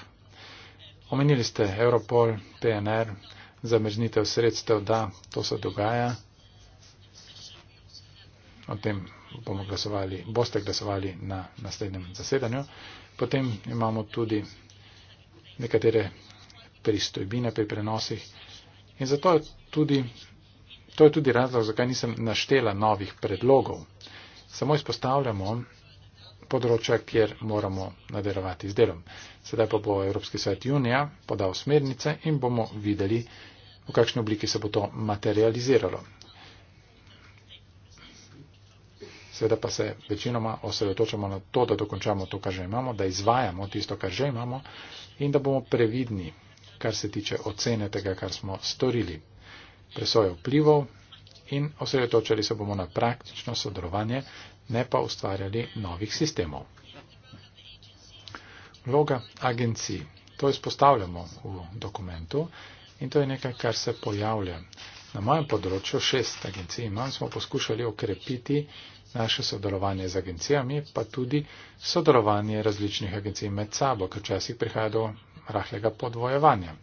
Omenili ste Europol, PNR, zamrznitev sredstev, da to se dogaja. O tem bomo glasovali, boste glasovali na naslednjem zasedanju. Potem imamo tudi nekatere pristojbine pri prenosih in zato je tudi, to je tudi razlog, zakaj nisem naštela novih predlogov. Samo izpostavljamo področja, kjer moramo nadaljevati z delom. Sedaj pa bo Evropski svet junija podal smernice in bomo videli, v kakšni obliki se bo to materializiralo. Seveda pa se večinoma osredotočamo na to, da dokončamo to, kar že imamo, da izvajamo tisto, kar že imamo in da bomo previdni, kar se tiče ocene tega, kar smo storili. Presoje vplivov in osredotočali se bomo na praktično sodelovanje, ne pa ustvarjali novih sistemov. Vloga agencij. To izpostavljamo v dokumentu in to je nekaj, kar se pojavlja. Na mojem področju šest agencij imam, smo poskušali okrepiti naše sodelovanje z agencijami, pa tudi sodelovanje različnih agencij med sabo, ker včasih prihaja do rahlega podvojevanja.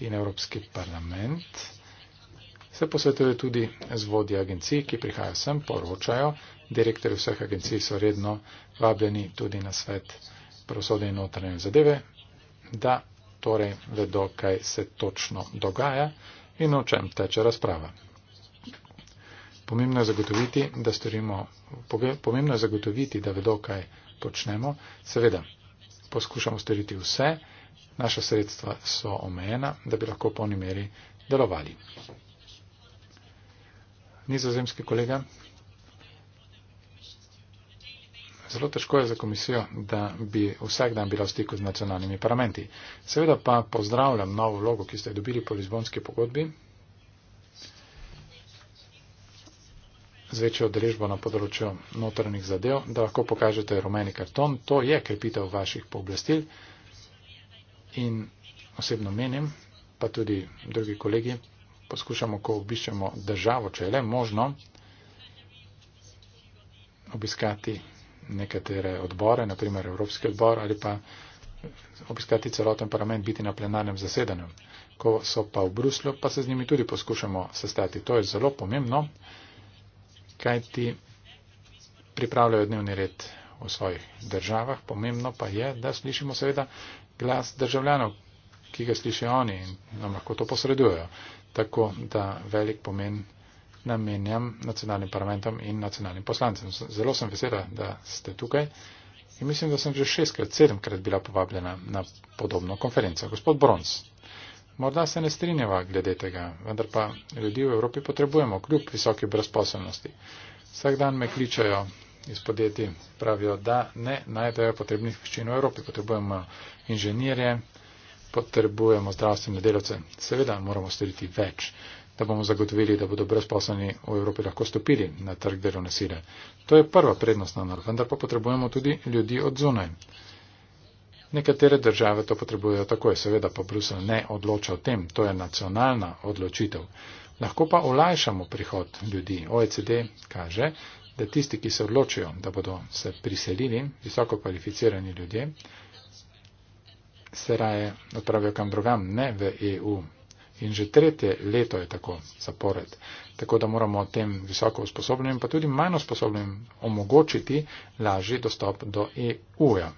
In Evropski parlament se posvetuje tudi z vodji agencij, ki prihajajo sem, poročajo. Direktori vseh agencij so redno vabljeni tudi na svet prosode in notranje zadeve, da torej vedo, kaj se točno dogaja in o čem teče razprava. Pomembno je zagotoviti, da storimo, pomembno je zagotoviti, da vedo, kaj počnemo. Seveda, poskušamo storiti vse, naša sredstva so omejena, da bi lahko v polni meri delovali. Nizozemski kolega, zelo težko je za komisijo, da bi vsak dan bila v stiku z nacionalnimi parlamenti. Seveda pa pozdravljam novo vlogo, ki ste dobili po Lizbonski pogodbi, z večjo odrežbo na področju notranjih zadev, da lahko pokažete rumeni karton. To je krepitev vaših pooblastil in osebno menim, pa tudi drugi kolegi, poskušamo, ko obiščemo državo, če je le možno, obiskati nekatere odbore, naprimer Evropski odbor ali pa obiskati celoten parlament, biti na plenarnem zasedanju. Ko so pa v Bruslju, pa se z njimi tudi poskušamo sestati. To je zelo pomembno kaj ti pripravljajo dnevni red v svojih državah. Pomembno pa je, da slišimo seveda glas državljanov, ki ga slišijo oni in nam lahko to posredujejo. Tako da velik pomen namenjam nacionalnim parlamentom in nacionalnim poslancem. Zelo sem vesela, da ste tukaj in mislim, da sem že šestkrat, sedemkrat bila povabljena na podobno konferenco. Gospod Bronz. Morda se ne strinjava glede tega, vendar pa ljudi v Evropi potrebujemo, kljub visoki brezposobnosti. Vsak dan me kličajo iz podjetij, pravijo, da ne najdejo potrebnih veščin v Evropi. Potrebujemo inženirje, potrebujemo zdravstvene delavce. Seveda moramo storiti več, da bomo zagotovili, da bodo brezposobni v Evropi lahko stopili na trg delovne sile. To je prva prednostna nor, vendar pa potrebujemo tudi ljudi od zunaj. Nekatere države to potrebujejo takoj, seveda pa Bruselj ne odloča o tem, to je nacionalna odločitev. Lahko pa olajšamo prihod ljudi. OECD kaže, da tisti, ki se odločijo, da bodo se priselili, visoko kvalificirani ljudje, se raje odpravijo kam drugam, ne v EU. In že tretje leto je tako zapored. Tako da moramo tem visoko usposobljenim, pa tudi manj usposobljenim, omogočiti lažji dostop do EU-ja.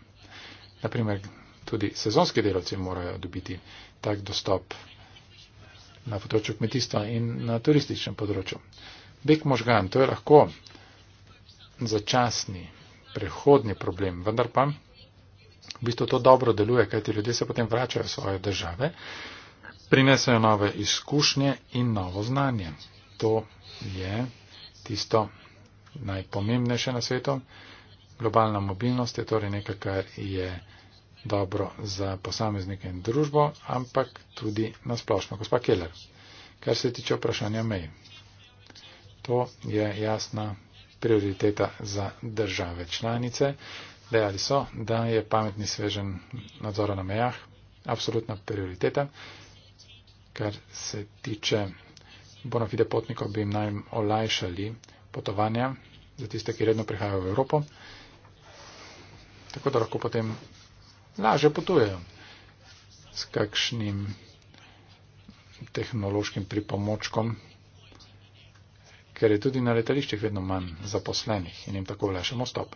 Naprimer, tudi sezonski delavci morajo dobiti tak dostop na področju kmetijstva in na turističnem področju. Beg možgan, to je lahko začasni, prehodni problem, vendar pa v bistvu to dobro deluje, kajti ljudje se potem vračajo v svoje države, prinesajo nove izkušnje in novo znanje. To je tisto najpomembnejše na svetu. Globalna mobilnost je torej nekaj, kar je dobro za posameznike in družbo, ampak tudi na splošno. Gospa Keller, kar se tiče vprašanja mej, to je jasna prioriteta za države članice. Dejali so, da je pametni svežen nadzora na mejah absolutna prioriteta. Kar se tiče bonafide potnikov, bi jim naj olajšali potovanja za tiste, ki redno prihajajo v Evropo tako da lahko potem lažje potujejo s kakšnim tehnološkim pripomočkom, ker je tudi na letališčih vedno manj zaposlenih in jim tako vlešemo stop.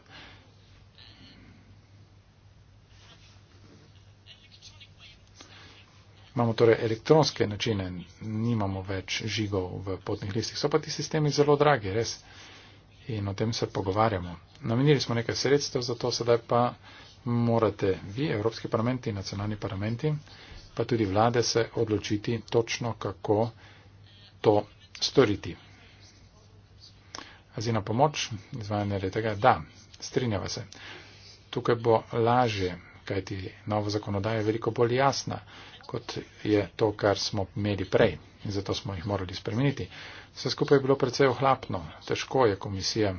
Imamo torej elektronske načine, nimamo več žigov v potnih listih, so pa ti sistemi zelo dragi, res in o tem se pogovarjamo. Namenili smo nekaj sredstev za to, sedaj pa morate vi, Evropski parlamenti in nacionalni parlamenti, pa tudi vlade se odločiti točno, kako to storiti. Azina pomoč, izvajanje redega, da, strinjava se. Tukaj bo lažje, kajti novo zakonodajo je veliko bolj jasna, kot je to, kar smo imeli prej in zato smo jih morali spremeniti. Vse skupaj je bilo precej ohlapno, težko je komisija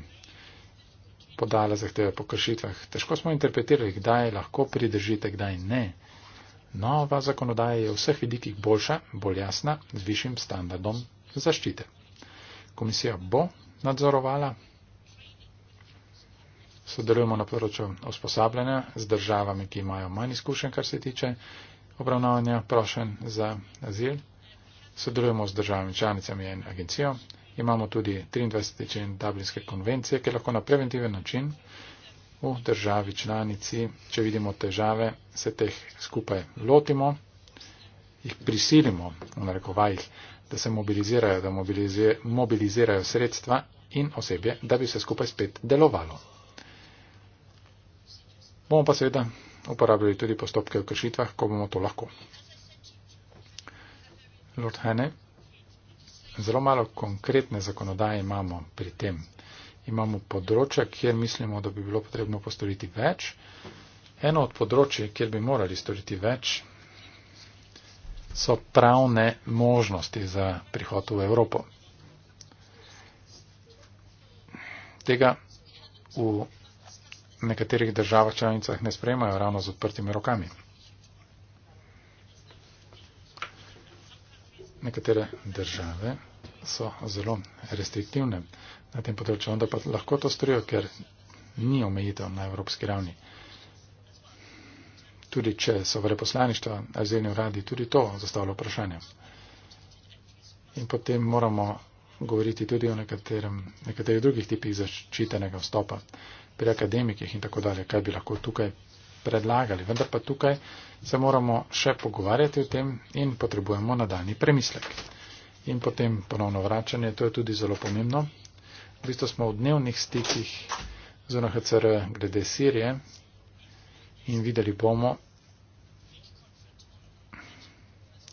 podala zahteve po kršitvah, težko smo interpretirali, kdaj lahko pridržite, kdaj ne. Nova zakonodaja je v vseh vidikih boljša, bolj jasna, z višjim standardom zaščite. Komisija bo nadzorovala, sodelujemo na področju usposabljanja z državami, ki imajo manj izkušen, kar se tiče obravnavanja prošen za azil sodelujemo z državami članicami in agencijo. Imamo tudi 23. člen Dublinske konvencije, ki lahko na preventiven način v državi članici, če vidimo težave, se teh skupaj lotimo, jih prisilimo v narekovajih, da se mobilizirajo, da mobilizirajo, mobilizirajo sredstva in osebje, da bi se skupaj spet delovalo. Bomo pa seveda uporabljali tudi postopke v kršitvah, ko bomo to lahko. Lord Hane, zelo malo konkretne zakonodaje imamo pri tem. Imamo področja, kjer mislimo, da bi bilo potrebno postoriti več. Eno od področji, kjer bi morali storiti več, so pravne možnosti za prihod v Evropo. Tega v nekaterih državah članicah ne sprejemajo ravno z odprtimi rokami. nekatere države so zelo restriktivne na tem področju, onda pa lahko to storijo, ker ni omejitev na evropski ravni. Tudi če so vreposlaništva, azilni uradi, tudi to zastavlja vprašanje. In potem moramo govoriti tudi o nekaterem, nekaterih drugih tipih zaščitenega vstopa pri akademikih in tako dalje, kaj bi lahko tukaj predlagali, vendar pa tukaj se moramo še pogovarjati o tem in potrebujemo nadaljni premislek. In potem ponovno vračanje, to je tudi zelo pomembno. V bistvu smo v dnevnih stikih z UNHCR glede Sirije in videli bomo,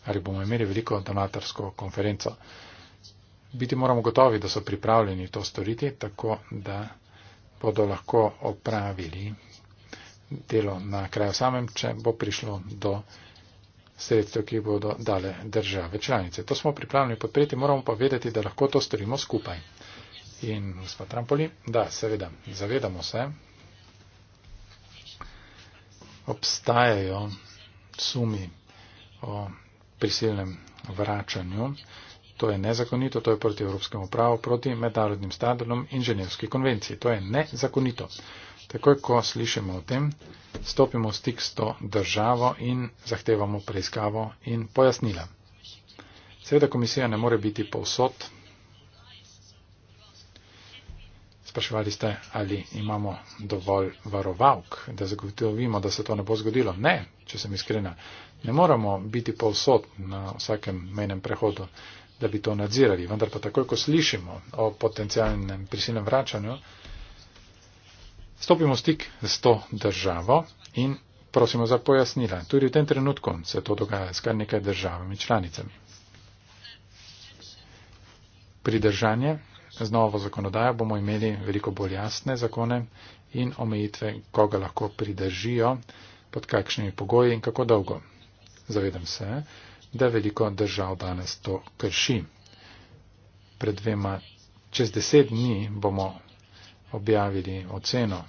ali bomo imeli veliko donatorsko konferenco. Biti moramo gotovi, da so pripravljeni to storiti, tako da bodo lahko opravili delo na kraju samem, če bo prišlo do sredstev, ki bodo dale države članice. To smo pripravljeni podpreti, moramo pa vedeti, da lahko to storimo skupaj. In gospod Trampoli, da, seveda, zavedamo se, obstajajo sumi o prisilnem vračanju. To je nezakonito, to je proti evropskemu pravu, proti mednarodnim standardom in ženevski konvenciji. To je nezakonito. Takoj, ko slišimo o tem, stopimo v stik s to državo in zahtevamo preiskavo in pojasnila. Seveda komisija ne more biti povsod. Spraševali ste, ali imamo dovolj varovalk, da zagotovimo, da se to ne bo zgodilo. Ne, če sem iskrena, ne moramo biti povsod na vsakem menem prehodu, da bi to nadzirali. Vendar pa takoj, ko slišimo o potencijalnem prisilnem vračanju, Stopimo v stik s to državo in prosimo za pojasnila. Tudi v tem trenutku se to dogaja s kar nekaj državami članicami. Pridržanje z novo zakonodajo bomo imeli veliko bolj jasne zakone in omejitve, koga lahko pridržijo, pod kakšnimi pogoji in kako dolgo. Zavedam se, da veliko držav danes to krši. Pred dvema, čez deset dni bomo objavili oceno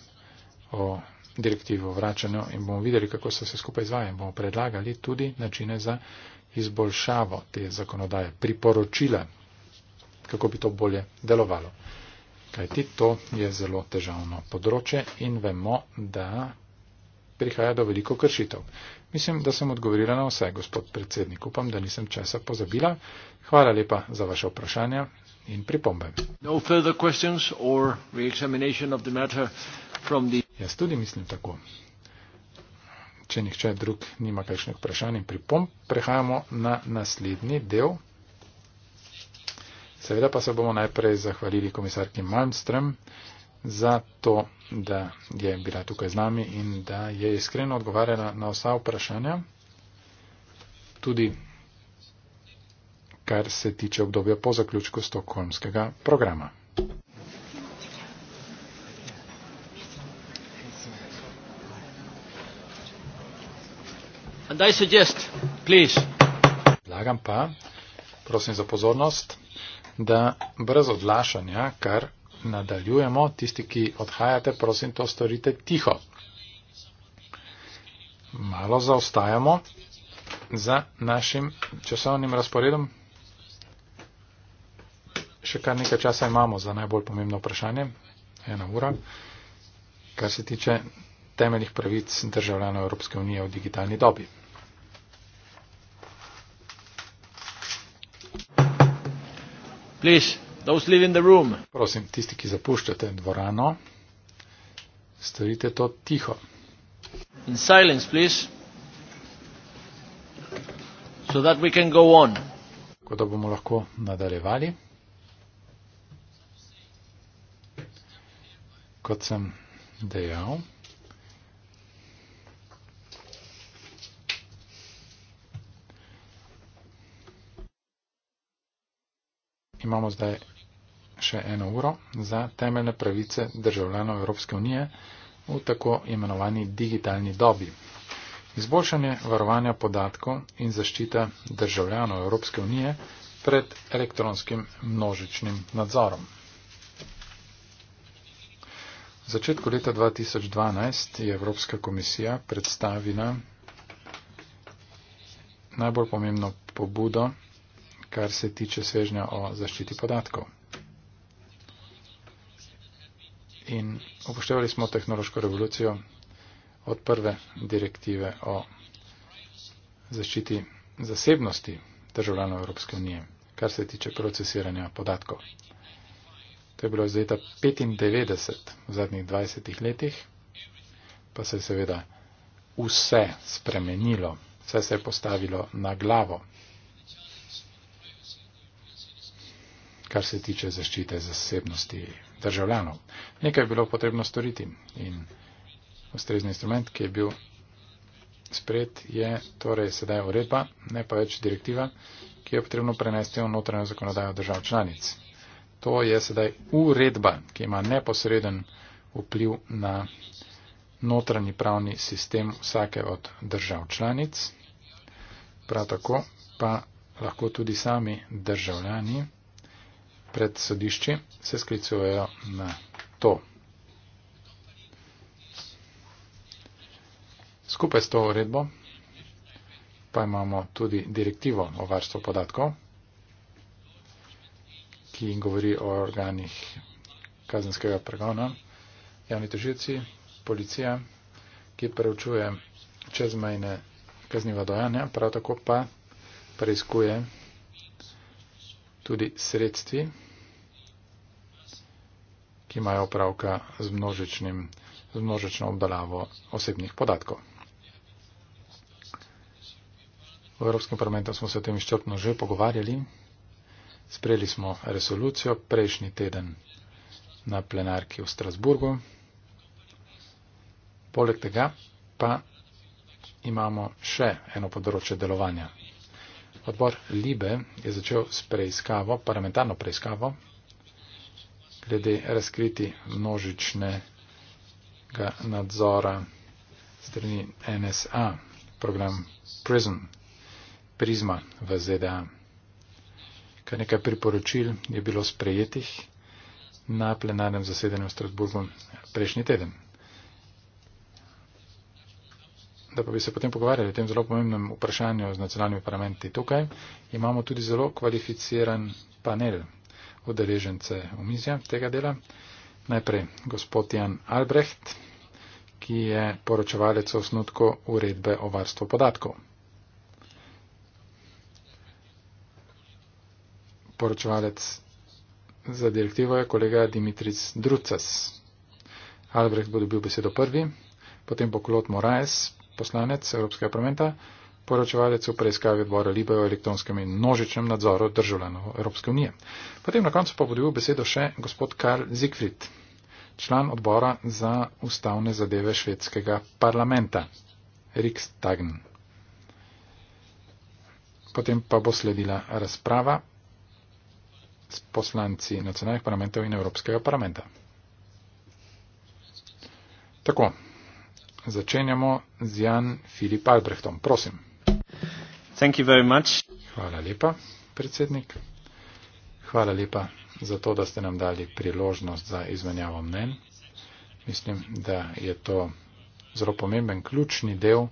o direktivi o vračanju in bomo videli, kako se vse skupaj izvaja in bomo predlagali tudi načine za izboljšavo te zakonodaje, priporočila, kako bi to bolje delovalo. Kajti to je zelo težavno področje in vemo, da prihaja do veliko kršitev. Mislim, da sem odgovorila na vse, gospod predsednik. Upam, da nisem česa pozabila. Hvala lepa za vaše vprašanje in pripombami. No Jaz tudi mislim tako. Če nihče drug nima kakšnih vprašanj in pripomb, prehajamo na naslednji del. Seveda pa se bomo najprej zahvalili komisarki Malmström za to, da je bila tukaj z nami in da je iskreno odgovarjala na vsa vprašanja. Tudi kar se tiče obdobja po zaključku stokholmskega programa. Suggest, Lagam pa, prosim za pozornost, da brez odlašanja, kar nadaljujemo, tisti, ki odhajate, prosim to storite tiho. Malo zaostajamo za našim časovnim razporedom, še kar nekaj časa imamo za najbolj pomembno vprašanje, ena ura, kar se tiče temeljnih pravic državljanov Evropske unije v digitalni dobi. Please, those live in the room. Prosim, tisti, ki zapuščate dvorano, storite to tiho. In silence, please. So that we can go on. Tako da bomo lahko nadaljevali. kot sem dejal. Imamo zdaj še eno uro za temeljne pravice državljanov Evropske unije v tako imenovani digitalni dobi. Izboljšanje varovanja podatkov in zaščita državljanov Evropske unije pred elektronskim množičnim nadzorom začetku leta 2012 je Evropska komisija predstavila najbolj pomembno pobudo, kar se tiče svežnja o zaščiti podatkov. In upoštevali smo tehnološko revolucijo od prve direktive o zaščiti zasebnosti državljanov Evropske unije, kar se tiče procesiranja podatkov. To je bilo iz leta 95 v zadnjih 20 letih, pa se je seveda vse spremenilo, vse se je postavilo na glavo, kar se tiče zaščite zasebnosti državljanov. Nekaj je bilo potrebno storiti in ustrezni instrument, ki je bil spred, je torej sedaj uredba, ne pa več direktiva, ki je potrebno prenesti v notranjo zakonodajo držav članic. To je sedaj uredba, ki ima neposreden vpliv na notranji pravni sistem vsake od držav članic. Prav tako pa lahko tudi sami državljani pred sodišči se sklicujejo na to. Skupaj s to uredbo pa imamo tudi direktivo o varstvu podatkov ki govori o organih kazenskega pregona, javni tožilci, policija, ki preučuje čezmejne kazniva dojanja, prav tako pa preizkuje tudi sredstvi, ki imajo opravka z, množičnim, z množično obdalavo osebnih podatkov. V Evropskem parlamentu smo se o tem izčrpno že pogovarjali. Sprejeli smo resolucijo prejšnji teden na plenarki v Strasburgu. Poleg tega pa imamo še eno področje delovanja. Odbor Libe je začel s preiskavo, parlamentarno preiskavo, glede razkriti množičnega nadzora strani NSA, program Prism, Prizma v ZDA. Kar nekaj priporočil je bilo sprejetih na plenarnem zasedanju v Strasburgu prejšnji teden. Da pa bi se potem pogovarjali o tem zelo pomembnem vprašanju z nacionalnimi parlamenti tukaj, imamo tudi zelo kvalificiran panel odeležence omizja tega dela. Najprej gospod Jan Albrecht, ki je poročevalec osnutko uredbe o varstvu podatkov. poročevalec za direktivo je kolega Dimitris Drucas. Albrecht bo dobil besedo prvi, potem bo Klot Moraes, poslanec Evropskega parlamenta, poročevalec v preiskavi odbora Libe o elektronskem in množičnem nadzoru državljanov Evropske unije. Potem na koncu pa bo dobil besedo še gospod Karl Zigfrid, član odbora za ustavne zadeve švedskega parlamenta, Riks Tagn. Potem pa bo sledila razprava s poslanci nacionalnih parlamentov in Evropskega parlamenta. Tako, začenjamo z Jan Filip Albrechtom. Prosim. Thank you very much. Hvala lepa, predsednik. Hvala lepa za to, da ste nam dali priložnost za izmenjavo mnen. Mislim, da je to zelo pomemben, ključni del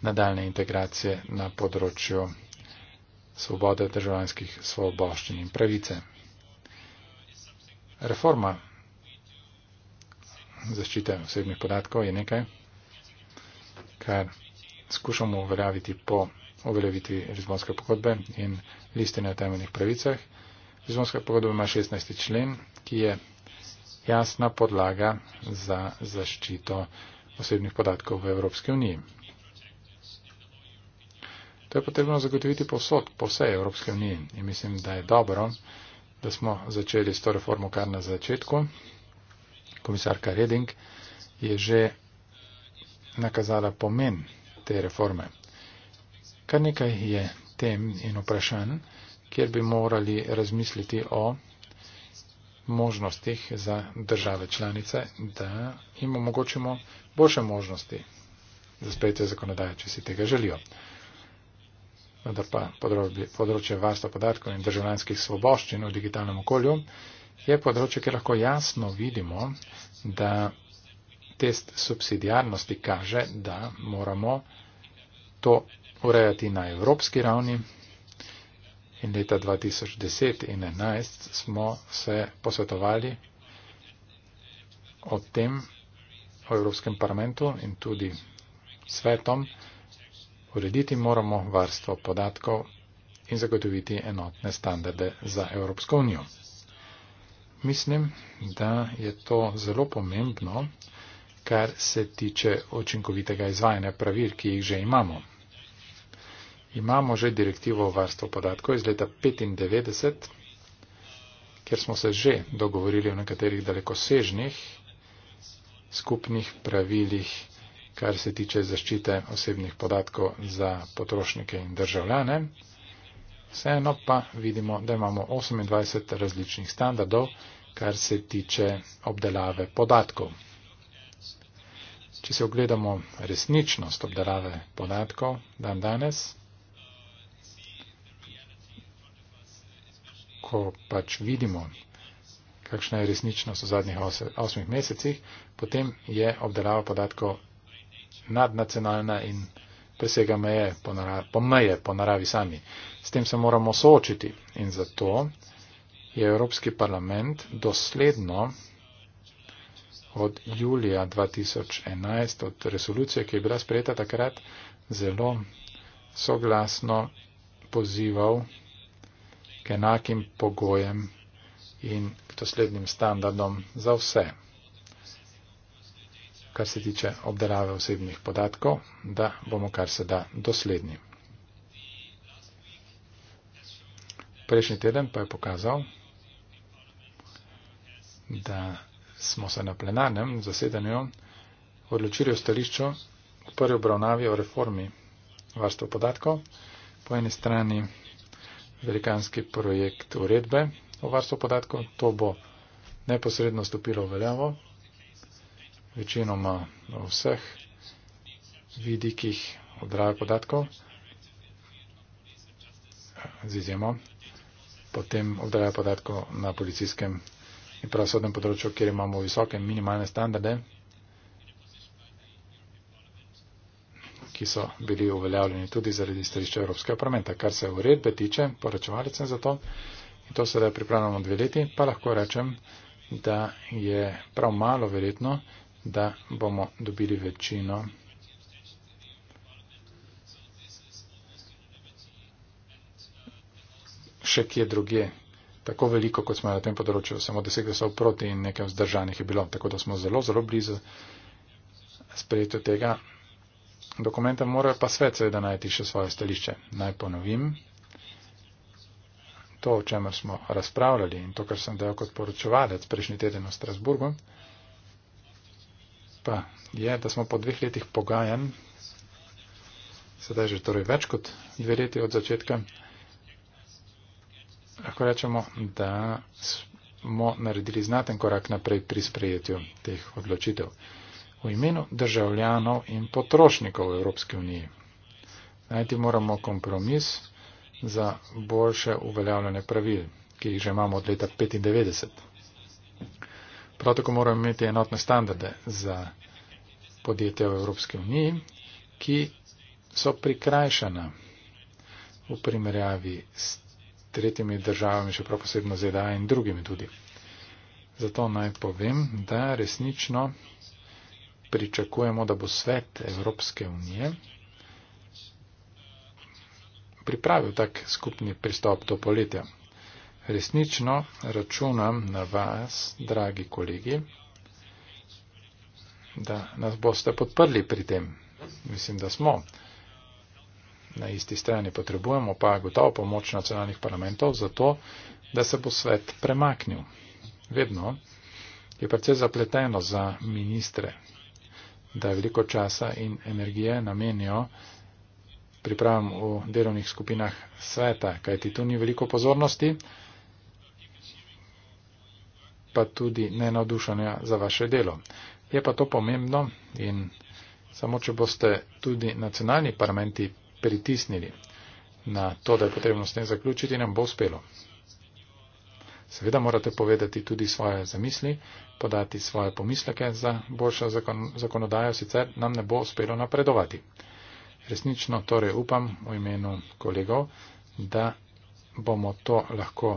nadaljne integracije na področju svobode državljanskih svoboščin in pravice. Reforma zaščite osebnih podatkov je nekaj, kar skušamo uveljaviti po uveljavitvi Lizbonske pogodbe in listine o temeljnih pravicah. Lizbonska pogodba ima 16. člen, ki je jasna podlaga za zaščito osebnih podatkov v Evropski uniji. To je potrebno zagotoviti posod, po vsej Evropske unije. In mislim, da je dobro, da smo začeli s to reformo kar na začetku. Komisarka Reding je že nakazala pomen te reforme. Kar nekaj je tem in vprašanj, kjer bi morali razmisliti o možnostih za države članice, da jim omogočimo boljše možnosti za sprejete zakonodaje, če si tega želijo vendar pa področje varstva podatkov in državljanskih svoboščin v digitalnem okolju, je področje, kjer lahko jasno vidimo, da test subsidijarnosti kaže, da moramo to urejati na evropski ravni. In leta 2010 in 2011 smo se posvetovali o tem v Evropskem parlamentu in tudi svetom, Urediti moramo varstvo podatkov in zagotoviti enotne standarde za Evropsko unijo. Mislim, da je to zelo pomembno, kar se tiče očinkovitega izvajanja pravil, ki jih že imamo. Imamo že direktivo o varstvu podatkov iz leta 1995, kjer smo se že dogovorili o nekaterih dalekosežnih skupnih pravilih kar se tiče zaščite osebnih podatkov za potrošnike in državljane. Vseeno pa vidimo, da imamo 28 različnih standardov, kar se tiče obdelave podatkov. Če se ogledamo resničnost obdelave podatkov dan danes, ko pač vidimo, kakšna je resničnost v zadnjih osmih mesecih, potem je obdelava podatkov nadnacionalna in presega meje po naravi, po meje po naravi sami. S tem se moramo soočiti in zato je Evropski parlament dosledno od julija 2011, od resolucije, ki je bila sprejeta takrat, zelo soglasno pozival k enakim pogojem in k doslednim standardom za vse kar se tiče obdelave osebnih podatkov, da bomo kar se da dosledni. Prejšnji teden pa je pokazal, da smo se na plenarnem zasedanju odločili o stališču v prvi obravnavi o reformi varstva podatkov. Po eni strani velikanski projekt uredbe o varstvu podatkov, to bo neposredno stopilo v veljavo, večinoma o vseh vidikih odrave podatkov, z izjemo, potem odrave podatkov na policijskem in pravosodnem področju, kjer imamo visoke minimalne standarde, ki so bili uveljavljeni tudi zaradi stališča Evropskega parlamenta. Kar se uredbe tiče, poračevalec sem za to in to sedaj pripravljamo dve leti, pa lahko rečem, da je prav malo verjetno, da bomo dobili večino. Še kje druge, tako veliko, kot smo na tem področju, samo deset glasov proti in nekaj vzdržanih je bilo, tako da smo zelo, zelo blizu sprejetju tega dokumenta, mora pa svet seveda najti še svoje stališče. Naj ponovim, to, o čemer smo razpravljali in to, kar sem dejal kot poročevalec prejšnji teden v Strasburgu, pa je, da smo po dveh letih pogajan, sedaj že torej več kot dve leti od začetka, lahko rečemo, da smo naredili znaten korak naprej pri sprejetju teh odločitev v imenu državljanov in potrošnikov Evropske unije. Najti moramo kompromis za boljše uveljavljanje pravil, ki jih že imamo od leta 1995. Prav tako moramo imeti enotne standarde za podjetja v Evropske uniji, ki so prikrajšana v primerjavi s tretjimi državami, še prav posebno ZDA in drugimi tudi. Zato naj povem, da resnično pričakujemo, da bo svet Evropske unije pripravil tak skupni pristop do poletja. Resnično računam na vas, dragi kolegi, da nas boste podprli pri tem. Mislim, da smo. Na isti strani potrebujemo pa gotovo pomoč nacionalnih parlamentov za to, da se bo svet premaknil. Vedno je precej zapleteno za ministre, da veliko časa in energije namenijo pripravam v delovnih skupinah sveta, kajti tu ni veliko pozornosti pa tudi ne navdušanja za vaše delo. Je pa to pomembno in samo, če boste tudi nacionalni parlamenti pritisnili na to, da je potrebno s tem zaključiti, nam bo uspelo. Seveda morate povedati tudi svoje zamisli, podati svoje pomisleke za boljšo zakon, zakonodajo, sicer nam ne bo uspelo napredovati. Resnično torej upam v imenu kolegov, da bomo to lahko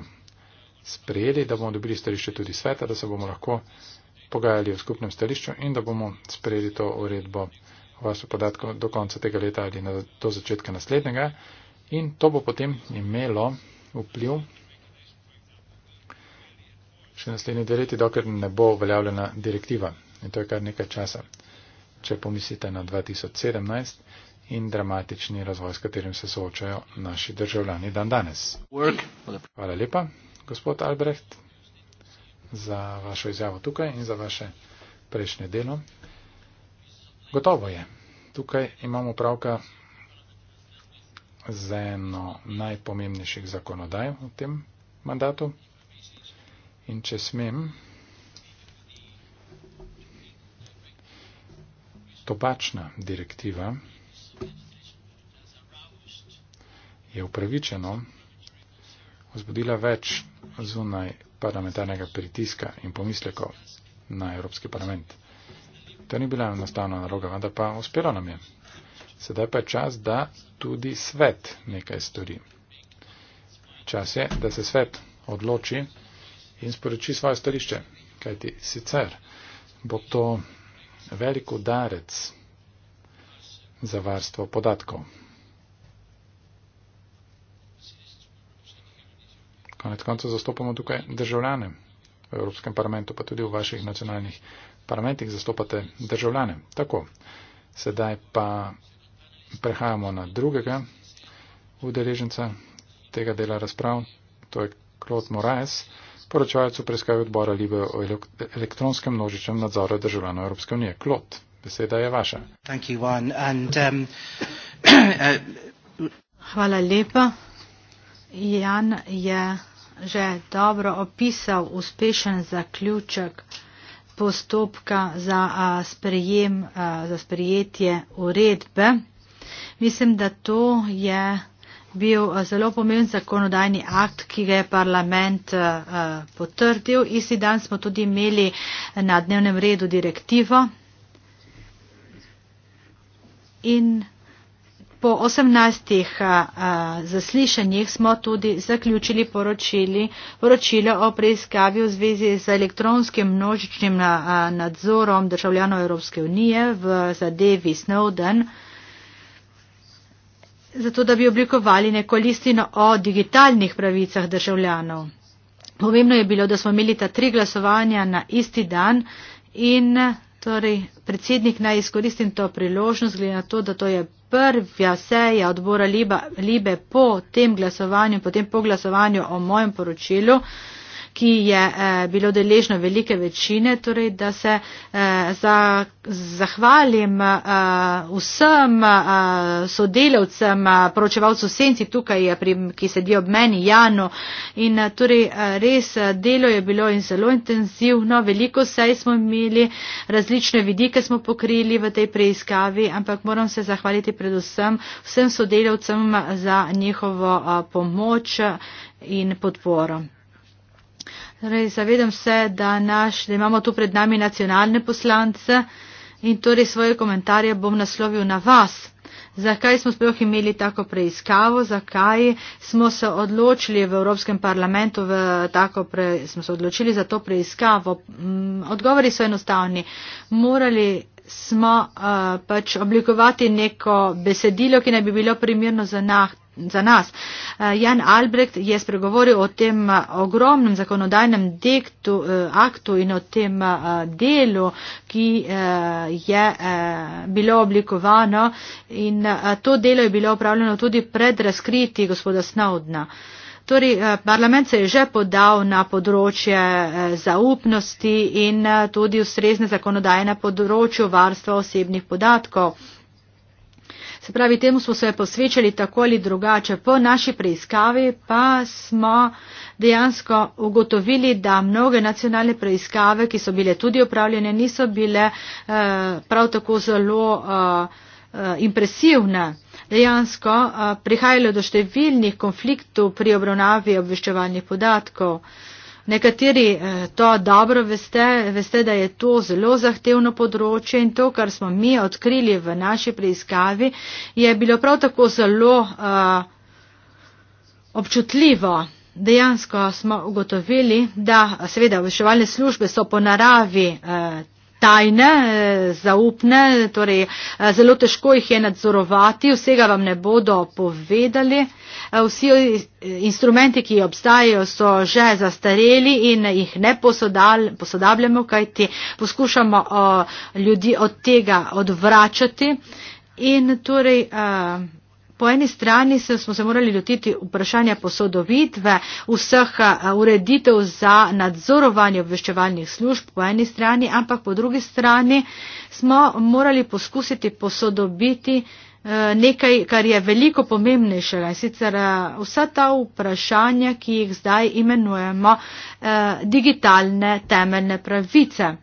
sprejeli, da bomo dobili stališče tudi sveta, da se bomo lahko pogajali v skupnem stališču in da bomo sprejeli to uredbo o varstvu podatkov do konca tega leta ali na, do začetka naslednjega. In to bo potem imelo vpliv še naslednji dve leti, dokler ne bo uveljavljena direktiva. In to je kar nekaj časa, če pomislite na 2017 in dramatični razvoj, s katerim se soočajo naši državljani dan danes. Hvala lepa gospod Albrecht, za vašo izjavo tukaj in za vaše prejšnje delo. Gotovo je, tukaj imamo pravka z eno najpomembnejših zakonodaj v tem mandatu. In če smem, topačna direktiva je upravičeno vzbudila več zunaj parlamentarnega pritiska in pomislekov na Evropski parlament. To ni bila enostavna naloga, vendar pa uspelo nam je. Sedaj pa je čas, da tudi svet nekaj stori. Čas je, da se svet odloči in sporoči svoje stališče, kajti sicer bo to velik udarec za varstvo podatkov. Konec konca zastopamo tukaj državljane. V Evropskem parlamentu pa tudi v vaših nacionalnih parlamentih zastopate državljane. Tako, sedaj pa prehajamo na drugega udeleženca tega dela razprav, to je Claude Moraes, poročevalec v preiskavi odbora Libe o elektronskem množičnem nadzoru državljanov Evropske unije. Claude, beseda je vaša. Um, uh, Hvala lepa. Jan je že dobro opisal uspešen zaključek postopka za sprejem, za sprejetje uredbe. Mislim, da to je bil zelo pomemben zakonodajni akt, ki ga je parlament potrdil. Isti dan smo tudi imeli na dnevnem redu direktivo. In Po 18 uh, zaslišanjih smo tudi zaključili poročilo o preiskavi v zvezi z elektronskim množičnim uh, nadzorom državljanov Evropske unije v zadevi Snowden, zato da bi oblikovali neko listino o digitalnih pravicah državljanov. Pomembno je bilo, da smo imeli ta tri glasovanja na isti dan in torej predsednik naj izkoristim to priložnost, glede na to, da to je prva seja odbora Libe po tem glasovanju, potem po glasovanju o mojem poročilu, ki je eh, bilo deležno velike večine, torej da se eh, za, zahvalim eh, vsem sodelavcem, poročevalcu Senci tukaj, pri, ki sedi ob meni, Janu. In torej res delo je bilo in zelo intenzivno, veliko sej smo imeli, različne vidike smo pokrili v tej preiskavi, ampak moram se zahvaliti predvsem vsem sodelavcem za njihovo pomoč in podporo. Torej, zavedam se, da, naš, da imamo tu pred nami nacionalne poslance in torej svoje komentarje bom naslovil na vas. Zakaj smo sploh imeli tako preiskavo, zakaj smo se odločili v Evropskem parlamentu v tako pre, smo se odločili za to preiskavo? Mm, odgovori so enostavni. Morali smo uh, pač oblikovati neko besedilo, ki naj bi bilo primirno za naht za nas. Eh, Jan Albrecht je spregovoril o tem eh, ogromnem zakonodajnem dektu, eh, aktu in o tem delu, ki je bilo oblikovano in to delo je bilo upravljeno tudi pred razkriti gospoda Snowdna. Torej, parlament se je že podal na področje zaupnosti in tudi ustrezne zakonodaje na področju varstva osebnih podatkov. Se pravi, temu smo se posvečali tako ali drugače. Po naši preiskavi pa smo dejansko ugotovili, da mnoge nacionalne preiskave, ki so bile tudi upravljene, niso bile eh, prav tako zelo eh, eh, impresivne. Dejansko eh, prihajalo do številnih konfliktov pri obravnavi obveščevalnih podatkov. Eh, Nekateri eh, to dobro veste, veste, da je to zelo zahtevno področje in to, kar smo mi odkrili v naši preiskavi, je bilo prav tako zelo eh, občutljivo. Dejansko smo ugotovili, da seveda obveščevalne službe so po naravi eh, tajne, zaupne, torej zelo težko jih je nadzorovati, vsega vam ne bodo povedali. Eh, vsi instrumenti, ki obstajajo, so že zastareli in jih ne posodabljamo, kajti poskušamo eh, ljudi od tega odvračati. In torej, eh, po eni strani smo se morali lotiti vprašanja posodobitve vseh ureditev za nadzorovanje obveščevalnih služb, po eni strani, ampak po drugi strani smo morali poskusiti posodobiti Eh, nekaj, kar je veliko pomembnejše. Sicer eh, vsa ta vprašanja, ki jih zdaj imenujemo eh, digitalne temeljne pravice.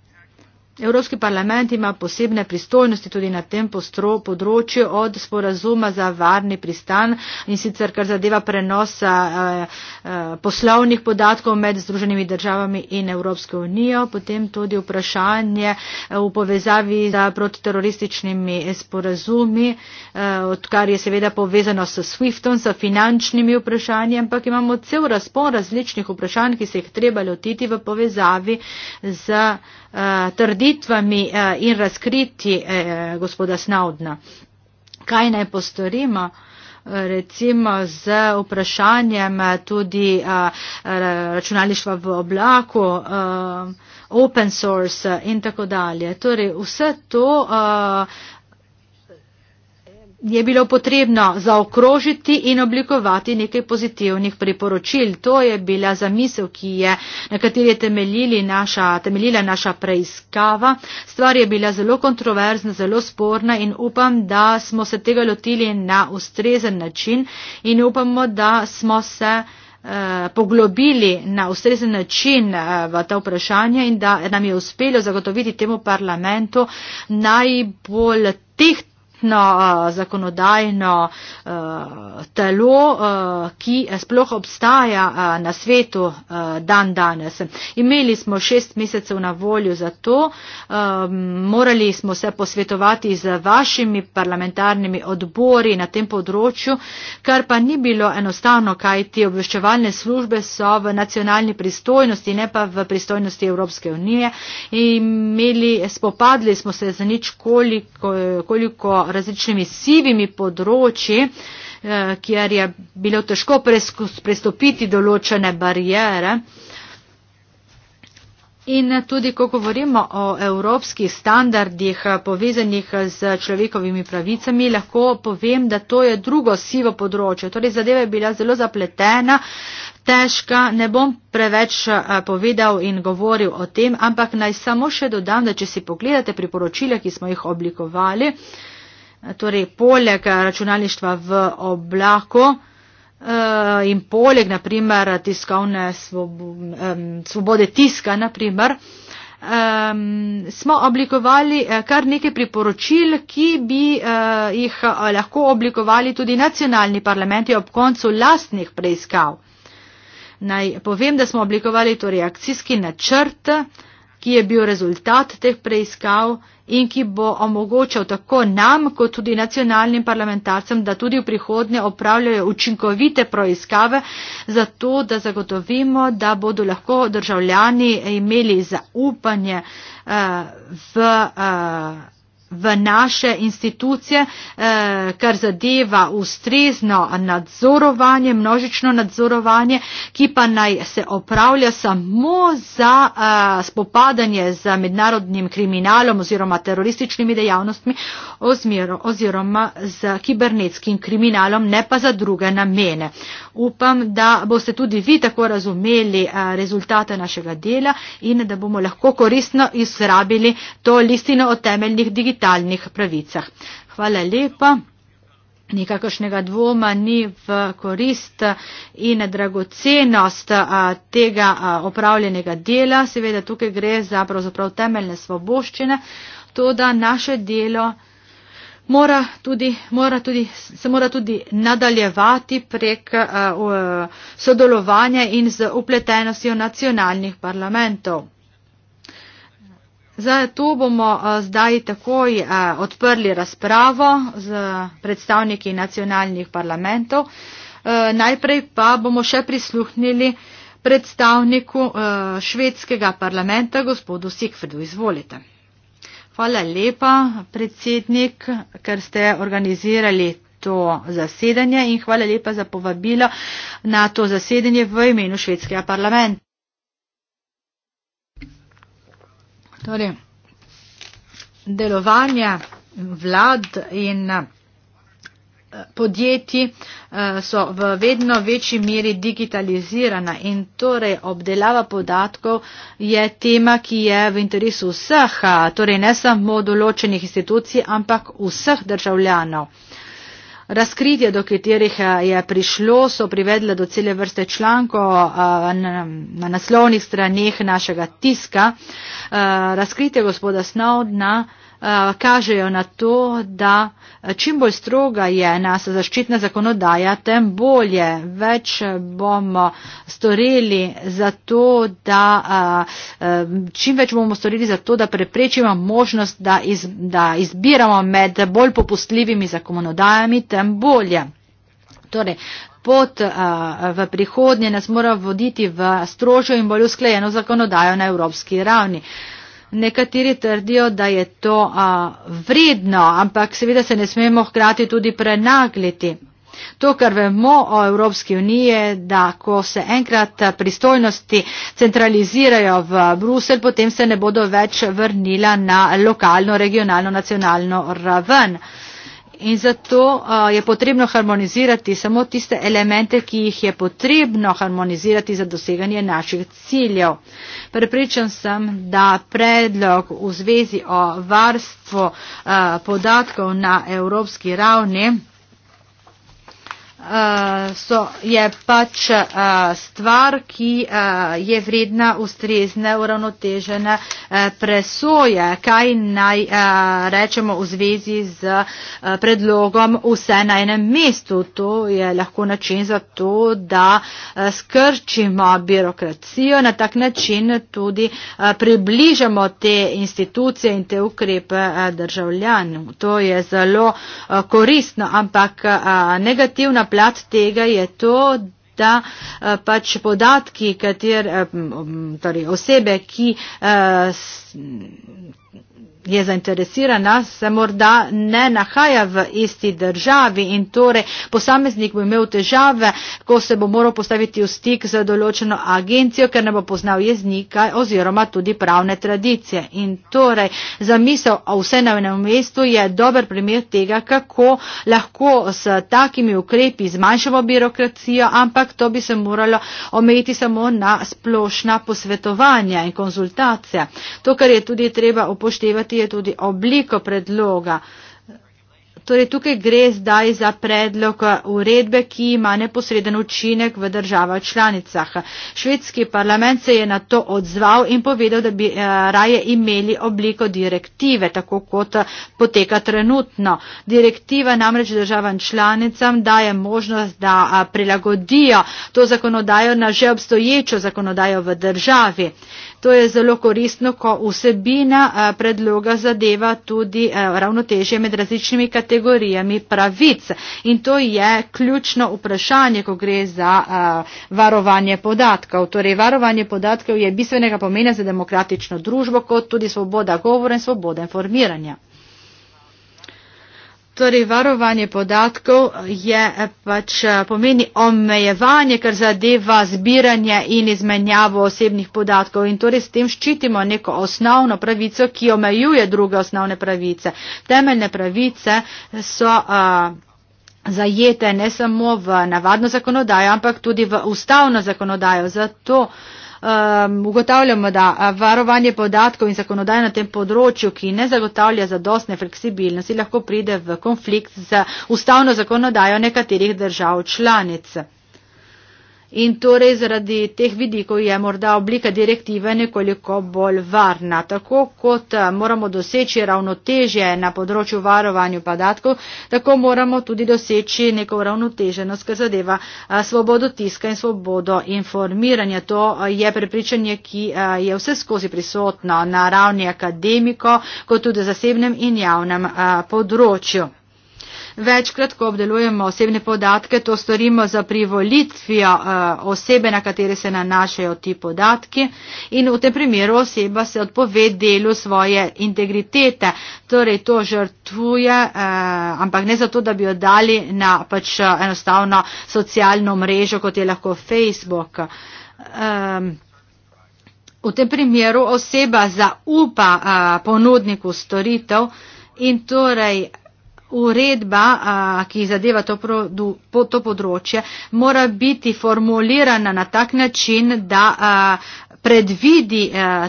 Evropski parlament ima posebne pristojnosti tudi na tem postro, področju od sporazuma za varni pristan in sicer kar zadeva prenosa eh, eh poslovnih podatkov med Združenimi državami in Evropsko unijo, potem tudi vprašanje eh, v povezavi z protiterorističnimi sporazumi, eh, odkar je seveda povezano s SWIFT-om, s finančnimi vprašanji, ampak imamo cel razpon različnih vprašanj, ki se jih treba lotiti v povezavi z. Eh, Eh, trditvami eh, in razkriti eh, gospoda Snaudna. Kaj naj postorimo? recimo z vprašanjem tudi računalništva v oblaku, open source in tako dalje. Torej vse to uh, je bilo potrebno zaokrožiti in oblikovati nekaj pozitivnih priporočil. To je bila zamisel, ki je, na kateri je naša, temeljila naša preiskava. Stvar je bila zelo kontroverzna, zelo sporna in upam, da smo se tega lotili na ustrezen način in upamo, da smo se eh, poglobili na ustrezen način eh, v ta vprašanja in da nam je uspelo zagotoviti temu parlamentu najbolj tehtno celotno uh, zakonodajno uh, telo, uh, ki sploh obstaja uh, na svetu uh, dan danes. Imeli smo šest mesecev na volju za to, uh, morali smo se posvetovati z vašimi parlamentarnimi odbori na tem področju, kar pa ni bilo enostavno, kaj ti obveščevalne službe so v nacionalni pristojnosti, ne pa v pristojnosti Evropske unije. Imeli, spopadli smo se z nič koliko, koliko različnimi sivimi področji, eh, kjer je bilo težko prestopiti določene barijere. In tudi, ko govorimo o evropskih standardih eh, povezanih z človekovimi pravicami, lahko povem, da to je drugo sivo področje. Torej, zadeva je bila zelo zapletena, težka. Ne bom preveč eh, povedal in govoril o tem, ampak naj samo še dodam, da če si pogledate priporočila, ki smo jih oblikovali, torej poleg računalništva v oblaku eh, in poleg naprimer tiskovne svobode tiska, naprimer, smo oblikovali eh, kar nekaj priporočil, ki bi eh, jih lahko oblikovali tudi nacionalni parlamenti ob koncu lastnih preiskav. Naj povem, da smo oblikovali torej akcijski načrt, ki je bil rezultat teh preiskav in ki bo omogočal tako nam, kot tudi nacionalnim parlamentarcem, da tudi v prihodnje opravljajo učinkovite preiskave, zato da zagotovimo, da bodo lahko državljani imeli zaupanje uh, v. Uh, v naše institucije, eh, kar zadeva ustrezno nadzorovanje, množično nadzorovanje, ki pa naj se opravlja samo za eh, spopadanje z mednarodnim kriminalom oziroma terorističnimi dejavnostmi oziroma z kibernetskim kriminalom, ne pa za druge namene. Upam, da boste tudi vi tako razumeli eh, rezultate našega dela in da bomo lahko koristno izrabili to listino o temeljnih digitalnih pravicah. Hvala lepa. Nikakršnega dvoma ni v korist in dragocenost eh, tega eh, opravljenega dela. Seveda tukaj gre za temeljne svoboščine, to da naše delo mora tudi, mora tudi, se mora tudi nadaljevati prek uh, sodelovanja in z upletenostjo nacionalnih parlamentov. Zato bomo eh, zdaj takoj eh, odprli razpravo z predstavniki nacionalnih parlamentov. Najprej pa bomo še prisluhnili predstavniku švedskega parlamenta, gospodu Sigfredu. Izvolite. Hvala lepa, predsednik, ker ste organizirali to zasedanje in hvala lepa za povabilo na to zasedanje v imenu švedskega parlamenta. Torej, delovanje vlad in eh, podjetij Eh, so v vedno večji meri digitalizirana in torej obdelava podatkov je tema, ki je v interesu vseh, eh, torej ne samo določenih institucij, ampak vseh državljanov. Razkritje, do katerih eh, je prišlo, so privedle do cele vrste člankov na naslovnih straneh našega tiska. Razkritje gospoda Snowdna. Eh, kažejo na to, da eh, čim bolj stroga je nas zaščitna zakonodaja, tem bolje, več eh, bomo storili za to, da čim več bomo storili za to, da preprečimo možnost, da, iz, da izbiramo med bolj popustljivimi zakonodajami, tem bolje. Torej, pot a, v prihodnje nas mora voditi v strožjo in bolj usklejeno zakonodajo na evropski ravni. A, Nekateri trdijo, da je to a, vredno, ampak seveda se ne smemo hkrati tudi prenagliti. To, kar vemo o Evropski uniji, je, da ko se enkrat pristojnosti centralizirajo v Brusel, potem se ne bodo več vrnila na lokalno, regionalno, nacionalno raven in zato je potrebno harmonizirati samo tiste elemente, ki jih je potrebno harmonizirati za doseganje naših ciljev. Prepričan sem, da predlog v zvezi o varstvu podatkov na evropski ravni uh, so, je pač uh, stvar, ki uh, je vredna ustrezne uravnotežene uh, presoje, kaj naj uh, rečemo v zvezi z uh, predlogom vse na enem mestu. To je lahko način za to, da uh, skrčimo birokracijo, na tak način tudi uh, približamo te institucije in te ukrepe uh, državljanom. To je zelo uh, koristno, ampak uh, negativna plat tega je to, da eh, pač podatki, kater, eh, torej osebe, ki eh, je zainteresirana, se morda ne nahaja v isti državi in torej posameznik bo imel težave, ko se bo moral postaviti v stik z določeno agencijo, ker ne bo poznal jezika oziroma tudi pravne tradicije. In torej zamisel o vse na enem mestu je dober primer tega, kako lahko s takimi ukrepi zmanjšamo birokracijo, ampak to bi se moralo omejiti samo na splošna posvetovanja in konzultacije. To, kar je tudi treba upoštevati, je tudi obliko predloga. Torej, tukaj gre zdaj za predlog eh, uredbe, ki ima neposreden učinek v državah članicah. Švedski parlament se je na to odzval in povedal, da bi eh, raje imeli obliko direktive, tako kot eh, poteka trenutno. Direktiva namreč državam članicam daje možnost, da prilagodijo to zakonodajo na že obstoječo zakonodajo v državi. To je zelo koristno, ko vsebina eh, predloga zadeva tudi eh, ravnotežje med različnimi kategorijami pravic. In to je ključno vprašanje, ko gre za eh, varovanje podatkov. Torej, varovanje podatkov je bistvenega pomena za demokratično družbo, kot tudi svoboda govora in svoboda informiranja. Torej, varovanje podatkov je eh, pač eh, pomeni omejevanje, kar zadeva zbiranje in izmenjavo osebnih podatkov in torej s tem ščitimo neko osnovno pravico, ki omejuje druge osnovne pravice. Temeljne pravice so. A, eh, zajete ne samo v navadno zakonodajo, ampak tudi v ustavno zakonodajo. Zato uh, um, ugotavljamo, da varovanje podatkov in zakonodaj na tem področju, ki ne zagotavlja zadostne fleksibilnosti, lahko pride v konflikt z ustavno zakonodajo nekaterih držav članic. In torej zaradi teh vidikov je morda oblika direktive nekoliko bolj varna. Tako kot eh, moramo doseči ravnotežje na področju varovanja podatkov, tako moramo tudi doseči neko ravnoteženost, kar zadeva eh, svobodo tiska in svobodo informiranja. To eh, je prepričanje, ki je vse skozi prisotno na ravni akademiko, kot tudi zasebnem in javnem področju. Večkrat, ko obdelujemo osebne podatke, to storimo za privolitvijo eh, osebe, na katere se nanašajo ti podatki in v tem primeru oseba se odpove delu svoje integritete. Torej, to žrtvuje, eh, ampak ne zato, da bi jo dali na pač eh, enostavno socialno mrežo, kot je lahko Facebook. Ehm, v tem primeru oseba zaupa ponudniku storitev in torej uredba, ki zadeva to, produ, po, to področje, mora biti formulirana na tak način, da predvidi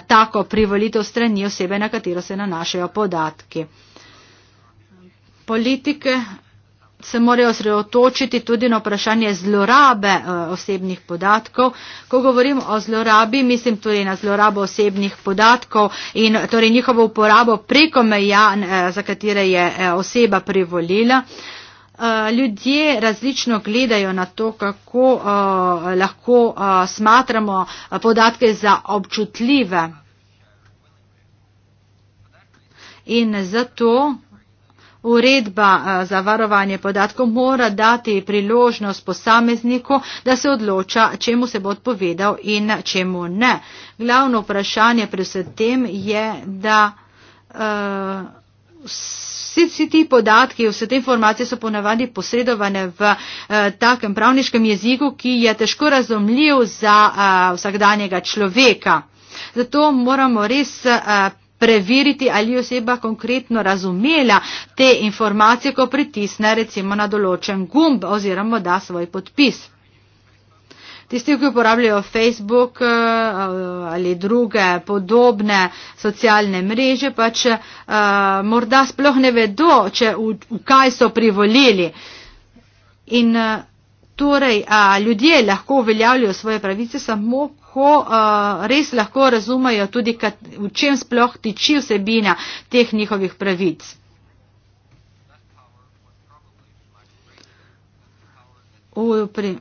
tako privolitev strani osebe, na katero se nanašajo podatki. Politike se morajo osredotočiti tudi na vprašanje zlorabe eh, osebnih podatkov. Ko govorim o zlorabi, mislim tudi na zlorabo osebnih podatkov in torej njihovo uporabo preko meja, eh, za katere je eh, oseba privolila. Ljudje različno gledajo na to, kako lahko smatramo podatke za občutljive. In zato Uredba eh, za varovanje podatkov mora dati priložnost posamezniku, da se odloča, čemu se bo odpovedal in čemu ne. Glavno vprašanje pri vsem tem je, da eh, vsi uh, ti podatki, vse te informacije so ponavadi posredovane v uh, takem pravniškem jeziku, ki je težko razumljiv za uh, vsakdanjega človeka. Zato moramo res. Uh, preveriti, ali je oseba konkretno razumela te informacije, ko pritisne recimo na določen gumb oziroma da svoj podpis. Tisti, ki uporabljajo Facebook eh, ali druge podobne socialne mreže, pač eh, morda sploh ne vedo, če, v, v kaj so privolili. In eh, torej, ljudje lahko uveljavljajo svoje pravice samo, lahko, uh, res lahko razumejo tudi, kat, v čem sploh tiči vsebina teh njihovih pravic. Oh, prej.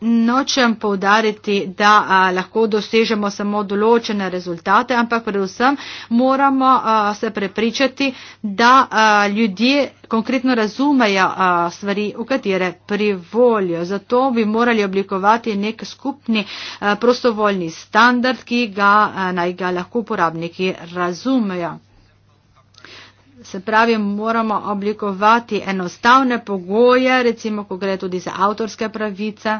Nočem povdariti, da a, lahko dosežemo samo določene rezultate, ampak predvsem moramo a, se prepričati, da a, ljudje konkretno razumejo a, stvari, v katere privolijo. Zato bi morali oblikovati nek skupni a, prostovoljni standard, ki ga a, naj ga lahko uporabniki razumejo. Se pravi, moramo oblikovati enostavne pogoje, recimo, ko gre tudi za avtorske pravice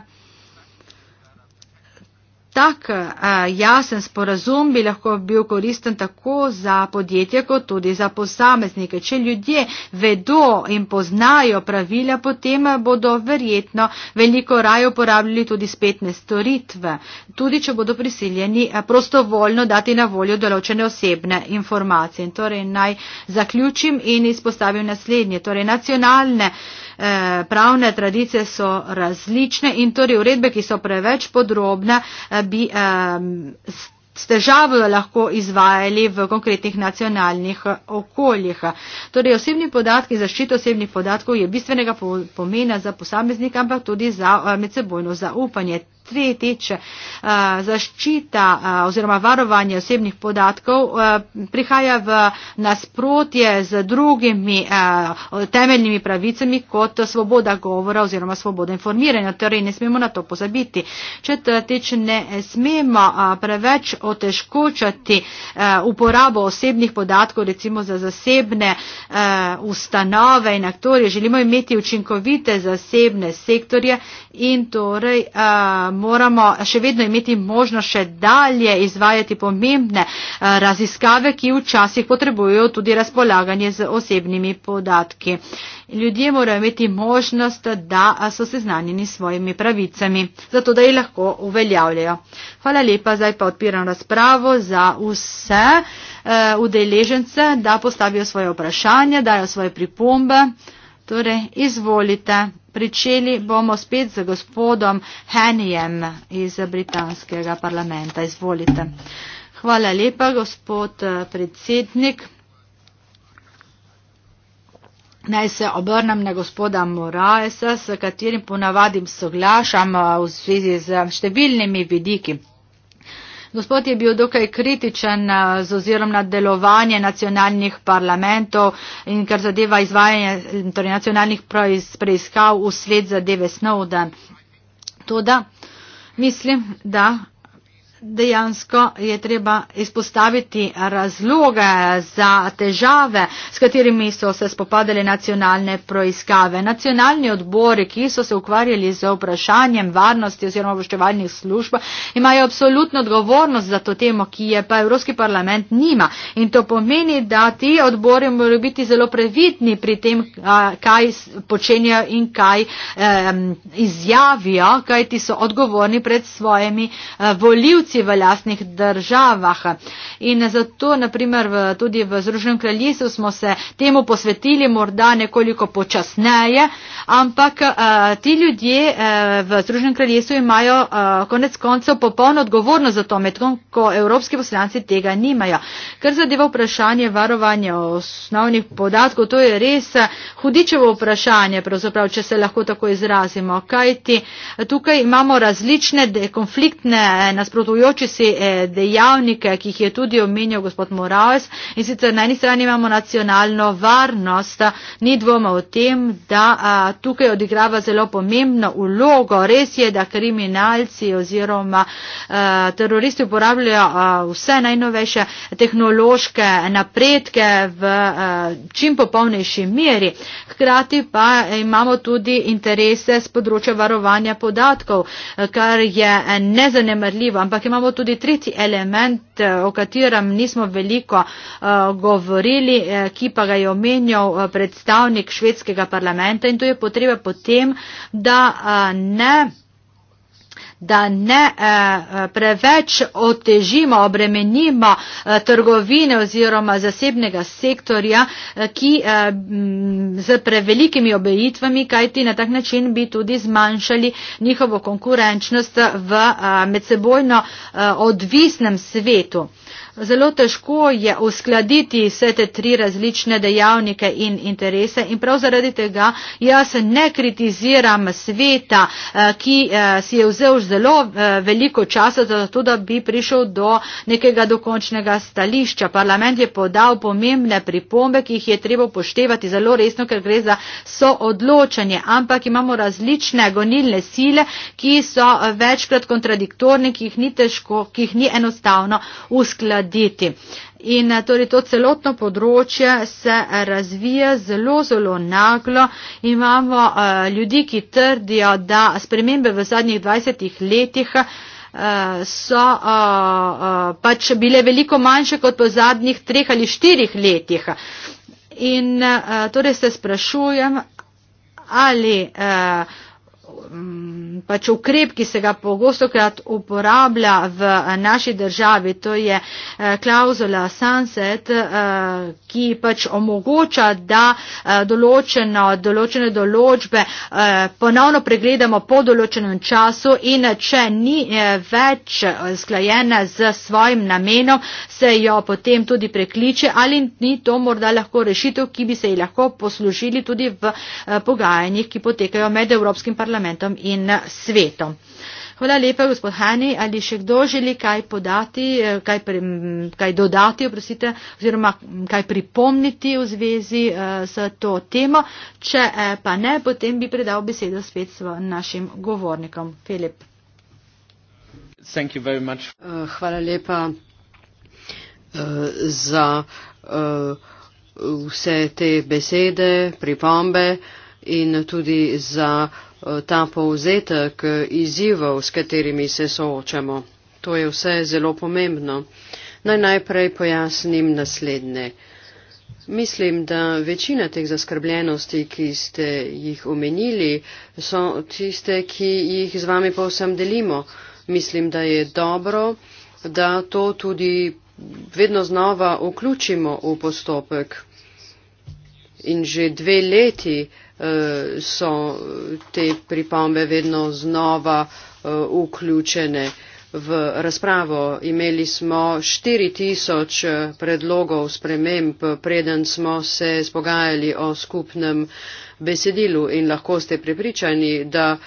tak a, eh, jasen sporazum bi lahko bil koristen tako za podjetje, kot tudi za posameznike. Če ljudje vedo in poznajo pravila, potem bodo verjetno veliko raje uporabljali tudi spetne storitve, tudi če bodo prisiljeni eh, prostovoljno dati na voljo določene osebne informacije. In torej, naj zaključim in izpostavim naslednje. Torej, nacionalne Eh, pravne tradicije so različne in torej uredbe, ki so preveč podrobne, eh, bi eh, s težavo lahko izvajali v konkretnih nacionalnih okoljih. Torej osebni podatki, zaščito osebnih podatkov je bistvenega pomena za posameznika, ampak tudi za medsebojno zaupanje tretjič, eh, zaščita eh, oziroma varovanje osebnih podatkov eh, prihaja v nasprotje z drugimi temeljnimi pravicami kot svoboda govora oziroma svoboda informiranja. Torej ne smemo na to pozabiti. Četrtič, ne smemo preveč oteškočati uporabo osebnih podatkov recimo za zasebne ustanove in aktorje. Želimo imeti učinkovite zasebne sektorje in torej moramo še vedno imeti možnost še dalje izvajati pomembne eh, raziskave, ki včasih potrebujejo tudi razpolaganje z osebnimi podatki. Ljudje morajo imeti možnost, da eh, so seznanjeni s svojimi pravicami, zato da jih lahko uveljavljajo. Hvala lepa, zdaj pa odpiram razpravo za vse eh, udeležence, da postavijo svoje vprašanje, dajo svoje pripombe. Torej, izvolite. Pričeli bomo spet z gospodom Henijem iz britanskega parlamenta. Izvolite. Hvala lepa, gospod eh, predsednik. Naj se obrnem na gospoda Moraesa, s katerim ponavadim soglašam eh, v zvezi z številnimi vidiki. Gospod je bil dokaj kritičen eh, z ozirom na delovanje nacionalnih parlamentov in kar zadeva izvajanje torej nacionalnih preiskav v svet zadeve Snowden. Toda mislim, da Dejansko je treba izpostaviti razloge za težave, s katerimi so se spopadali nacionalne proiskave. Nacionalni odbori, ki so se ukvarjali z vprašanjem varnosti oziroma obveščevalnih služb, imajo absolutno odgovornost za to temo, ki je pa Evropski parlament nima. In to pomeni, da ti odbori morajo biti zelo previdni pri tem, kaj počenjajo in kaj eh, izjavijo, kaj ti so odgovorni pred svojimi eh, voljivci institucij v lasnih državah. In zato, naprimer, tudi v Združenem kraljestvu smo se temu posvetili morda nekoliko počasneje, ampak eh, ti ljudje eh, v Združenem kraljestvu imajo eh, konec koncev popolno odgovorno za to, medtem ko evropski poslanci tega nimajo. Ker zadeva vprašanje varovanja osnovnih podatkov, to je res hudičevo vprašanje, pravzaprav, če se lahko tako izrazimo, kajti tukaj imamo različne konfliktne nasprotujoče ponavljajoči se eh, dejavnike, ki jih je tudi omenjal gospod Moraves. In sicer na eni strani imamo nacionalno varnost, ni dvoma o tem, da a, tukaj odigrava zelo pomembno ulogo. Res je, da kriminalci oziroma a, eh, teroristi uporabljajo a, vse najnovejše tehnološke napredke v a, eh, čim popolnejši meri. Hkrati pa imamo tudi interese z področja varovanja podatkov, kar je nezanemrljivo, ampak imamo tudi tretji element, eh, o katerem nismo veliko eh, govorili, eh, ki pa ga je omenjal predstavnik švedskega parlamenta in to je potreba potem, da ne da ne eh, preveč otežimo, obremenimo eh, trgovine oziroma zasebnega sektorja, eh, ki eh, z prevelikimi obejitvami, kajti na tak način bi tudi zmanjšali njihovo konkurenčnost v eh, medsebojno eh, odvisnem svetu. Eh, zelo težko je uskladiti vse te tri različne dejavnike in interese in prav zaradi tega jaz ne kritiziram sveta, eh, ki eh, si je vzel zelo eh, veliko časa za to, da bi prišel do nekega dokončnega stališča. Parlament je podal pomembne pripombe, ki jih je treba upoštevati zelo resno, ker gre za soodločanje, ampak imamo različne gonilne sile, ki so večkrat kontradiktorni, ki jih ni, težko, ki jih ni enostavno uskladiti narediti. In eh, torej to celotno področje se razvija zelo, zelo naglo. Imamo uh, ljudi, ki trdijo, da spremembe v zadnjih 20 letih eh, so uh, uh, pač bile veliko manjše kot po zadnjih treh ali štirih letih. In uh, torej se sprašujem, ali uh, Mm, pač ukrep, ki se ga pogosto krat uporablja v eh, naši državi, to je eh, klauzula sunset, eh, ki pač omogoča, da določeno, določene določbe ponovno pregledamo po določenem času in če ni več sklajena z svojim namenom, se jo potem tudi prekliče ali ni to morda lahko rešitev, ki bi se ji lahko poslužili tudi v pogajanjih, ki potekajo med Evropskim parlamentom parlamentom in svetom. Hvala lepa, gospod Hani. Ali še kdo želi kaj podati, eh, kaj, pri, kaj dodati, oprosite, oziroma kaj pripomniti v zvezi uh, s to temo? Če eh, pa ne, potem bi predal besedo spet našim govornikom. Filip. Uh, hvala lepa uh, za uh, vse te besede, pripombe in tudi za ta povzetek izzivov, s katerimi se soočamo. To je vse zelo pomembno. Naj najprej pojasnim naslednje. Mislim, da večina teh zaskrbljenosti, ki ste jih omenili, so tiste, ki jih z vami povsem delimo. Mislim, da je dobro, da to tudi vedno znova vključimo v postopek. In že dve leti uh, Eh, so eh, te pripombe vedno znova eh, vključene v razpravo. Imeli smo 4000 predlogov sprememb, preden smo se spogajali o skupnem besedilu in lahko ste prepričani, da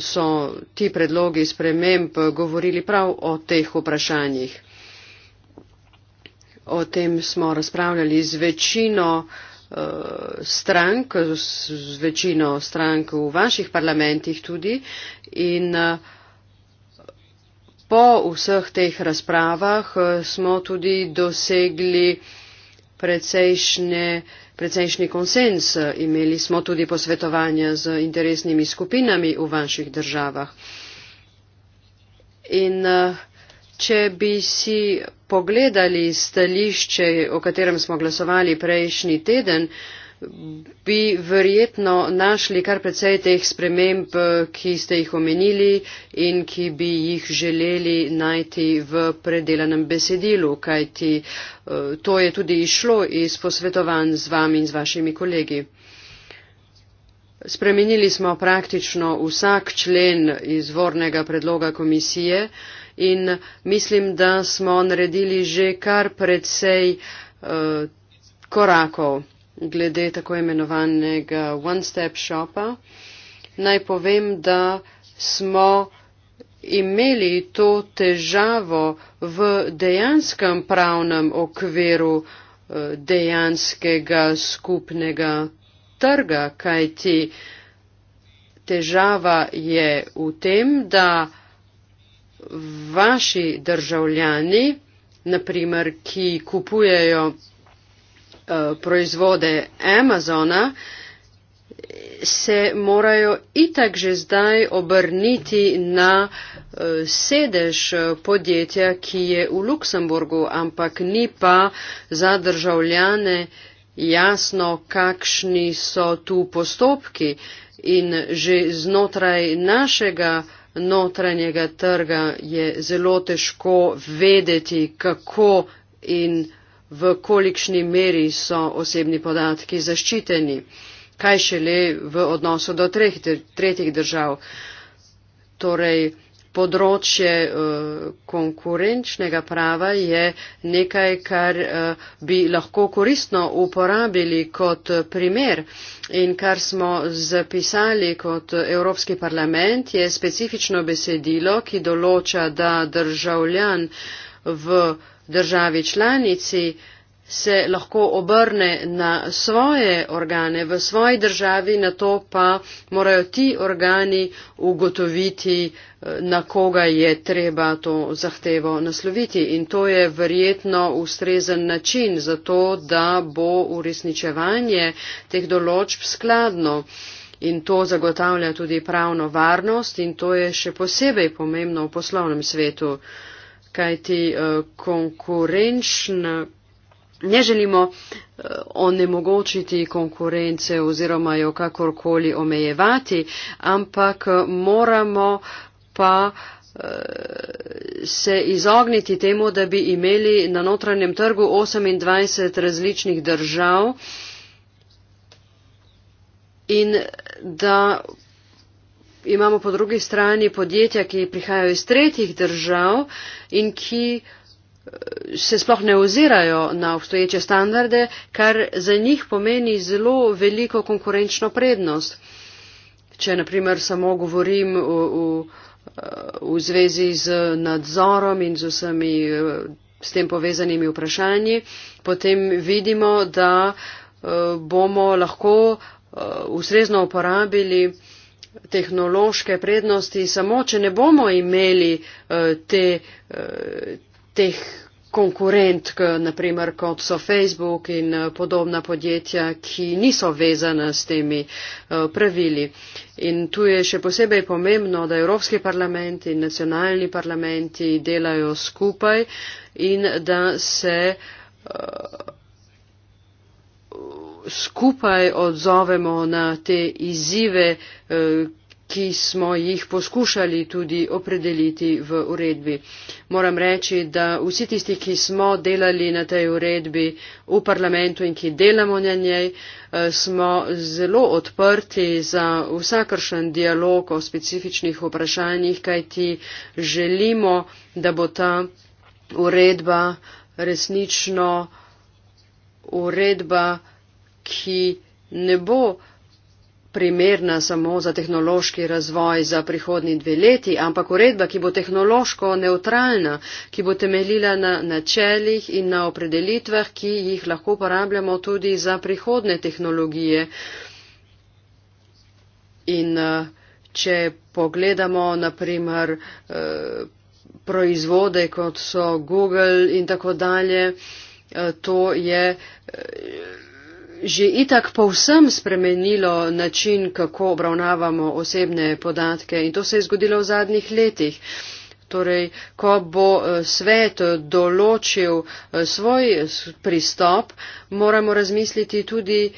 so ti predlogi sprememb govorili prav o teh vprašanjih. O tem smo razpravljali z večino uh, Eh, strank, z večino strank v vaših parlamentih tudi. In eh, po vseh teh razpravah eh, smo tudi dosegli precejšnje precejšnji konsens. Imeli smo tudi posvetovanja z interesnimi skupinami v vaših državah. In uh, Če bi si pogledali stališče, o katerem smo glasovali prejšnji teden, bi verjetno našli kar precej teh sprememb, ki ste jih omenili in ki bi jih želeli najti v predelanem besedilu, kajti eh, to je tudi išlo iz posvetovanj z vami in z vašimi kolegi. Spremenili smo praktično vsak člen izvornega predloga komisije, in mislim, da smo naredili že kar predsej uh, eh, korakov glede tako imenovanega one-step shopa. Naj povem, da smo imeli to težavo v dejanskem pravnem okviru eh, dejanskega skupnega trga, kajti težava je v tem, da vaši državljani, naprimer, ki kupujejo uh, proizvode Amazona, se morajo itak že zdaj obrniti na uh, sedež eh, podjetja, ki je v Luksemburgu, ampak ni pa za državljane jasno, kakšni so tu postopki. In že znotraj našega notranjega trga je zelo težko vedeti, kako in v kolikšni meri so osebni podatki zaščiteni, kaj šele v odnosu do treh, tretjih držav. Torej, področje eh, konkurenčnega prava je nekaj, kar eh, bi lahko koristno uporabili kot primer. In kar smo zapisali kot Evropski parlament je specifično besedilo, ki določa, da državljan v državi članici se lahko obrne na svoje organe v svoji državi, na to pa morajo ti organi ugotoviti, eh, na koga je treba to zahtevo nasloviti. In to je verjetno ustrezen način za to, da bo uresničevanje teh določb skladno. In to zagotavlja tudi pravno varnost in to je še posebej pomembno v poslovnem svetu, kajti eh, konkurenčna ne želimo eh, onemogočiti konkurence oziroma jo kakorkoli omejevati, ampak eh, moramo pa eh, se izogniti temu, da bi imeli na notranjem trgu 28 različnih držav in da imamo po drugi strani podjetja, ki prihajajo iz tretjih držav in ki uh, se sploh ne ozirajo na obstoječe standarde, kar za njih pomeni zelo veliko konkurenčno prednost. Če naprimer samo govorim v, v, v zvezi z nadzorom in z vsemi s tem povezanimi vprašanji, potem vidimo, da eh, bomo lahko eh, ustrezno uporabili tehnološke prednosti, samo če ne bomo imeli eh, te, teh konkurentk, naprimer kot so Facebook in eh, podobna podjetja, ki niso vezana s temi eh, pravili. In tu je še posebej pomembno, da Evropski parlament in nacionalni parlamenti delajo skupaj in da se eh, skupaj odzovemo na te izzive, ki smo jih poskušali tudi opredeliti v uredbi. Moram reči, da vsi tisti, ki smo delali na tej uredbi v parlamentu in ki delamo na njej, eh, smo zelo odprti za vsakršen dialog o specifičnih vprašanjih, kajti želimo, da bo ta uredba resnično uredba, ki ne bo primerna samo za tehnološki razvoj za prihodni dve leti, ampak uredba, ki bo tehnološko neutralna, ki bo temeljila na načeljih in na opredelitvah, ki jih lahko uporabljamo tudi za prihodne tehnologije. In eh, če pogledamo naprimer eh, proizvode, kot so Google in tako dalje, eh, to je že itak povsem spremenilo način, kako obravnavamo osebne podatke in to se je zgodilo v zadnjih letih. Torej, ko bo eh, svet določil eh, svoj eh, pristop, moramo razmisliti tudi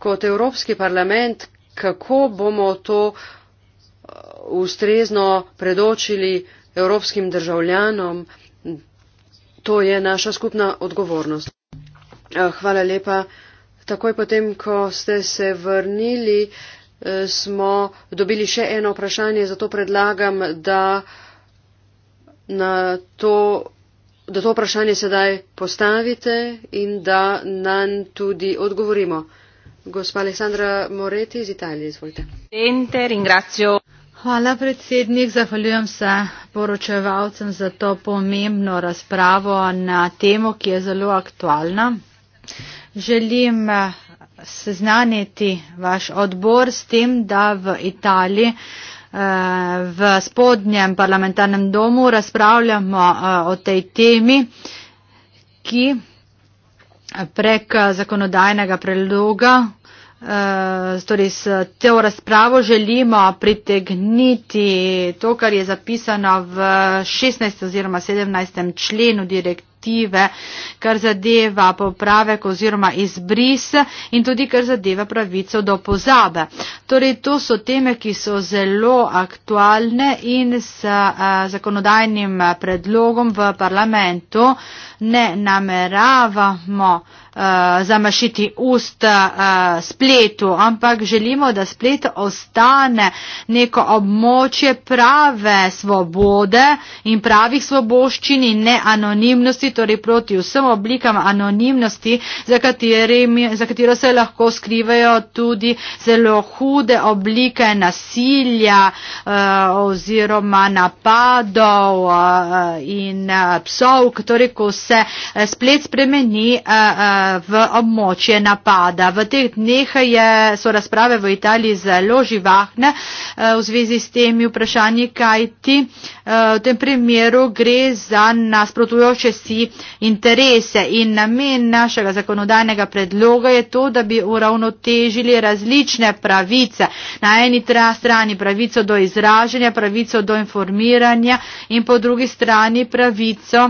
kot Evropski parlament, kako bomo to ustrezno predočili evropskim državljanom. To je naša skupna odgovornost. Hvala lepa. Takoj potem, ko ste se vrnili, eh, smo dobili še eno vprašanje, zato predlagam, da, to, da to vprašanje sedaj postavite in da nam tudi odgovorimo. Gospa Alessandra Moreti iz Italije, izvolite. Hvala, predsednik. Zahvaljujem se poročevalcem za to pomembno razpravo na temo, ki je zelo aktualna želim eh, seznaniti vaš odbor s tem, da v Italiji eh, v spodnjem parlamentarnem domu razpravljamo eh, o tej temi, ki prek zakonodajnega predloga, torej s to razpravo želimo pritegniti to, kar je zapisano v 16. oziroma 17. členu direktive direktive, kar zadeva popravek oziroma izbris in tudi kar zadeva pravico do pozabe. Torej, to so teme, ki so zelo aktualne in s a, zakonodajnim predlogom v parlamentu ne nameravamo Eh, zamašiti ust eh, spletu, ampak želimo, da splet ostane neko območje prave svobode in pravih svoboščin in ne anonimnosti, torej proti vsem oblikam anonimnosti, za, katerim, za katero se lahko skrivajo tudi zelo hude oblike nasilja eh, oziroma napadov in psov, torej ko se splet spremeni v območje napada. V teh dneh je, so razprave v Italiji zelo živahne eh, v zvezi s temi vprašanji, kaj ti eh, v tem primeru gre za nasprotujoče si interese. In namen našega zakonodajnega predloga je to, da bi uravnotežili različne pravice. Na eni strani pravico do izraženja, pravico do informiranja in po drugi strani pravico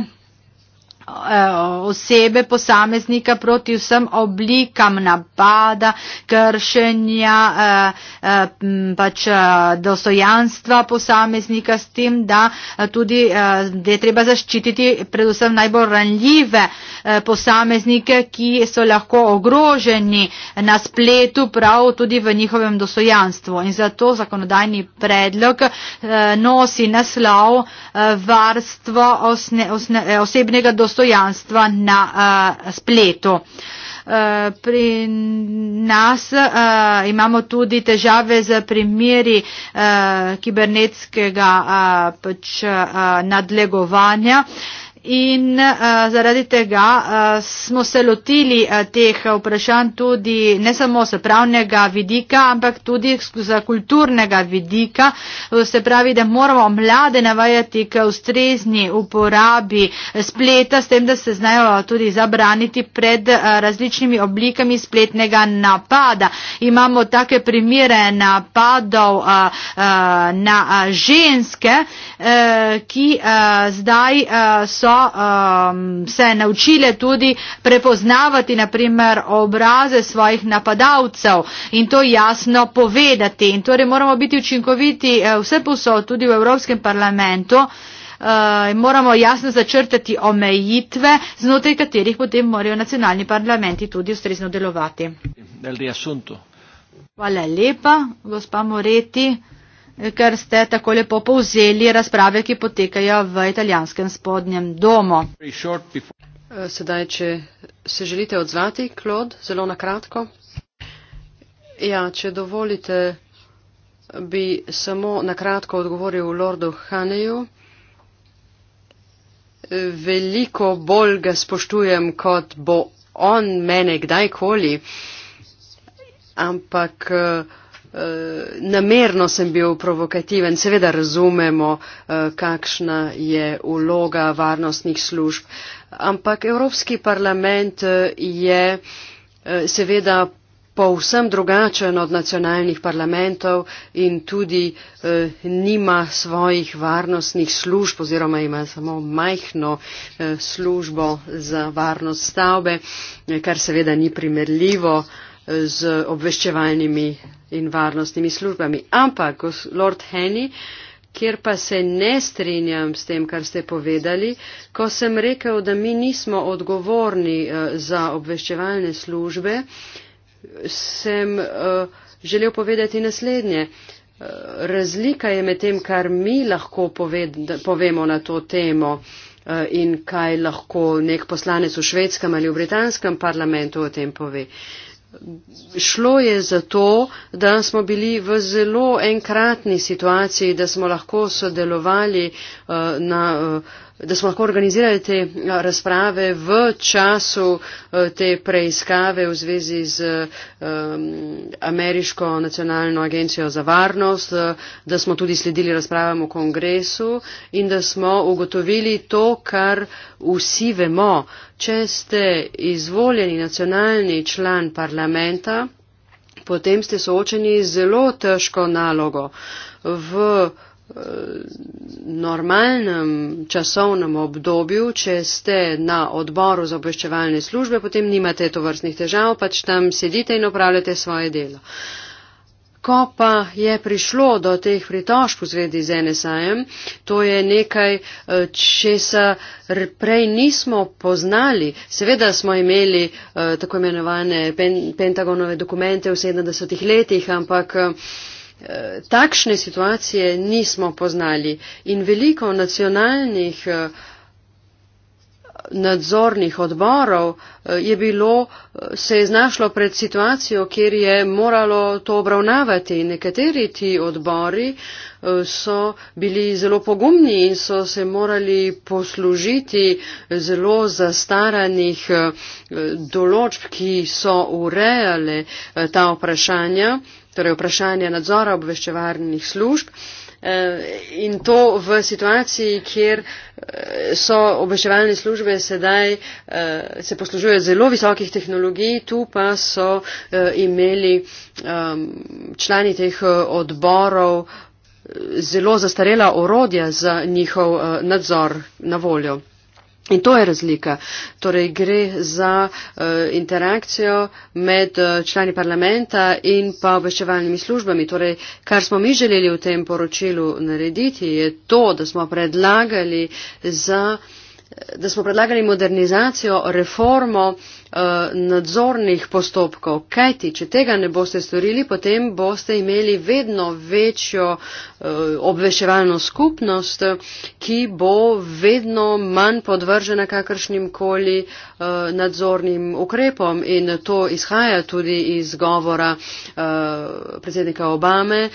E, osebe posameznika proti vsem oblikam napada, kršenja, e, e, pač dostojanstva posameznika s tem, da tudi da je treba zaščititi predvsem najbolj ranljive posameznike, ki so lahko ogroženi na spletu prav tudi v njihovem dostojanstvu. In zato zakonodajni predlog nosi naslov varstvo osne, osne, osebnega dostojanstva dostojanstva na a, eh, spletu. Uh, pri nas uh, imamo tudi težave z primeri uh, kibernetskega uh, pač, uh, nadlegovanja. Uh, In uh, zaradi tega uh, smo se lotili uh, teh vprašanj tudi ne samo z pravnega vidika, ampak tudi z kulturnega vidika. Se pravi, da moramo mlade navajati k ustrezni uporabi spleta, s tem, da se znajo tudi zabraniti pred uh, različnimi oblikami spletnega napada. Imamo take primere napadov uh, uh, na ženske, uh, ki uh, zdaj uh, so um, se naučile tudi prepoznavati naprimer obraze svojih napadalcev in to jasno povedati. In torej moramo biti učinkoviti eh, vse posod tudi v Evropskem parlamentu. Uh, moramo jasno začrtati omejitve, znotraj katerih potem morajo nacionalni parlamenti tudi ustrezno delovati. Hvala lepa, gospa Moreti ker ste tako lepo povzeli razprave, ki potekajo v italijanskem spodnjem domu. Eh, sedaj, če se želite odzvati, Klod, zelo na kratko. Ja, če dovolite, bi samo na kratko odgovoril Lordu Haneju. Veliko bolj ga spoštujem, kot bo on mene kdajkoli. Ampak. Uh, Eh, namerno sem bil provokativen, seveda razumemo, eh, kakšna je uloga varnostnih služb, ampak Evropski parlament eh, je seveda povsem drugačen od nacionalnih parlamentov in tudi nima svojih varnostnih služb oziroma ima samo majhno službo za varnost stavbe, kar seveda ni primerljivo z obveščevalnimi in varnostnimi službami. Ampak, Lord Henny, kjer pa se ne strinjam s tem, kar ste povedali, ko sem rekel, da mi nismo odgovorni uh, za obveščevalne službe, sem uh, želel povedati naslednje. Eh, razlika je med tem, kar mi lahko poved, povemo na to temo in kaj lahko nek poslanec v švedskem ali v britanskem parlamentu o tem pove. Šlo je za to, da smo bili v zelo enkratni situaciji, da smo lahko sodelovali uh, na. Uh, da smo lahko organizirali te razprave v času te preiskave v zvezi z Ameriško nacionalno agencijo za varnost, da smo tudi sledili razpravam v kongresu in da smo ugotovili to, kar vsi vemo. Če ste izvoljeni nacionalni član parlamenta, potem ste soočeni z zelo težko nalogo. V normalnem časovnem obdobju, če ste na odboru za obveščevalne službe, potem nimate tovrstnih težav, pač tam sedite in opravljate svoje delo. Ko pa je prišlo do teh pritožb v zvedi z NSA-jem, to je nekaj, eh, česar prej nismo poznali. Seveda smo imeli eh, tako imenovane pen, Pentagonove dokumente v 70-ih letih, ampak eh, Eh, takšne situacije nismo poznali in veliko nacionalnih eh, nadzornih odborov eh, je bilo, se je znašlo pred situacijo, kjer je moralo to obravnavati. Nekateri ti odbori so bili zelo pogumni in so se morali poslužiti zelo zastaranih določb, ki so urejale ta vprašanja torej vprašanje nadzora obveščevarnih služb eh, in to v situaciji, kjer eh, so obveščevalne službe sedaj eh, se poslužuje zelo visokih tehnologij, tu pa so imeli ehm, člani teh odborov zelo zastarela orodja za njihov nadzor na voljo. In to je razlika. Torej gre za uh, interakcijo med uh, člani parlamenta in pa obveščevalnimi službami. Torej, kar smo mi želeli v tem poročilu narediti, je to, da smo predlagali, za, eh, da smo predlagali modernizacijo, reformo uh, Eh, nadzornih postopkov. Kajti, če tega ne boste storili, potem boste imeli vedno večjo eh, obveševalno skupnost, ki bo vedno manj podvržena kakršnim koli eh, nadzornim ukrepom. In to izhaja tudi iz govora predsednika Obame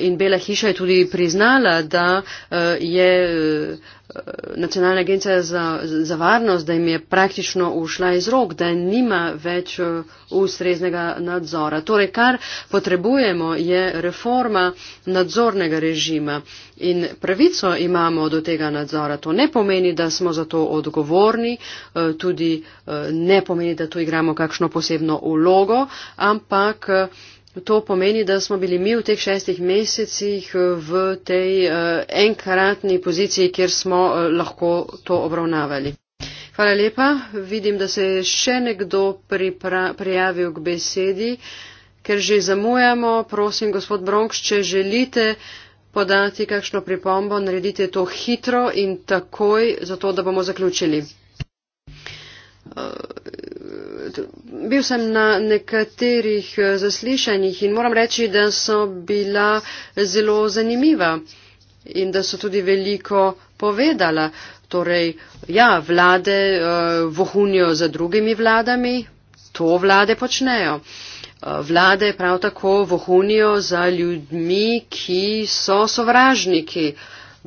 in Bela hiša je tudi priznala, da je. Nacionalna agencija za, za varnost, da jim je praktično ušla iz rok, da je nima več eh, ustreznega nadzora. Torej, kar potrebujemo je reforma nadzornega režima in pravico imamo do tega nadzora. To ne pomeni, da smo za to odgovorni, eh, tudi eh, ne pomeni, da tu igramo kakšno posebno ulogo, ampak. To pomeni, da smo bili mi v teh šestih mesecih v tej enkratni poziciji, kjer smo lahko to obravnavali. Hvala lepa. Vidim, da se je še nekdo prijavil k besedi. Ker že zamujamo, prosim, gospod Bronks, če želite podati kakšno pripombo, naredite to hitro in takoj, zato da bomo zaključili. Uh, bil sem na nekaterih uh, zaslišanjih in moram reči, da so bila zelo zanimiva in da so tudi veliko povedala. Torej, ja, vlade uh, vohunijo za drugimi vladami, to vlade počnejo. Uh, vlade prav tako vohunijo za ljudmi, ki so sovražniki.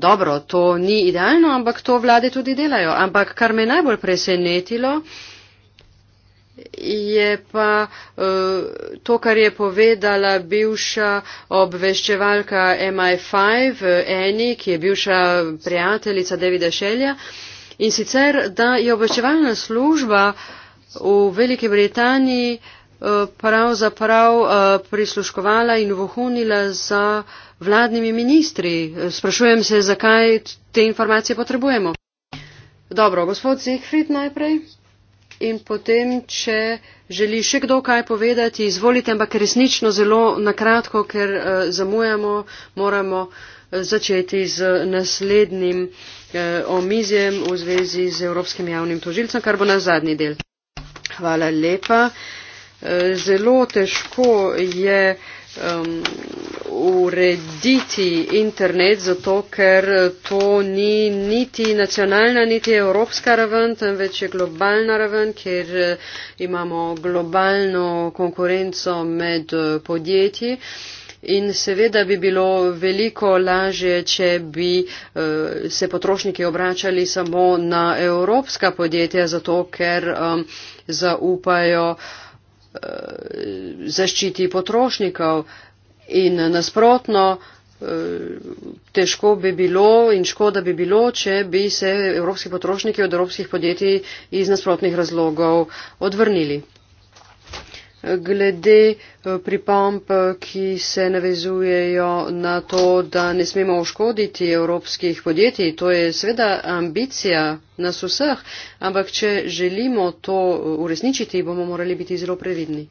Dobro, to ni idealno, ampak to vlade tudi delajo. Ampak kar me najbolj presenetilo, uh, je pa uh, to, kar je povedala bivša obveščevalka MI5, Eni, ki je bivša prijateljica Davida Šelja. In sicer, da je obveščevalna služba v Veliki Britaniji eh, pravzaprav eh, prisluškovala in vohunila za vladnimi ministri. Sprašujem se, zakaj te informacije potrebujemo. Dobro, gospod Zigfrid najprej in potem, če želi še kdo kaj povedati, izvolite, ampak resnično zelo nakratko, ker uh, zamujamo, moramo eh, začeti z naslednjim uh, omizjem v zvezi z Evropskim javnim tožilcem, kar bo na zadnji del. Hvala lepa. Uh, zelo težko je uh, um, urediti internet, zato ker to ni niti nacionalna, niti evropska raven, temveč je globalna raven, ker eh, imamo globalno konkurenco med eh, podjetji. In seveda bi bilo veliko lažje, če bi uh, se potrošniki obračali samo na evropska podjetja, zato ker um, zaupajo uh, Eh, zaščiti potrošnikov in nasprotno eh, težko bi bilo in škoda bi bilo, če bi se evropski potrošniki od evropskih podjetij iz nasprotnih razlogov odvrnili glede eh, pripomp, eh, ki se navezujejo na to, da ne smemo oškoditi evropskih podjetij. To je seveda ambicija nas vseh, ampak če želimo to eh, uresničiti, bomo morali biti zelo previdni.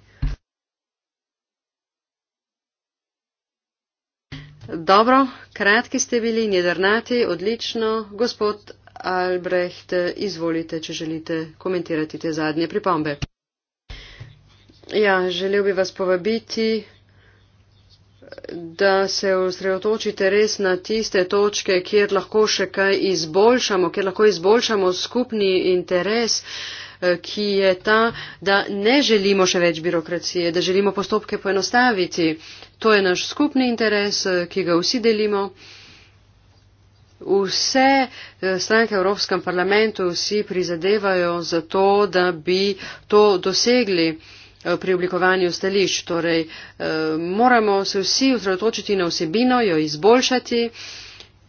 Dobro, kratki ste bili, njedrnati, odlično. Gospod Albrecht, izvolite, če želite komentirati te zadnje pripombe. Ja, želel bi vas povabiti, da se osredotočite res na tiste točke, kjer lahko še kaj izboljšamo, kjer lahko izboljšamo skupni interes eh, ki je ta, da ne želimo še več birokracije, da želimo postopke poenostaviti. To je naš skupni interes, eh, ki ga vsi delimo. Vse eh, stranke v Evropskem parlamentu vsi prizadevajo za to, da bi to dosegli. Eh, pri oblikovanju stališč. Torej, eh, moramo se vsi osredotočiti na vsebino, jo izboljšati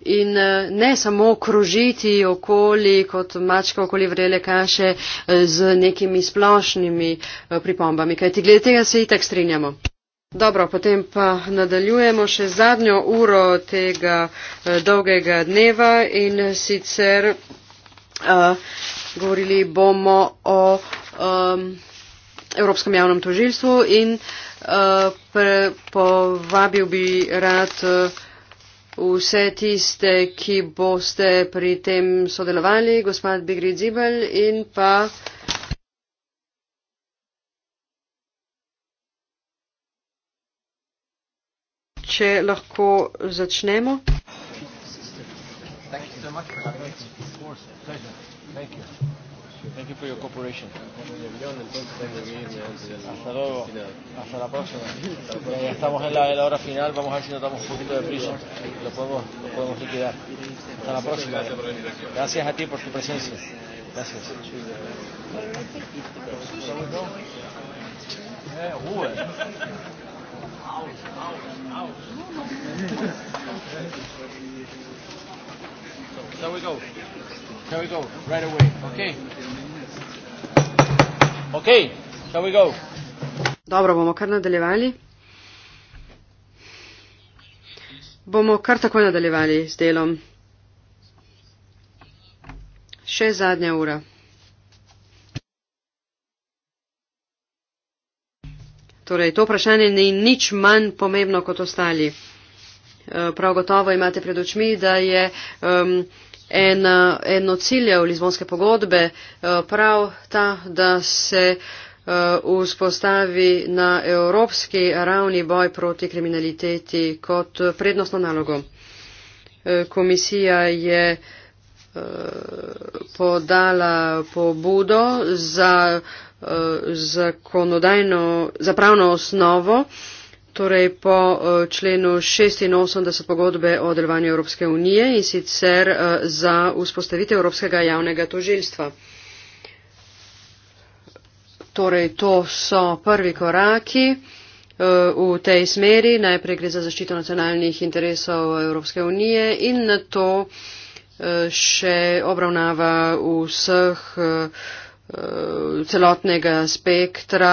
in eh, ne samo krožiti okoli kot mačka okoli vrele kaše z nekimi splošnimi pripombami, kajti glede tega se itak strinjamo. Dobro, potem pa nadaljujemo še zadnjo uro tega dolgega dneva in sicer uh, govorili bomo o. Um, Evropskem javnem tožilstvu in eh, povabil bi rad eh, vse tiste, ki boste pri tem sodelovali, gospod Bigrid Zibel in pa. Če lahko začnemo. Thank you so much for having me. Of course, pleasure. Thank you. Thank you for your cooperation. Hasta luego. Hasta la próxima. Ya estamos en la, en la hora final. Vamos a ver si notamos un poquito de prisa. Lo podemos, lo podemos liquidar. Hasta la próxima. Gracias a ti por tu presencia. Gracias. So, shall we go? Shall we go? Right away. Okay. okay. Okay, Dobro, bomo kar nadaljevali. Bomo kar tako nadaljevali z delom. Še zadnja ura. Torej, to vprašanje ni nič manj pomembno kot ostali. Eh, prav gotovo imate pred očmi, da je. Um, en, en od ciljev Lizbonske pogodbe eh, prav ta, da se eh, vzpostavi na evropski ravni boj proti kriminaliteti kot prednostno nalogo. Eh, komisija je podala pobudo za, za, za pravno osnovo uh, torej po eh, členu 86 pogodbe o delovanju Evropske unije in sicer eh, za vzpostavitev Evropskega javnega tožilstva. Torej, to so prvi koraki eh, v tej smeri. Najprej gre za zaščito nacionalnih interesov Evropske unije in na to še obravnava vseh celotnega spektra,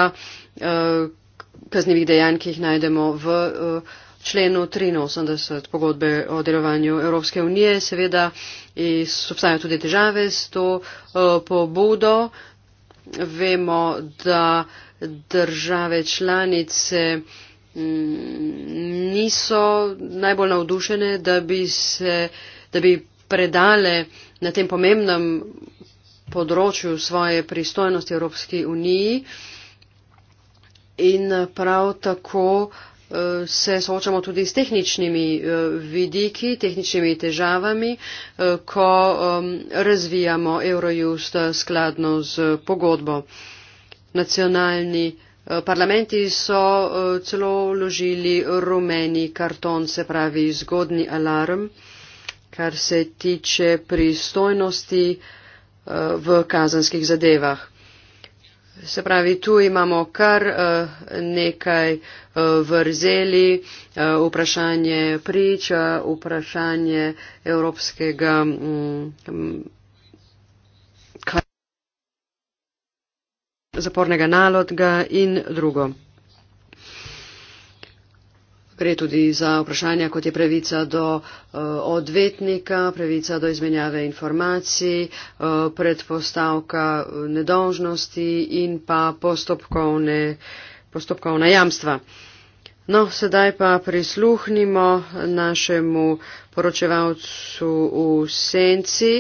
kaznevih dejanj, ki jih najdemo v eh, členu 83 pogodbe o delovanju Evropske unije. Seveda obstajajo tudi težave s to eh, pobudo. Vemo, da države članice mm, niso najbolj navdušene, da bi, se, da bi predale na tem pomembnem področju svoje pristojnosti Evropski uniji. Um, in prav tako eh, se soočamo tudi s tehničnimi eh, vidiki, tehničnimi težavami, eh, ko razvijamo Eurojust skladno z pogodbo. Nacionalni parlamenti so celo ložili rumeni karton, se pravi zgodni alarm, kar se tiče pristojnosti v kazanskih zadevah. Se pravi, tu imamo kar uh, nekaj uh, vrzeli, uh, vprašanje priča, vprašanje evropskega. Um, zapornega nalodga in drugo gre tudi za vprašanja, kot je pravica do eh, odvetnika, pravica do izmenjave informacij, eh, predpostavka eh, nedožnosti in pa postopkovne, postopkovna jamstva. No, sedaj pa prisluhnimo našemu poročevalcu v senci.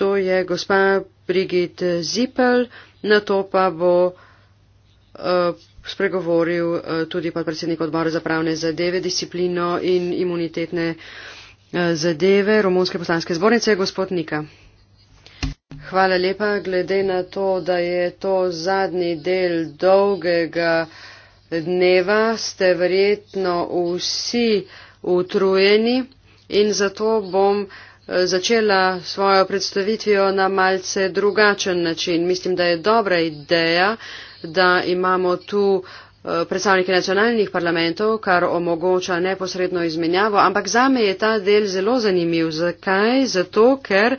To je gospa Brigitte Zippel, na to pa bo. Eh, spregovoril eh, tudi podpredsednik odbora za pravne zadeve, disciplino in imunitetne eh, zadeve Romunske poslanske zbornice, gospod Nika. Hvala lepa. Glede na to, da je to zadnji del dolgega dneva, ste verjetno vsi utrujeni in zato bom začela svojo predstavitvijo na malce drugačen način. Mislim, da je dobra ideja, da imamo tu eh, predstavnike nacionalnih parlamentov, kar omogoča neposredno izmenjavo, ampak zame je ta del zelo zanimiv. Zakaj? Zato, ker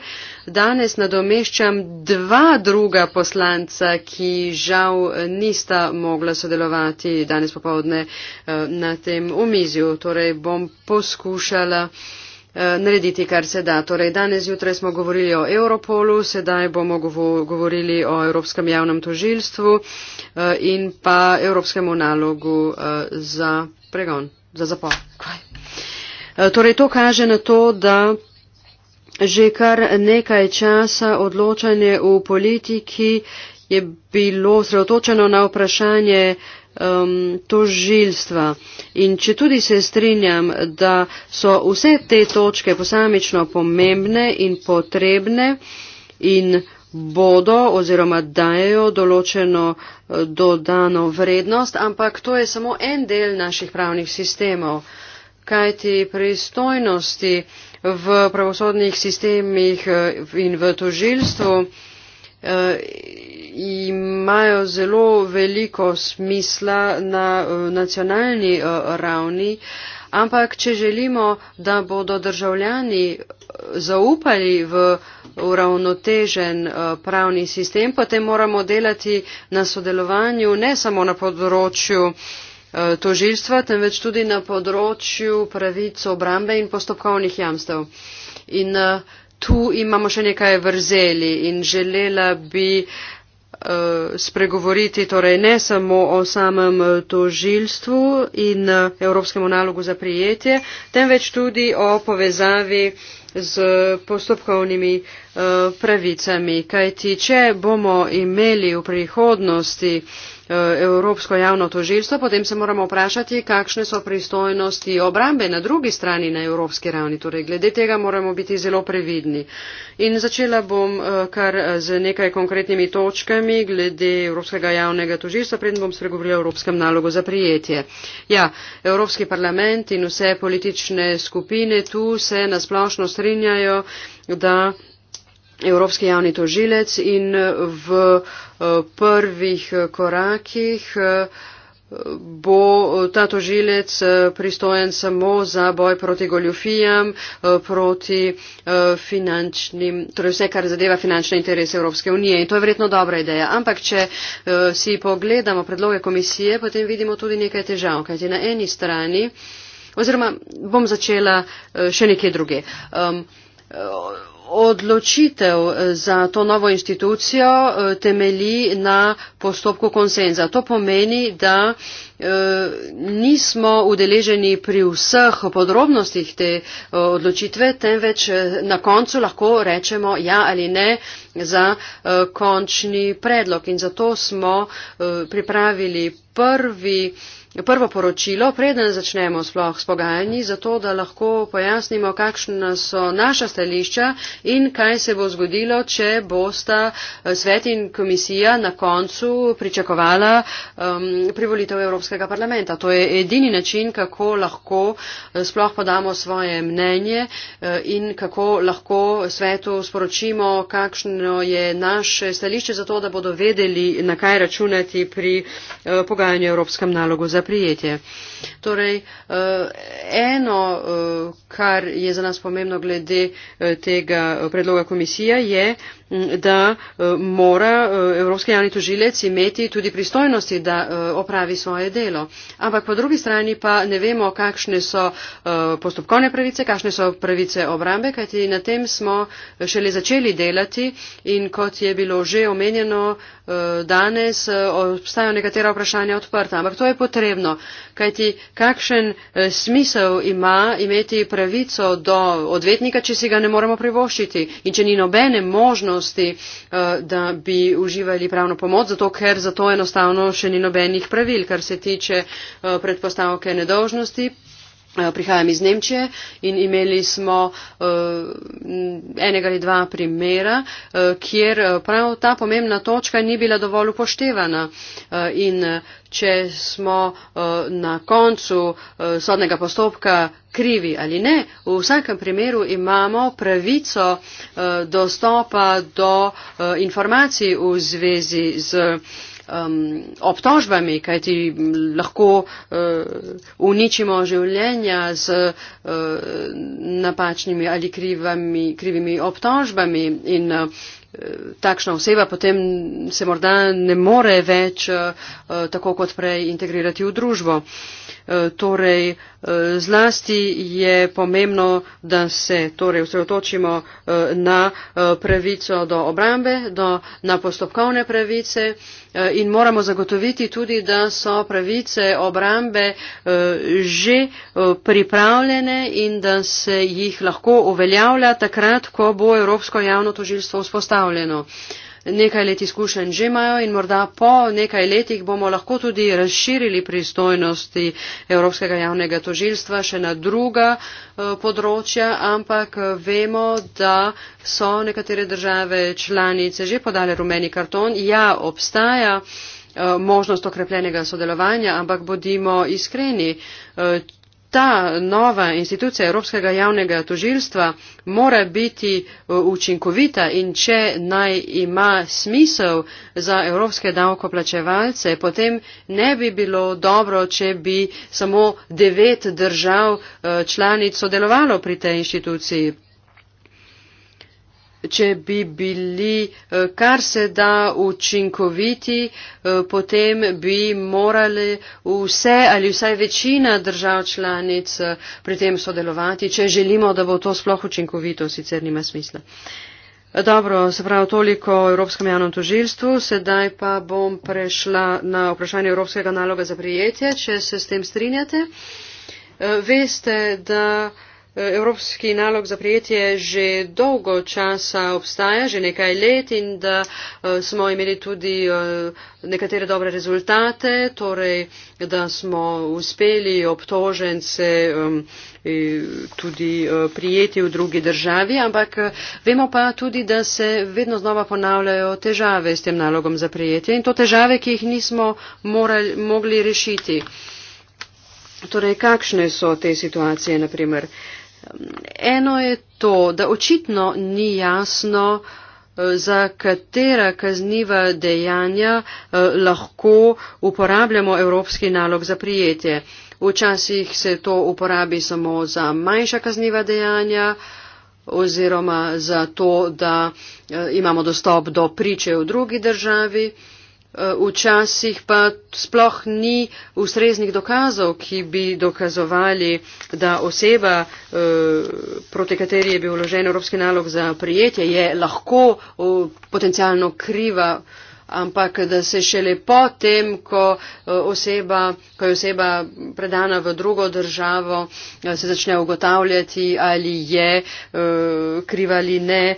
danes nadomeščam dva druga poslanca, ki žal nista mogla sodelovati danes popovdne eh, na tem omizju. Torej bom poskušala uh, Eh, narediti, kar se da. Torej, danes jutraj smo govorili o Europolu, sedaj bomo govorili o Evropskem javnem tožilstvu eh, in pa Evropskemu nalogu eh, za pregon, za zapor. Torej, to kaže na to, da že kar nekaj časa odločanje v politiki je bilo sredotočeno na vprašanje, um, tožilstva. In če tudi se strinjam, da so vse te točke posamično pomembne in potrebne in bodo oziroma dajo določeno eh, dodano vrednost, ampak to je samo en del naših pravnih sistemov, kajti pristojnosti v pravosodnih sistemih eh, in v tožilstvu eh, imajo zelo veliko smisla na eh, nacionalni eh, ravni, ampak če želimo, da bodo državljani eh, zaupali v uravnotežen pravni sistem, potem moramo delati na sodelovanju ne samo na področju tožilstva, temveč tudi na področju pravic obrambe in postopkovnih jamstev. In tu imamo še nekaj vrzeli in želela bi uh, Eh, spregovoriti torej ne samo o samem eh, tožilstvu in eh, Evropskemu nalogu za prijetje, temveč tudi o povezavi z postopkovnimi pravicami. Kajti, če bomo imeli v prihodnosti Eh, Evropsko javno tožilstvo, potem se moramo vprašati, kakšne so pristojnosti obrambe na drugi strani na evropski ravni. Torej, glede tega moramo biti zelo previdni. In začela bom eh, kar eh, z nekaj konkretnimi točkami glede Evropskega javnega tožilstva, predtem bom spregovorila o Evropskem nalogu za prijetje. Ja, Evropski parlament in vse politične skupine tu se nasplošno strinjajo, da Evropski javni tožilec in v prvih korakih eh, bo ta tožilec eh, pristojen samo za boj proti goljufijam, eh, proti finančnim, torej vse, kar zadeva finančne interese Evropske unije. In to je vredno dobra ideja. Ampak, če si pogledamo predloge komisije, potem vidimo tudi nekaj težav, kajti na eni strani, oziroma bom začela še nekje druge. Um, odločitev eh, za to novo inštitucijo eh, temeli na postopku konsenza. To pomeni, da eh, nismo udeleženi pri vseh podrobnostih te odločitve, temveč na koncu lahko rečemo ja ali ne za končni predlog. In zato smo pripravili prvi prvo poročilo, preden začnemo sploh s pogajanji, zato da lahko pojasnimo, kakšna so naša stališča in kaj se bo zgodilo, če bosta eh, svet in komisija na koncu pričakovala um, privolitev Evropskega parlamenta. To je edini način, kako lahko eh, sploh podamo svoje mnenje eh, in kako lahko svetu sporočimo, kakšno je naše stališče, zato da bodo vedeli, na kaj računati pri uh, pogajanju Evropskem nalogu. Za мероприятия. Torej, eh, eno, eh, kar je za nas pomembno glede eh, tega predloga komisije, je, mm, da mora Evropski javni tožilec imeti tudi pristojnosti, da opravi svoje delo. Ampak po drugi strani pa ne vemo, kakšne so postopkovne pravice, kakšne so pravice obrambe, kajti na tem smo šele začeli delati in kot je bilo že omenjeno danes, obstajajo nekatera vprašanja odprta. Ampak to je potrebno, kajti kakšen eh, smisel ima imeti pravico do odvetnika, če si ga ne moremo privoščiti in če ni nobene možnosti, eh, da bi uživali pravno pomoč, zato ker za to enostavno še ni nobenih pravil, kar se tiče eh, predpostavke nedolžnosti. Eh, prihajam iz Nemčije in imeli smo uh, enega ali dva primera, uh, kjer prav ta pomembna točka ni bila dovolj upoštevana. Uh, in če smo uh, na koncu uh, sodnega postopka krivi ali ne, v vsakem primeru imamo pravico uh, dostopa do uh, informacij v zvezi z. Uh, um, obtožbami, kajti lahko uh, uničimo življenja z uh, napačnimi ali krivami, krivimi obtožbami in uh, takšna oseba potem se morda ne more več uh, tako kot prej integrirati v družbo. Uh, E, torej e, zlasti je pomembno, da se torej osredotočimo e, na pravico do obrambe, do, na postopkovne pravice in moramo zagotoviti tudi, da so pravice obrambe že pripravljene in da se jih lahko uveljavlja takrat, ko bo Evropsko javno tožilstvo vzpostavljeno nekaj let izkušenj že imajo in morda po nekaj letih bomo lahko tudi razširili pristojnosti Evropskega javnega tožilstva še na druga eh, področja, ampak eh, vemo, da so nekatere države članice že podale rumeni karton. Ja, obstaja eh, možnost okrepljenega sodelovanja, ampak bodimo iskreni ta nova institucija Evropskega javnega tožilstva mora biti e, učinkovita in če naj ima smisel za evropske davkoplačevalce, potem ne bi bilo dobro, če bi samo devet držav e, članic sodelovalo pri tej inštituciji če bi bili eh, kar se da učinkoviti, eh, potem bi morali vse ali vsaj večina držav članic eh, pri tem sodelovati, če želimo, da bo to sploh učinkovito, sicer nima smisla. Dobro, se pravi toliko o Evropskem javnom tožilstvu, sedaj pa bom prešla na vprašanje Evropskega naloga za prijetje, če se s tem strinjate. Veste, da evropski nalog za prijetje že dolgo časa obstaja, že nekaj let in da eh, smo imeli tudi eh, nekatere dobre rezultate, torej da smo uspeli obtožence eh, tudi prijeti v drugi državi, ampak vemo pa tudi, da se vedno znova ponavljajo težave s tem nalogom za prijetje in to težave, ki jih nismo morali, mogli rešiti. Torej, kakšne so te situacije, na primer? Eno je to, da očitno ni jasno, eh, za katera kazniva dejanja eh, lahko uporabljamo evropski nalog za prijetje. Včasih se to uporabi samo za manjša kazniva dejanja oziroma za to, da eh, imamo dostop do priče v drugi državi. Eh, včasih pa sploh ni ustreznih dokazov, ki bi dokazovali, da oseba, eh, proti kateri je bil vložen evropski nalog za prijetje, je lahko eh, potencialno kriva ampak da se šele po tem, ko, eh, oseba, ko je oseba predana v drugo državo, eh, se začne ugotavljati, ali je eh, kriva ali ne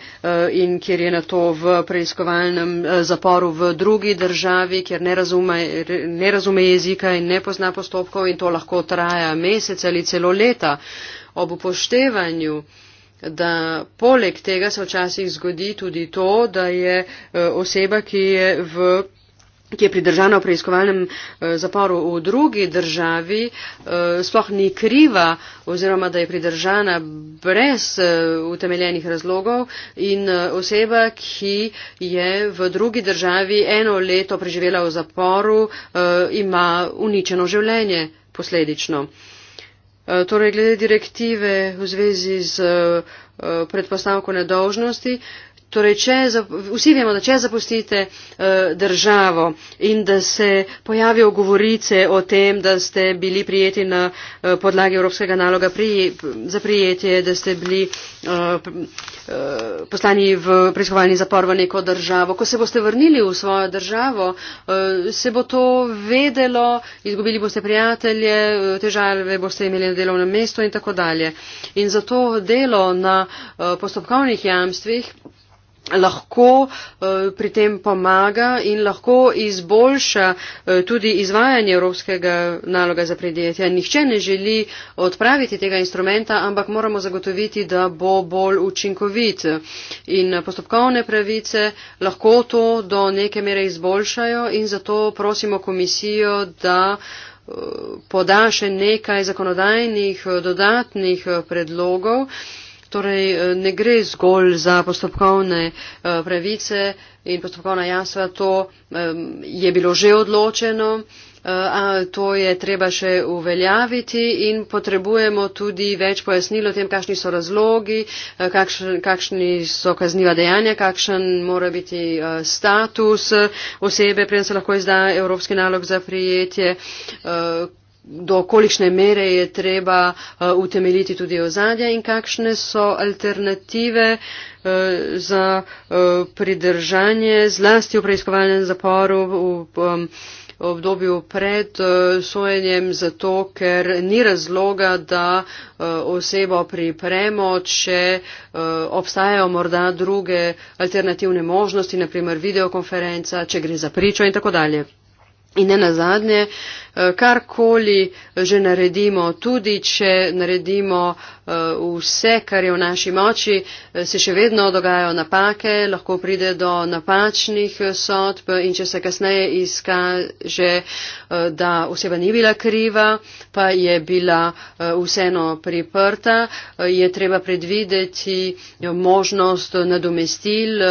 in kjer je na to v preiskovalnem zaporu v drugi državi, kjer ne razume, ne razume jezika in ne pozna postopkov in to lahko traja mesec ali celo leta. Ob upoštevanju da poleg tega se včasih zgodi tudi to, da je eh, oseba, ki je v ki je pridržana v preiskovalnem eh, zaporu v drugi državi, eh, sploh ni kriva oziroma da je pridržana brez utemeljenih razlogov in oseba, ki je v drugi državi eno leto preživela v zaporu, ima uničeno življenje posledično. Eh, torej glede direktive v zvezi z eh, predpostavko nedolžnosti torej če, vsi vemo, da če zapustite eh, državo in da se pojavijo govorice o tem, da ste bili prijeti na eh, podlagi evropskega naloga pri, za prijetje, da ste bili eh, poslani v preiskovalni zapor v neko državo. Ko se boste vrnili v svojo državo, se bo to vedelo, izgubili boste prijatelje, težave boste imeli na delovnem mestu in tako dalje. In zato delo na postopkovnih jamstvih lahko eh, pri tem pomaga in lahko izboljša eh, tudi izvajanje evropskega naloga za predjetja. Nihče ne želi odpraviti tega instrumenta, ampak moramo zagotoviti, da bo bolj učinkovit. In postopkovne pravice lahko to do neke mere izboljšajo in zato prosimo komisijo, da eh, poda še nekaj zakonodajnih dodatnih predlogov Torej eh, ne gre zgolj za postopkovne eh, pravice in postopkovna jasva, to ehm, je bilo že odločeno, eh, a to je treba še uveljaviti in potrebujemo tudi več pojasnilo o tem, kakšni so razlogi, kakšni so kazniva dejanja, kakšen mora biti status osebe, preden se lahko izda Evropski nalog za prijetje, do kolikšne mere je treba eh, utemeljiti tudi ozadje in kakšne so alternative eh, za eh, pridržanje zlasti v preiskovalnem zaporu v obdobju pred sojenjem, zato ker ni razloga, da osebo pripremo, če obstajajo morda druge alternativne možnosti, naprimer videokonferenca, če gre za pričo in tako dalje. In ne nazadnje, eh, karkoli že naredimo, tudi če naredimo eh, vse, kar je v naši moči, eh, se še vedno dogajajo napake, lahko pride do napačnih sodb in če se kasneje izkaže, da oseba ni bila kriva, pa je bila vseeno priprta, je treba predvideti možnost nadomestil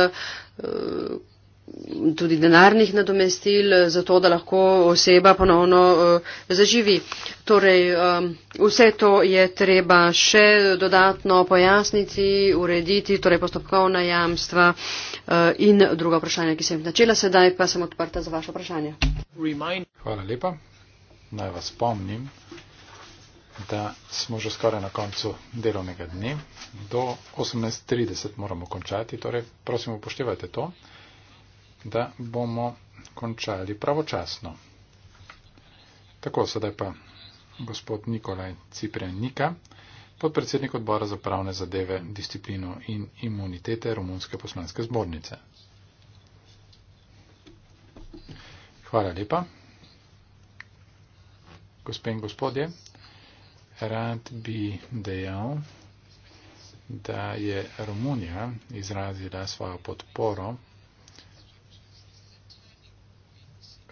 tudi denarnih nadomestil, eh, zato da lahko oseba ponovno eh, zaživi. Torej, ehm, vse to je treba še dodatno pojasniti, urediti, torej postopkovna jamstva eh, in druga vprašanja, ki sem jih načela sedaj, pa sem odprta za vaše vprašanje. Hvala lepa. Naj vas spomnim, da smo že skoraj na koncu delovnega dne. Do 18.30 moramo končati, torej prosim upoštevajte to da bomo končali pravočasno. Tako, sedaj pa gospod Nikolaj Ciprenika, podpredsednik odbora za pravne zadeve, disciplino in imunitete Romunske poslanske zbornice. Hvala lepa. Gospe in gospodje, rad bi dejal, da je Romunija izrazila svojo podporo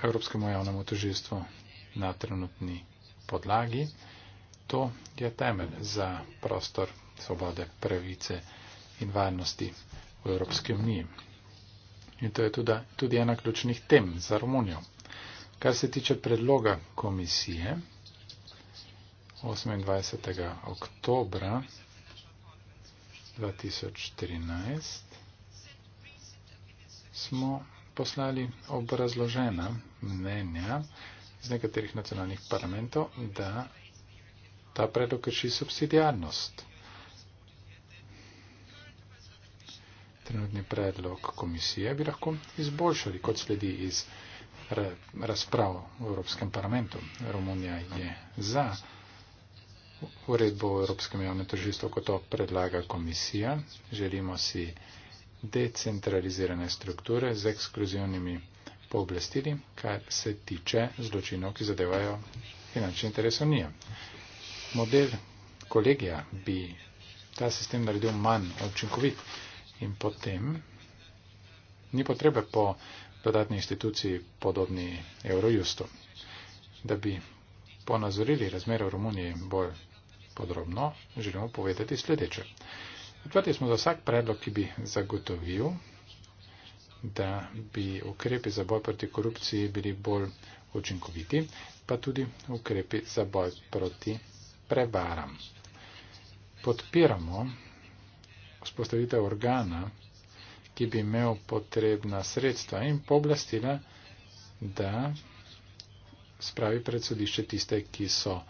Evropskemu javnemu tožilstvu na trenutni podlagi. To je temelj za prostor svobode, pravice in varnosti v Evropski uniji. In to je tudi, tudi ena ključnih tem za Romunijo. Kar se tiče predloga komisije, 28. oktober 2013 smo poslali obrazložena mnenja iz nekaterih nacionalnih parlamentov, da ta predlog krši subsidijarnost. Trenutni predlog komisije bi lahko izboljšali, kot sledi iz razprav v Evropskem parlamentu. Romunija je za uredbo v Evropskem javnem tožilstvu, kot to predlaga komisija. Želimo si decentralizirane strukture z ekskluzivnimi pooblastili, kar se tiče zločinov, ki zadevajo finančni interes Unije. Model kolegija bi ta sistem naredil manj učinkovit in potem ni potrebe po dodatni instituciji podobni Eurojustu. Da bi ponazorili razmere v Romuniji bolj podrobno, želimo povedati sledeče. Odprti smo za vsak predlog, ki bi zagotovil, da bi ukrepi za boj proti korupciji bili bolj učinkoviti, pa tudi ukrepi za boj proti prevaram. Podpiramo vzpostavitev organa, ki bi imel potrebna sredstva in pooblastila, da spravi pred sodišče tiste, ki so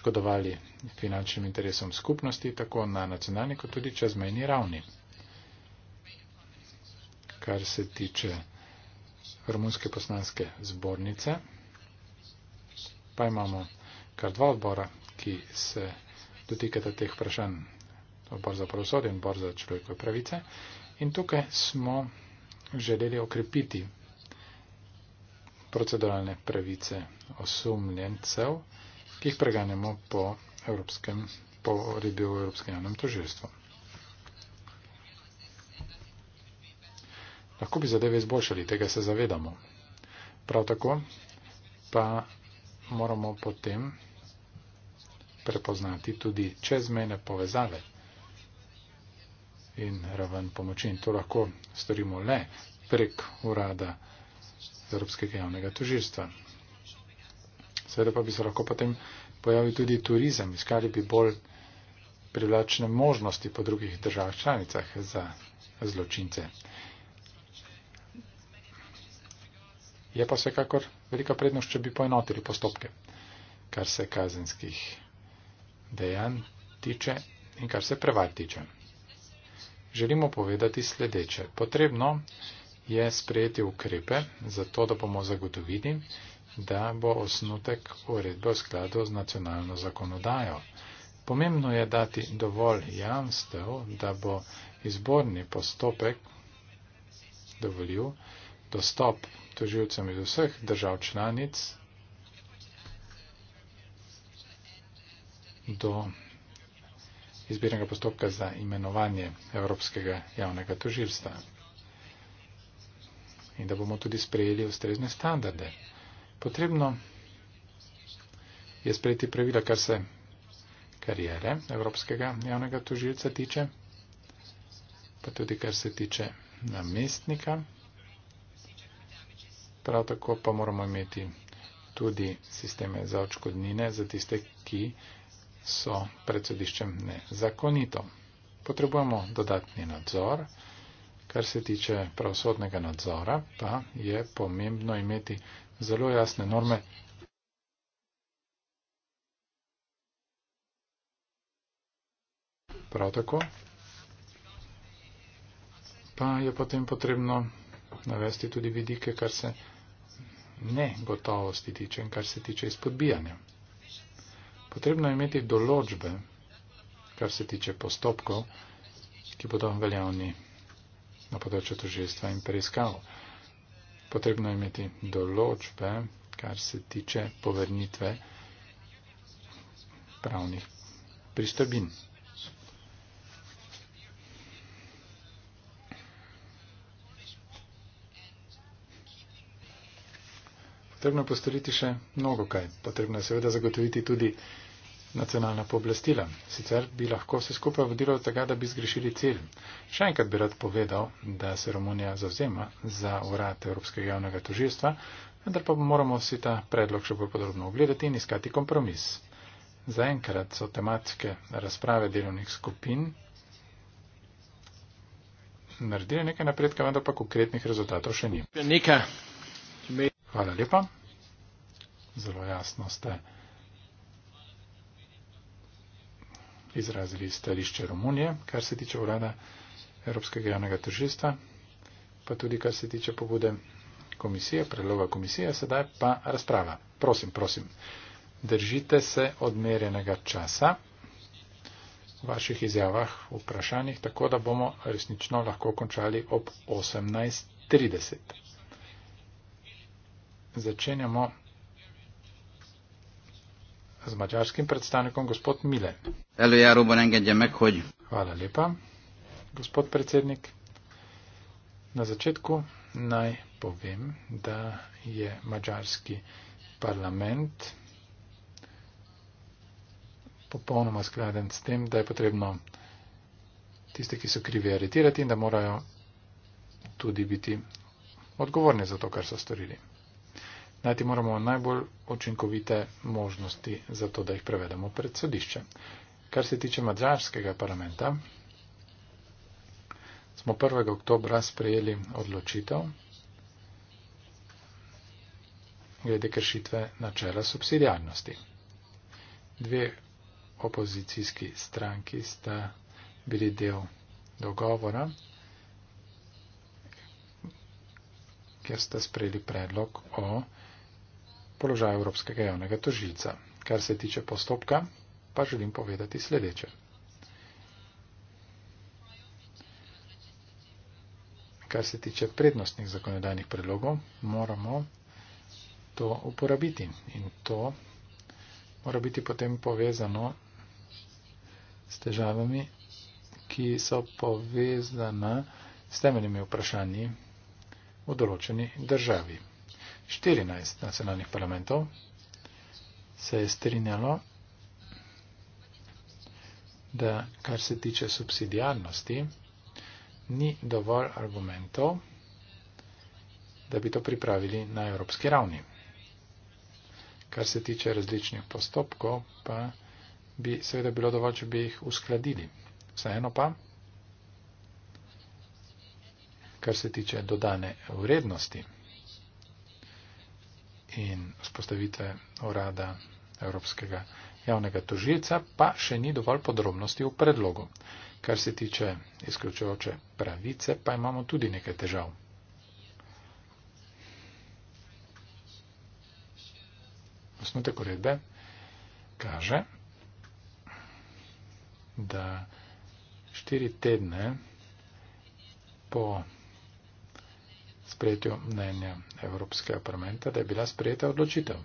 škodovali finančnim interesom skupnosti, tako na nacionalni kot tudi čezmejni ravni. Kar se tiče Romunske poslanske zbornice, pa imamo kar dva odbora, ki se dotikata teh vprašanj. Odbor za pravosodje in odbor za človekove pravice. In tukaj smo želeli okrepiti proceduralne pravice osumljencev ki jih preganjamo po, evropskem, po ribi v Evropskem javnem tožilstvu. Lahko bi zadeve izboljšali, tega se zavedamo. Prav tako pa moramo potem prepoznati tudi čezmejne povezave in raven pomoči. In to lahko storimo le prek urada Evropskega javnega tožilstva. Seveda pa bi se lahko potem pojavil tudi turizem, iskali bi bolj privlačne možnosti po drugih državah članicah za zločince. Je pa vsekakor velika prednost, če bi poenotili postopke, kar se kazenskih dejanj tiče in kar se prevar tiče. Želimo povedati sledeče. Potrebno je sprejeti ukrepe za to, da bomo zagotovili, da bo osnutek uredbe v skladu z nacionalno zakonodajo. Pomembno je dati dovolj jamstev, da bo izborni postopek dovolil dostop toživcem iz vseh držav članic do izbirnega postopka za imenovanje Evropskega javnega toživstva in da bomo tudi sprejeli ustrezne standarde potrebno je sprejeti pravila, kar se karijere Evropskega javnega tožilca tiče, pa tudi kar se tiče namestnika. Prav tako pa moramo imeti tudi sisteme za očkodnine za tiste, ki so pred sodiščem nezakonito. Potrebujemo dodatni nadzor. Kar se tiče pravosodnega nadzora, pa je pomembno imeti zelo jasne norme. Prav tako pa je potem potrebno navesti tudi vidike, kar se ne gotovosti tiče in kar se tiče izpodbijanja. Potrebno je imeti določbe, kar se tiče postopkov, ki bodo veljavni na področju tožilstva in preiskav potrebno je imeti določbe, kar se tiče povrnitve pravnih pristojbin. Potrebno je postoriti še mnogo kaj. Potrebno je seveda zagotoviti tudi nacionalna pooblastila. Sicer bi lahko vse skupaj vodilo tega, da bi zgrešili cilj. Še enkrat bi rad povedal, da se Romunija zavzema za urad Evropskega javnega tožilstva, vendar pa moramo si ta predlog še bolj podrobno ogledati in iskati kompromis. Zaenkrat so tematske razprave delovnih skupin naredile nekaj napredka, vendar pa konkretnih rezultatov še ni. Hvala lepa. Zelo jasno ste. izrazili stališče Romunije, kar se tiče urada Evropskega javnega tržista, pa tudi kar se tiče pobude komisije, predloga komisije, sedaj pa razprava. Prosim, prosim, držite se odmerjenega časa v vaših izjavah, vprašanjih, tako da bomo resnično lahko končali ob 18.30. Začenjamo z mačarskim predstavnikom gospod Mile. Hvala lepa, gospod predsednik. Na začetku naj povem, da je mačarski parlament popolnoma skladen s tem, da je potrebno tiste, ki so krivi, aretirati in da morajo tudi biti odgovorni za to, kar so storili. Najti moramo najbolj učinkovite možnosti za to, da jih prevedemo pred sodišče. Kar se tiče mađarskega parlamenta, smo 1. oktobra sprejeli odločitev glede kršitve načela subsidijarnosti. Dve opozicijski stranki sta bili del dogovora, kjer sta sprejeli predlog o položaj Evropskega javnega tožilca. Kar se tiče postopka, pa želim povedati sledeče. Kar se tiče prednostnih zakonodajnih predlogov, moramo to uporabiti in to mora biti potem povezano s težavami, ki so povezana s temeljnimi vprašanji v določeni državi. 14 nacionalnih parlamentov se je strinjalo, da kar se tiče subsidijarnosti, ni dovolj argumentov, da bi to pripravili na evropski ravni. Kar se tiče različnih postopkov, pa bi seveda bilo dovolj, če bi jih uskladili. Vseeno pa, kar se tiče dodane vrednosti, in spostavitve urada Evropskega javnega tožilca, pa še ni dovolj podrobnosti v predlogu. Kar se tiče izključujoče pravice, pa imamo tudi nekaj težav. Osnutek uredbe kaže, da štiri tedne po sprejetju mnenja Evropskega parlamenta, da je bila sprejeta odločitev.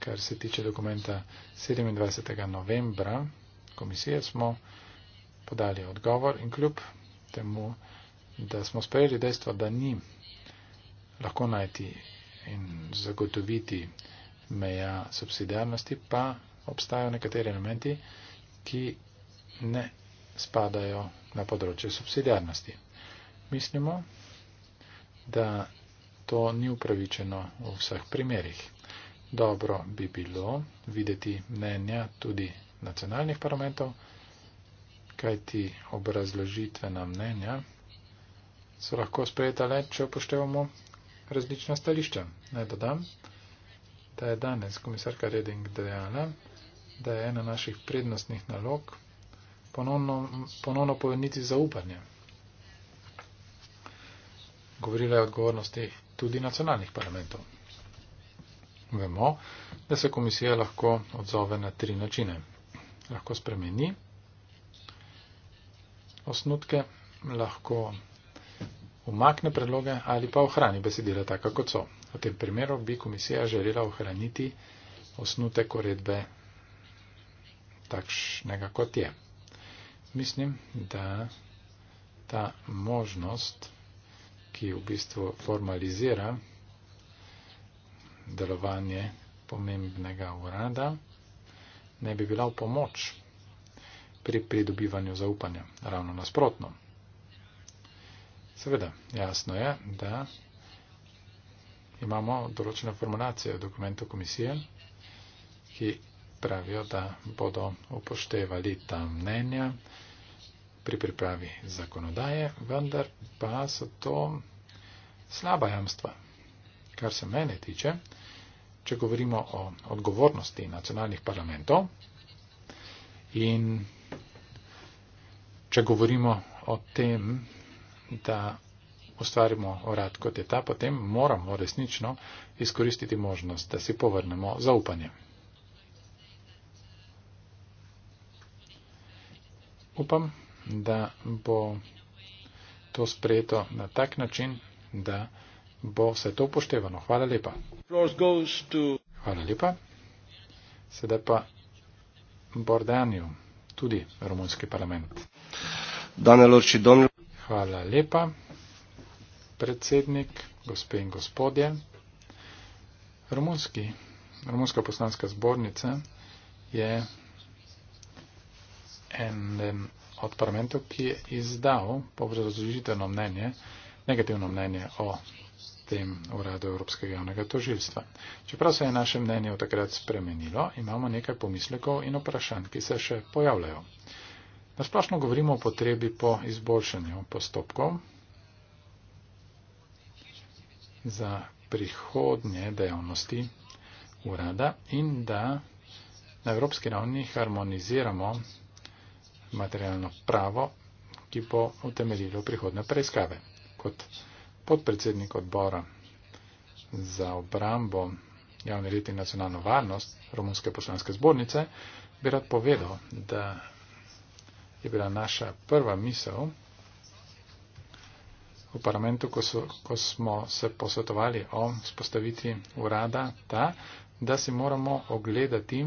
Kar se tiče dokumenta 27. novembra komisije, smo podali odgovor in kljub temu, da smo sprejeli dejstvo, da ni lahko najti in zagotoviti meja subsidijarnosti, pa obstajajo nekateri elementi, ki ne spadajo na področje subsidijarnosti mislimo, da to ni upravičeno v vseh primerjih. Dobro bi bilo videti mnenja tudi nacionalnih parlamentov, kajti obrazložitvena mnenja so lahko sprejeta le, če upoštevamo različna stališča. Naj dodam, da je danes komisarka Reding dejala, da je ena naših prednostnih nalog ponovno, ponovno povrniti zaupanje govorila je o odgovornosti tudi nacionalnih parlamentov. Vemo, da se komisija lahko odzove na tri načine. Lahko spremeni osnutke, lahko umakne predloge ali pa ohrani besedila tako, kot so. V tem primeru bi komisija želela ohraniti osnutek uredbe takšnega, kot je. Mislim, da ta možnost ki v bistvu formalizira delovanje pomembnega urada, ne bi bila v pomoč pri pridobivanju zaupanja, ravno nasprotno. Seveda, jasno je, da imamo določene formulacije v dokumentu komisije, ki pravijo, da bodo upoštevali ta mnenja pri pripravi zakonodaje, vendar pa so to slaba jamstva. Kar se mene tiče, če govorimo o odgovornosti nacionalnih parlamentov in če govorimo o tem, da ustvarimo urad kot je ta, potem moramo resnično izkoristiti možnost, da si povrnemo zaupanje. Upam, da bo to sprejeto na tak način, da bo vse to upoštevano. Hvala lepa. Hvala lepa. Sedaj pa Bordanju, tudi romunski parlament. Hvala lepa, predsednik, gospe in gospodje. Romunski, romunska poslanska zbornica je en, en od parlamentov, ki je izdal povzročitevno mnenje, negativno mnenje o tem uradu Evropskega javnega toživstva. Čeprav se je naše mnenje od takrat spremenilo, imamo nekaj pomislekov in vprašanj, ki se še pojavljajo. Nasplošno govorimo o potrebi po izboljšanju postopkov za prihodnje dejavnosti urada in da na evropski ravni harmoniziramo materialno pravo, ki bo utemeljilo prihodne preiskave kot podpredsednik odbora za obrambo javne red in nacionalno varnost Romunske poslanske zbornice, bi rad povedal, da je bila naša prva misel v parlamentu, ko, so, ko smo se posvetovali o spostavitvi urada, ta, da si moramo ogledati,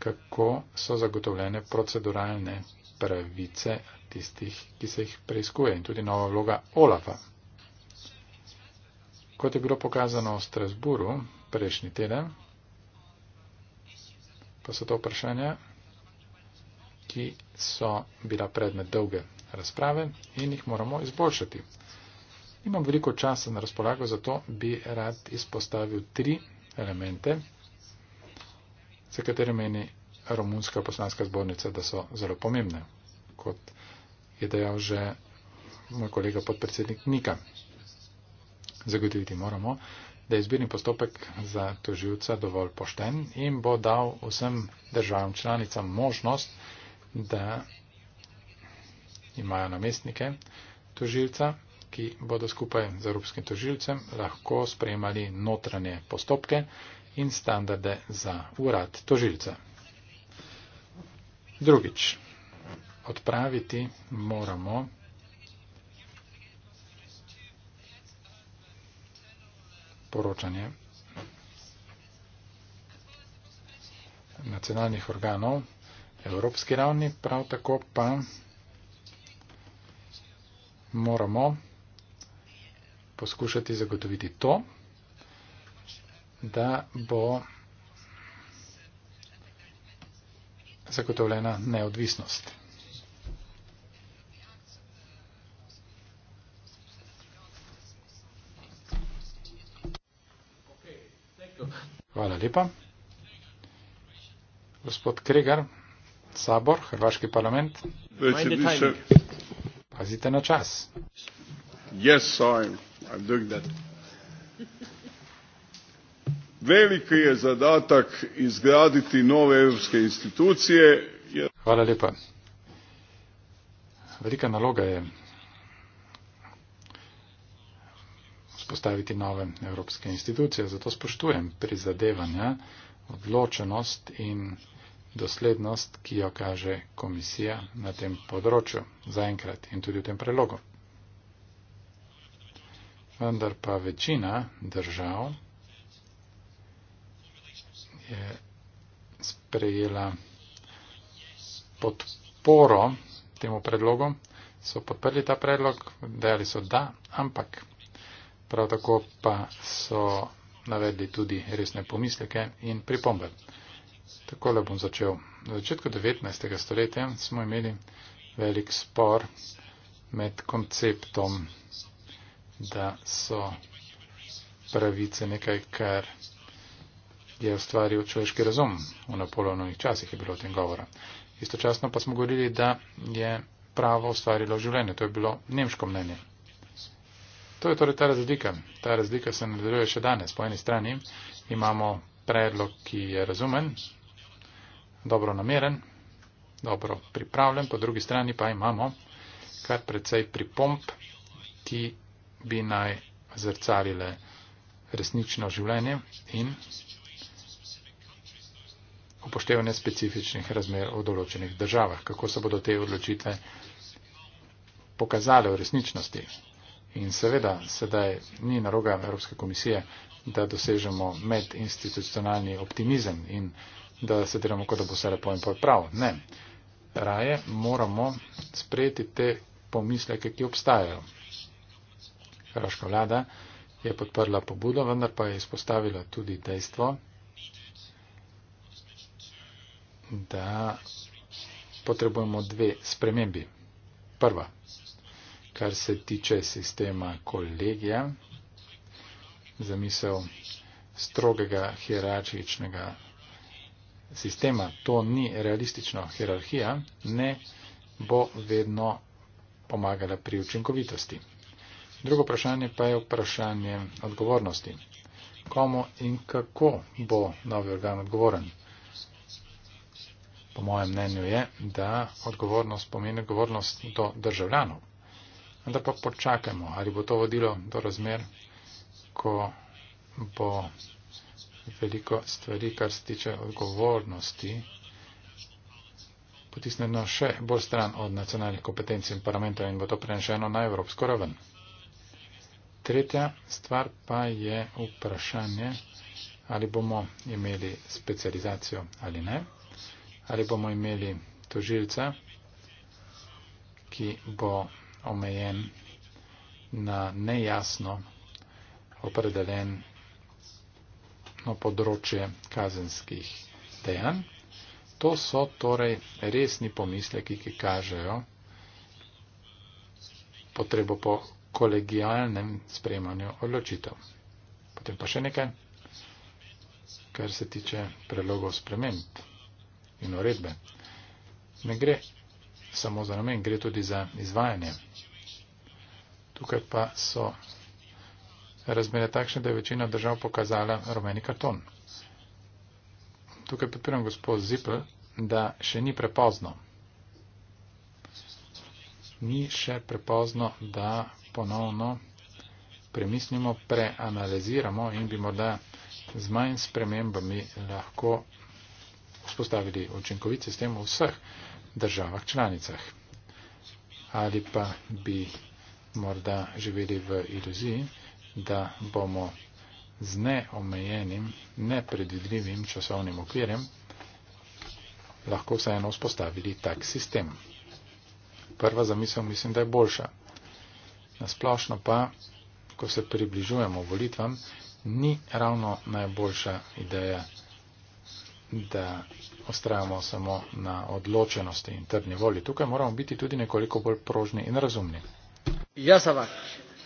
kako so zagotovljene proceduralne pravice tistih, ki se jih preizkuje in tudi nova vloga Olafa. Kot je bilo pokazano v Strasburu prejšnji teden, pa so to vprašanja, ki so bila predmet dolge razprave in jih moramo izboljšati. Imam veliko časa na razpolago, zato bi rad izpostavil tri elemente, za katere meni romunska poslanska zbornica, da so zelo pomembne. Kot je dejal že kolega podpredsednik Nika. Zagotoviti moramo, da je izbirni postopek za toživca dovolj pošten in bo dal vsem državam članicam možnost, da imajo namestnike toživca, ki bodo skupaj z evropskim toživcem lahko sprejemali notranje postopke in standarde za urad toživca. Drugič odpraviti moramo poročanje nacionalnih organov evropski ravni, prav tako pa moramo poskušati zagotoviti to, da bo zagotovljena neodvisnost. Hvala lepa. Gospod Kregar, Sabor, Hrvaški parlament. Pazite na čas. Yes, sorry, I'm doing that. Veliki je zadatak izgraditi nove evropske institucije. Hvala lepa. Velika naloga je vzpostaviti nove evropske institucije. Zato spoštujem prizadevanja, odločenost in doslednost, ki jo kaže komisija na tem področju zaenkrat in tudi v tem prelogu. Vendar pa večina držav je sprejela podporo temu predlogu, so podprli ta predlog, dejali so da, ampak prav tako pa so navedli tudi resne pomisleke in pripombe. Takole bom začel. Na začetku 19. stoletja smo imeli velik spor med konceptom, da so pravice nekaj, kar je ustvaril človeški razum. V napolovnih časih je bilo o tem govora. Istočasno pa smo govorili, da je pravo ustvarilo življenje. To je bilo nemško mnenje. To je torej ta razlika. Ta razlika se nadaljuje še danes. Po eni strani imamo predlog, ki je razumen, dobro nameren, dobro pripravljen, po drugi strani pa imamo kar precej pripomp, ki bi naj zrcalile resnično življenje in upoštevanje specifičnih razmer v določenih državah, kako se bodo te odločitve pokazale v resničnosti. In seveda, sedaj ni naroga Evropske komisije, da dosežemo medinstitucionalni optimizem in da se delamo, kot da bo vse lepo in prav. Ne. Raje moramo sprejeti te pomisleke, ki obstajajo. Hrvaška vlada je podprla pobudo, vendar pa je izpostavila tudi dejstvo, da potrebujemo dve spremembi. Prva kar se tiče sistema kolegija, zamisel strogega hierarhičnega sistema, to ni realistično. Hierarhija ne bo vedno pomagala pri učinkovitosti. Drugo vprašanje pa je vprašanje odgovornosti. Komu in kako bo novi organ odgovoren? Po mojem mnenju je, da odgovornost pomeni odgovornost do državljanov vendar pa počakajmo, ali bo to vodilo do razmer, ko bo veliko stvari, kar se tiče odgovornosti, potisneno še bolj stran od nacionalnih kompetenc in parlamentov in bo to preneseno na evropsko raven. Tretja stvar pa je vprašanje, ali bomo imeli specializacijo ali ne, ali bomo imeli tožilca, ki bo omejen na nejasno opredeljeno no, področje kazenskih dejanj. To so torej resni pomisleki, ki kažejo potrebo po kolegijalnem sprejemanju odločitev. Potem pa še nekaj, kar se tiče predlogov sprememb in uredbe. Ne gre samo za namen, gre tudi za izvajanje. Tukaj pa so razmere takšne, da je večina držav pokazala rumeni karton. Tukaj podpiram gospod Zipl, da še ni prepozno. Ni še prepozno, da ponovno premislimo, preanaliziramo in bi morda z manj spremembami lahko vzpostavili učinkovit sistem v vseh državah članicah. Ali pa bi morda živeli v iluziji, da bomo z neomejenim, nepredvidljivim časovnim okvirjem lahko vseeno vzpostavili tak sistem. Prva zamisel mislim, da je boljša. Nasplošno pa, ko se približujemo volitvam, ni ravno najboljša ideja, da ostrajamo samo na odločenosti in trdni volji. Tukaj moramo biti tudi nekoliko bolj prožni in razumni. Jasavak.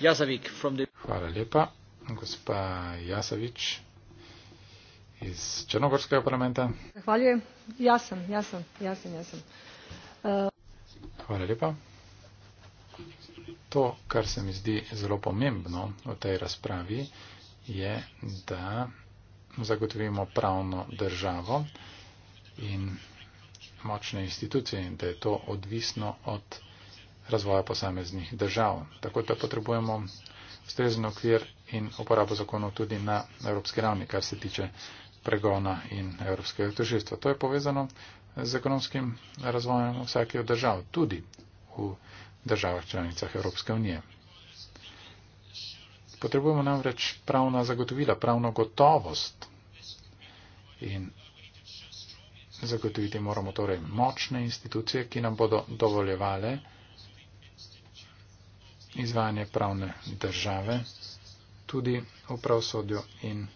Jasavik from the... Hvala lepa, gospa Jasavić iz Črnogorskega parlamenta. Zahvaljujem. Ja sem, ja sem, ja sem, ja sem. Uh... Hvala lepa. To, kar se mi zdi zelo pomembno v tej razpravi, je, da zagotovimo pravno državo in močne institucije in da je to odvisno od razvoja posameznih držav. Tako da potrebujemo ustrezen okvir in uporabo zakonov tudi na evropski ravni, kar se tiče pregona in evropskega tožilstva. To je povezano z ekonomskim razvojem vsakih držav, tudi v državah članicah Evropske unije. Potrebujemo namreč pravna zagotovila, pravno gotovost in zagotoviti moramo torej močne institucije, ki nam bodo dovoljevale, izvajanje pravne države, tudi v pravosodju in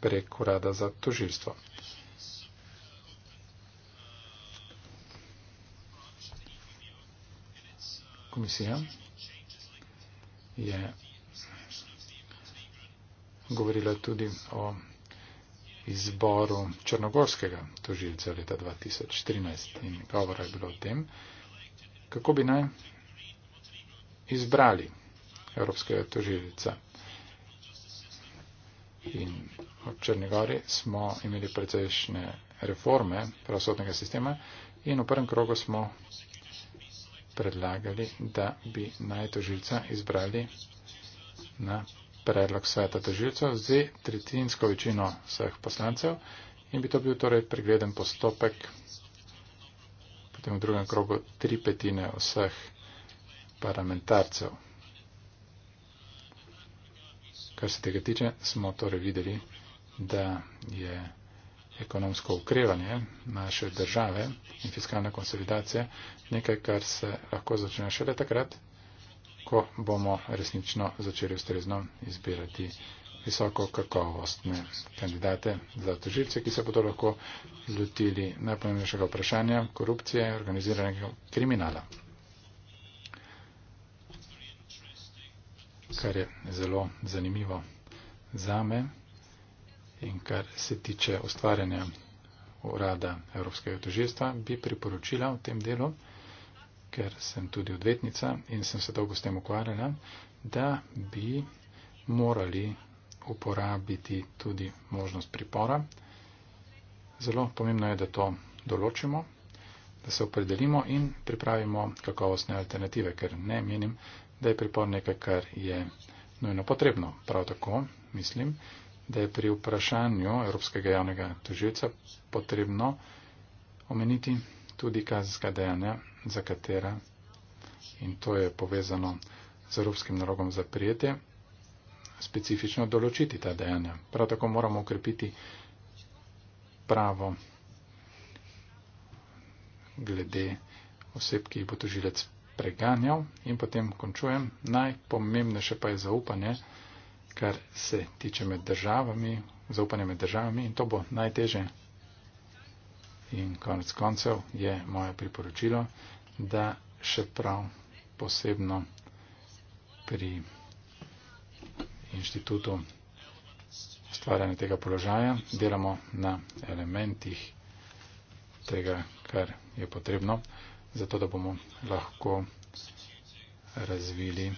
prek urada za tožilstvo. Komisija je govorila tudi o izboru črnogorskega tožilca leta 2013 in govora je bilo o tem, kako bi naj izbrali evropskega tožilca. In v Črni Gori smo imeli precejšnje reforme pravosodnega sistema in v prvem krogu smo predlagali, da bi naj tožilca izbrali na predlog sveta tožilcev z tretjinsko večino vseh poslancev in bi to bil torej pregleden postopek, potem v drugem krogu tri petine vseh parlamentarcev. Kar se tega tiče, smo torej videli, da je ekonomsko ukrevanje naše države in fiskalna konsolidacija nekaj, kar se lahko začne šele takrat, ko bomo resnično začeli ustrezno izbirati visoko kakovostne kandidate za tožilce, ki se bodo lahko zlotili najpomembnejšega vprašanja korupcije in organiziranega kriminala. kar je zelo zanimivo za me in kar se tiče ustvarjanja urada Evropskega tožilstva, bi priporočila v tem delu, ker sem tudi odvetnica in sem se dolgo s tem ukvarjala, da bi morali uporabiti tudi možnost pripora. Zelo pomembno je, da to določimo, da se opredelimo in pripravimo kakovostne alternative, ker ne menim, da je pripor nekaj, kar je nujno potrebno. Prav tako mislim, da je pri vprašanju Evropskega javnega tužilca potrebno omeniti tudi kazenska dejanja, za katera in to je povezano z Evropskim narogom za prijetje, specifično določiti ta dejanja. Prav tako moramo ukrepiti pravo glede oseb, ki jih bo tožilec preganjal in potem končujem. Najpomembnejše pa je zaupanje, kar se tiče med državami, zaupanje med državami in to bo najteže. In konec koncev je moje priporočilo, da še prav posebno pri inštitutu ustvarjanja tega položaja delamo na elementih tega, kar je potrebno zato da bomo lahko razvili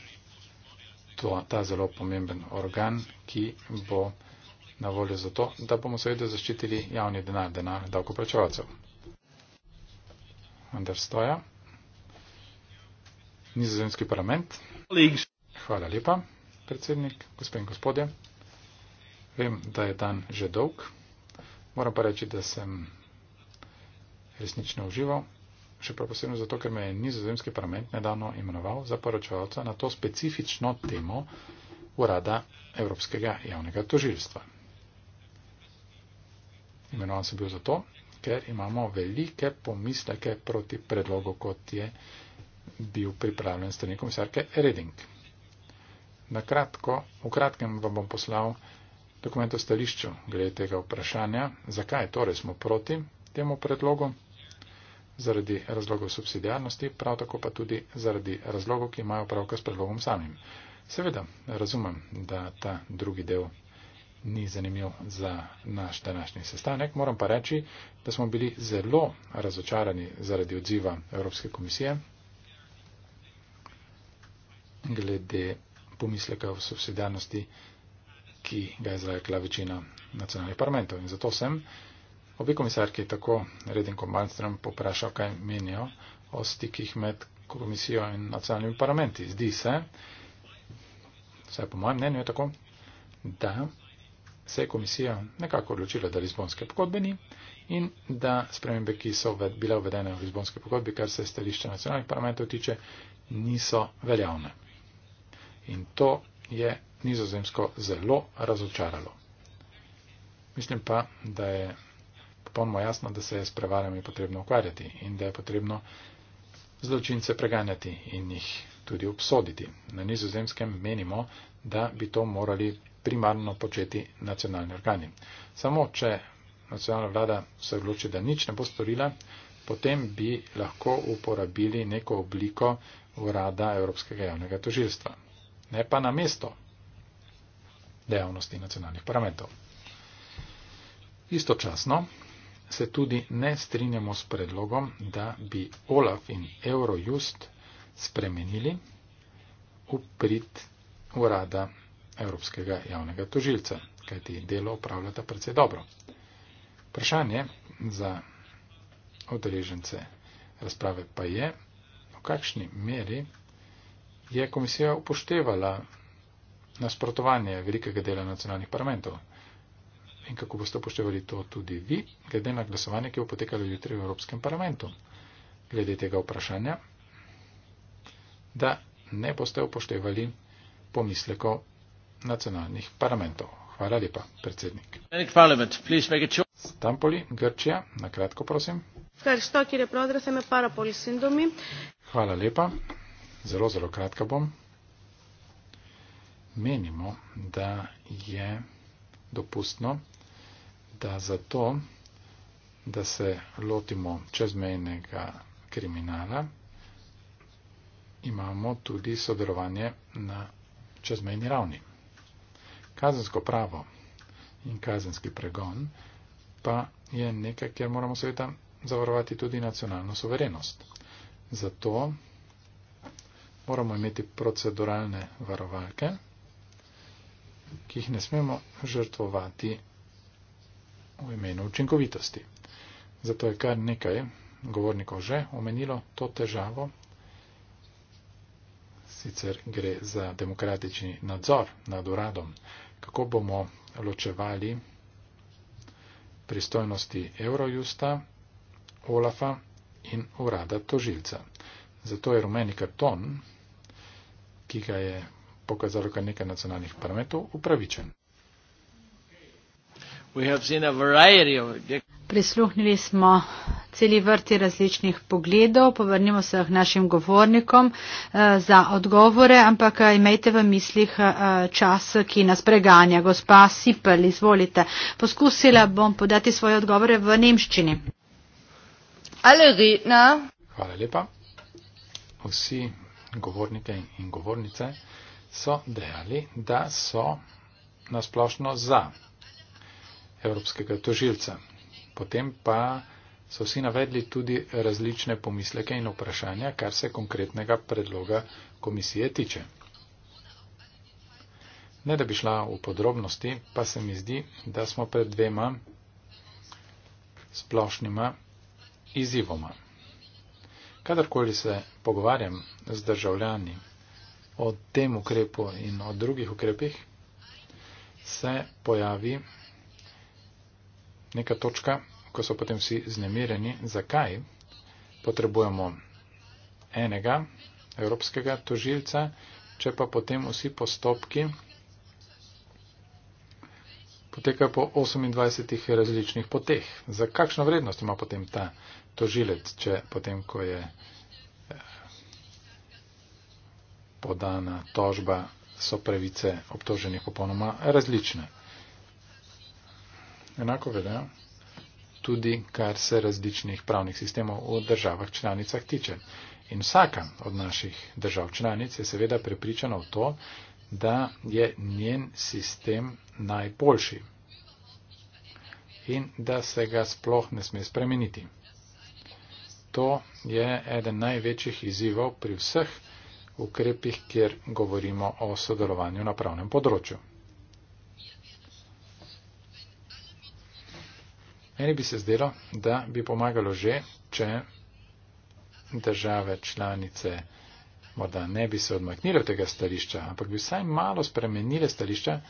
to, ta zelo pomemben organ, ki bo na voljo za to, da bomo seveda zaščitili javni denar, denar davkoplačevalcev. Vendar stoja. Nizozemski parlament. Hvala lepa, predsednik, gospod in gospodje. Vem, da je dan že dolg. Moram pa reči, da sem resnično užival še prav posebno zato, ker me je nizozemski parlament nedavno imenoval za poročevalca na to specifično temo urada Evropskega javnega tožilstva. Imenovan sem bil zato, ker imamo velike pomisleke proti predlogu, kot je bil pripravljen strani komisarke Reding. Na kratko, v kratkem vam bom poslal dokument o stališču glede tega vprašanja, zakaj torej smo proti temu predlogu zaradi razlogov subsidijarnosti, prav tako pa tudi zaradi razlogov, ki imajo pravka s predlogom samim. Seveda, razumem, da ta drugi del ni zanimiv za naš današnji sestanek. Moram pa reči, da smo bili zelo razočarani zaradi odziva Evropske komisije glede pomisleka v subsidijarnosti, ki ga je zrekla večina nacionalnih parlamentov. In zato sem Obe komisarki tako Redenko Malmström poprašal, kaj menijo o stikih med komisijo in nacionalnimi parlamenti. Zdi se, vsaj po mojem mnenju je tako, da se je komisija nekako odločila, da Lizbonske pogodbe ni in da spremembe, ki so ved, bile uvedene v Lizbonske pogodbe, kar se stališča nacionalnih parlamentov tiče, niso veljavne. In to je nizozemsko zelo razočaralo. Mislim pa, da je popolnoma jasno, da se je s prevarami potrebno ukvarjati in da je potrebno zločince preganjati in jih tudi obsoditi. Na nizozemskem menimo, da bi to morali primarno početi nacionalni organi. Samo če nacionalna vlada se odloči, da nič ne bo storila, potem bi lahko uporabili neko obliko urada Evropskega javnega tožilstva. Ne pa na mesto dejavnosti nacionalnih parlamentov. Istočasno se tudi ne strinjamo s predlogom, da bi Olaf in Eurojust spremenili v prid urada Evropskega javnega tožilca, kajti delo upravljata predvsej dobro. Vprašanje za odrežence razprave pa je, v kakšni meri je komisija upoštevala nasprotovanje velikega dela nacionalnih parlamentov in kako boste upoštevali to tudi vi, glede na glasovanje, ki bo potekalo jutri v Evropskem parlamentu. Glede tega vprašanja, da ne boste upoštevali pomislekov nacionalnih parlamentov. Hvala lepa, predsednik. Stampoli, Grčija, na kratko prosim. Hvala lepa, zelo, zelo kratka bom. Menimo, da je dopustno, da zato, da se lotimo čezmejnega kriminala, imamo tudi sodelovanje na čezmejni ravni. Kazensko pravo in kazenski pregon pa je nekaj, kjer moramo seveda zavarovati tudi nacionalno soverenost. Zato moramo imeti proceduralne varovalke, ki jih ne smemo žrtvovati v imenu učinkovitosti. Zato je kar nekaj govornikov že omenilo to težavo. Sicer gre za demokratični nadzor nad uradom, kako bomo ločevali pristojnosti Eurojusta, Olafa in urada tožilca. Zato je rumeni karton, ki ga je pokazalo kar nekaj nacionalnih parametrov, upravičen. Prisluhnili smo celi vrti različnih pogledov, povrnimo se k našim govornikom eh, za odgovore, ampak eh, imejte v mislih eh, čas, ki nas preganja. Gospa Sipel, izvolite. Poskusila bom podati svoje odgovore v nemščini. Hvala lepa. Vsi govornike in govornice so dejali, da so nasplošno za evropskega tožilca. Potem pa so vsi navedli tudi različne pomisleke in vprašanja, kar se konkretnega predloga komisije tiče. Ne da bi šla v podrobnosti, pa se mi zdi, da smo pred dvema splošnima izzivoma. Kadarkoli se pogovarjam z državljani o tem ukrepu in o drugih ukrepih, se pojavi neka točka, ko so potem vsi znemireni, zakaj potrebujemo enega evropskega tožilca, če pa potem vsi postopki potekajo po 28 različnih poteh. Za kakšno vrednost ima potem ta tožilec, če potem, ko je eh, podana tožba, so pravice obtoženih popolnoma različne. Enako velja tudi, kar se različnih pravnih sistemov v državah članicah tiče. In vsaka od naših držav članic je seveda prepričana v to, da je njen sistem najboljši in da se ga sploh ne sme spremeniti. To je eden največjih izzivov pri vseh ukrepih, kjer govorimo o sodelovanju na pravnem področju. Meni bi se zdelo, da bi pomagalo že, če države članice morda ne bi se odmaknile od tega stališča, ampak bi vsaj malo spremenile stališča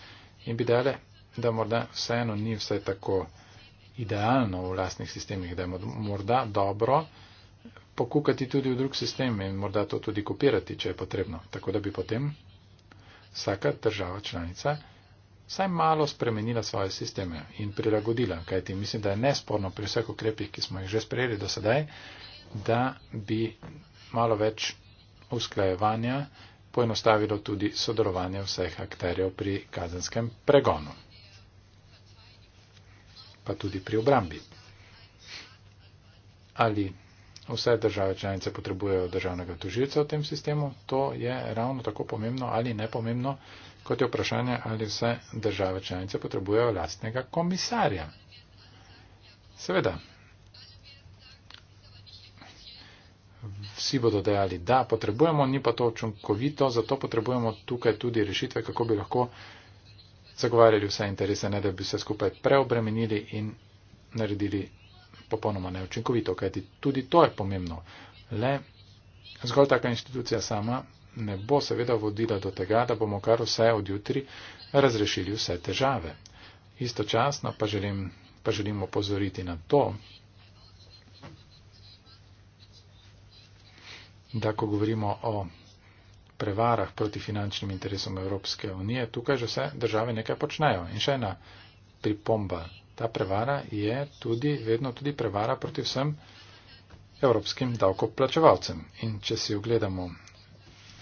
in bi dale, da morda vseeno ni vse tako idealno v lastnih sistemih, da je morda dobro pokukati tudi v drug sistem in morda to tudi kopirati, če je potrebno. Tako da bi potem vsaka država članica vsaj malo spremenila svoje sisteme in prilagodila, kajti mislim, da je nesporno pri vseh ukrepih, ki smo jih že sprejeli do sedaj, da bi malo več usklajevanja poenostavilo tudi sodelovanje vseh akterjev pri kazenskem pregonu, pa tudi pri obrambi. Ali vse države članice potrebujejo državnega tužilca v tem sistemu, to je ravno tako pomembno ali nepomembno, kot je vprašanje, ali vse države članice potrebujejo lastnega komisarja. Seveda, vsi bodo dejali, da potrebujemo, ni pa to očunkovito, zato potrebujemo tukaj tudi rešitve, kako bi lahko zagovarjali vse interese, ne da bi se skupaj preobremenili in naredili popolnoma neučinkovito, kajti tudi to je pomembno. Le zgolj taka institucija sama ne bo seveda vodila do tega, da bomo kar vse od jutri razrešili vse težave. Istočasno pa želim, pa želim opozoriti na to, da ko govorimo o prevarah proti finančnim interesom Evropske unije, tukaj že vse države nekaj počnejo. In še ena pripomba ta prevara je tudi vedno tudi prevara proti vsem evropskim davkoplačevalcem. In če si ogledamo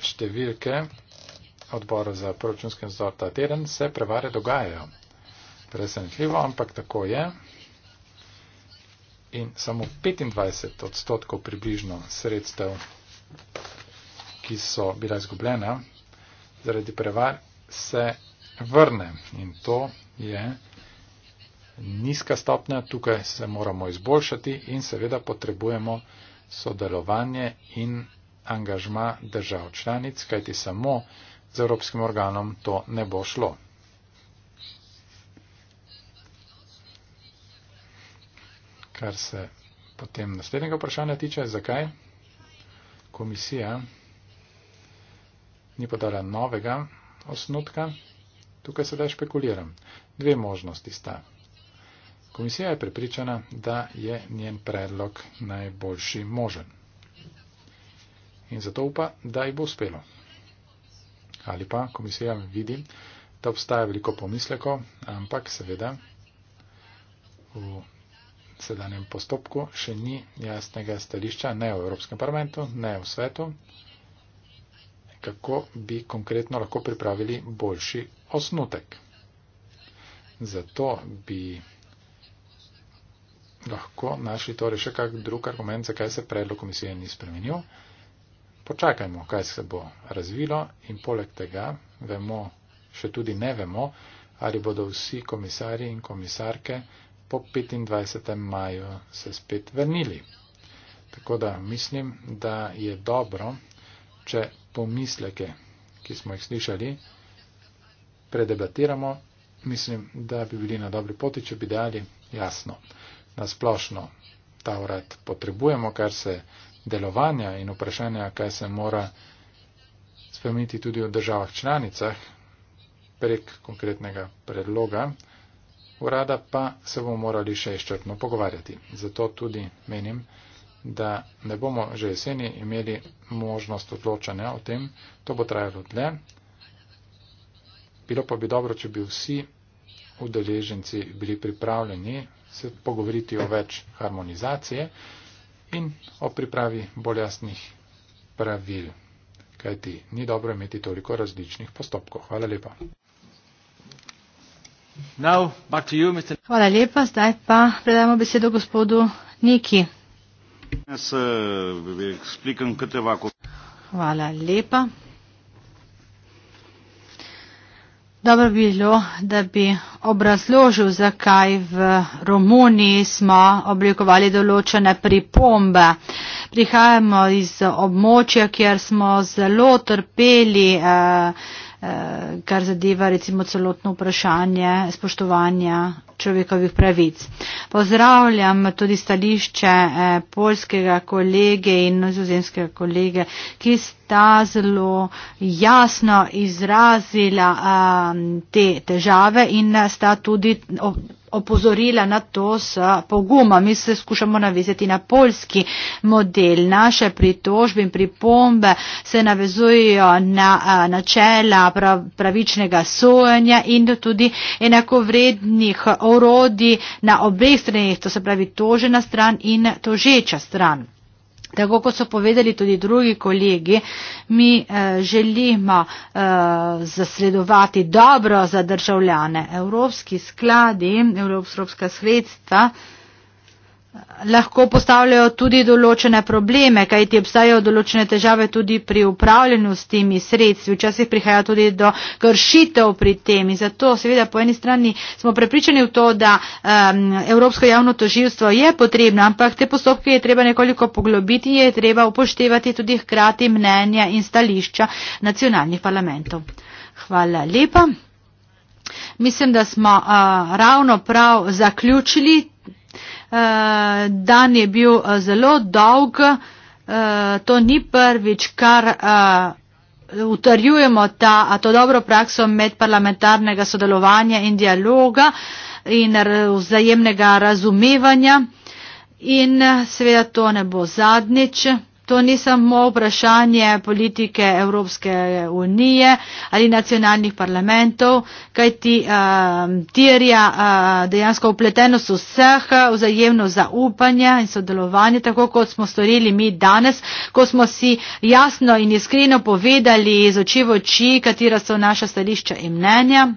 številke odbora za proračunski nadzor ta teden, se prevare dogajajo. Presenetljivo, ampak tako je. In samo 25 odstotkov približno sredstev, ki so bila izgubljena zaradi prevar, se vrne. In to je nizka stopnja, tukaj se moramo izboljšati in seveda potrebujemo sodelovanje in angažma držav članic, kajti samo z evropskim organom to ne bo šlo. Kar se potem naslednjega vprašanja tiče, zakaj komisija ni podala novega osnutka, tukaj sedaj špekuliram. Dve možnosti sta. Komisija je prepričana, da je njen predlog najboljši možen. In zato upa, da ji bo uspelo. Ali pa komisija vidi, da obstaja veliko pomisleko, ampak seveda v sedanjem postopku še ni jasnega stališča ne v Evropskem parlamentu, ne v svetu, kako bi konkretno lahko pripravili boljši osnutek. Zato bi lahko našli torej še kak drug argument, zakaj se predlog komisije ni spremenil. Počakajmo, kaj se bo razvilo in poleg tega vemo, še tudi ne vemo, ali bodo vsi komisarji in komisarke po 25. maju se spet vrnili. Tako da mislim, da je dobro, če pomisleke, ki smo jih slišali, predebatiramo. Mislim, da bi bili na dobri poti, če bi dali jasno nasplošno ta urad potrebujemo, kar se delovanja in vprašanja, kaj se mora spremeniti tudi v državah članicah prek konkretnega predloga, urada pa se bomo morali še izčrpno pogovarjati. Zato tudi menim, da ne bomo že jeseni imeli možnost odločanja o tem, to bo trajalo dlje. Bilo pa bi dobro, če bi vsi udeleženci bili pripravljeni se pogovoriti o več harmonizacije in o pripravi bolj jasnih pravil, kajti ni dobro imeti toliko različnih postopkov. Hvala lepa. Now, back to you, Mr. Hvala lepa. Zdaj pa predajmo besedo gospodu Niki. Hvala lepa. Dobro bi bilo, da bi obrazložil, zakaj v Romuniji smo oblikovali določene pripombe. Prihajamo iz območja, kjer smo zelo trpeli. Eh, Eh, kar zadeva recimo celotno vprašanje spoštovanja človekovih pravic. Pozdravljam tudi stališče eh, polskega kolege in nizozemskega kolege, ki sta zelo jasno izrazila eh, te težave in sta tudi opozorila na to s poguma. Mi se skušamo navezati na polski model. Naše pritožbe in pripombe se navezujejo na načela pravičnega sojenja in tudi enakovrednih orodij na obeh stranih, to se pravi tožena stran in tožeča stran. Tako kot so povedali tudi drugi kolegi, mi eh, želimo eh, zasledovati dobro za državljane. Evropski skladi, evropska sredstva, eh, lahko postavljajo tudi določene probleme, kajti obstajajo določene težave tudi pri upravljanju s temi sredstvi. Včasih prihaja tudi do kršitev pri tem in zato seveda po eni strani smo prepričani v to, da um, Evropsko javno toživstvo je potrebno, ampak te postopke je treba nekoliko poglobiti in je treba upoštevati tudi hkrati mnenja in stališča nacionalnih parlamentov. Hvala lepa. Mislim, da smo uh, ravno prav zaključili dan je bil eh, zelo dolg, eh, to ni prvič, kar eh, utrjujemo ta, a to dobro prakso medparlamentarnega sodelovanja in dialoga in vzajemnega razumevanja. In seveda to ne bo zadnjič. To ni samo vprašanje politike Evropske unije ali nacionalnih parlamentov, kaj ti uh, eh, terja uh, dejansko upletenost vseh, eh, vzajemno zaupanje in sodelovanje, tako kot smo storili mi danes, ko smo si jasno in iskreno povedali z oči v oči, katera so naša stališča in mnenja.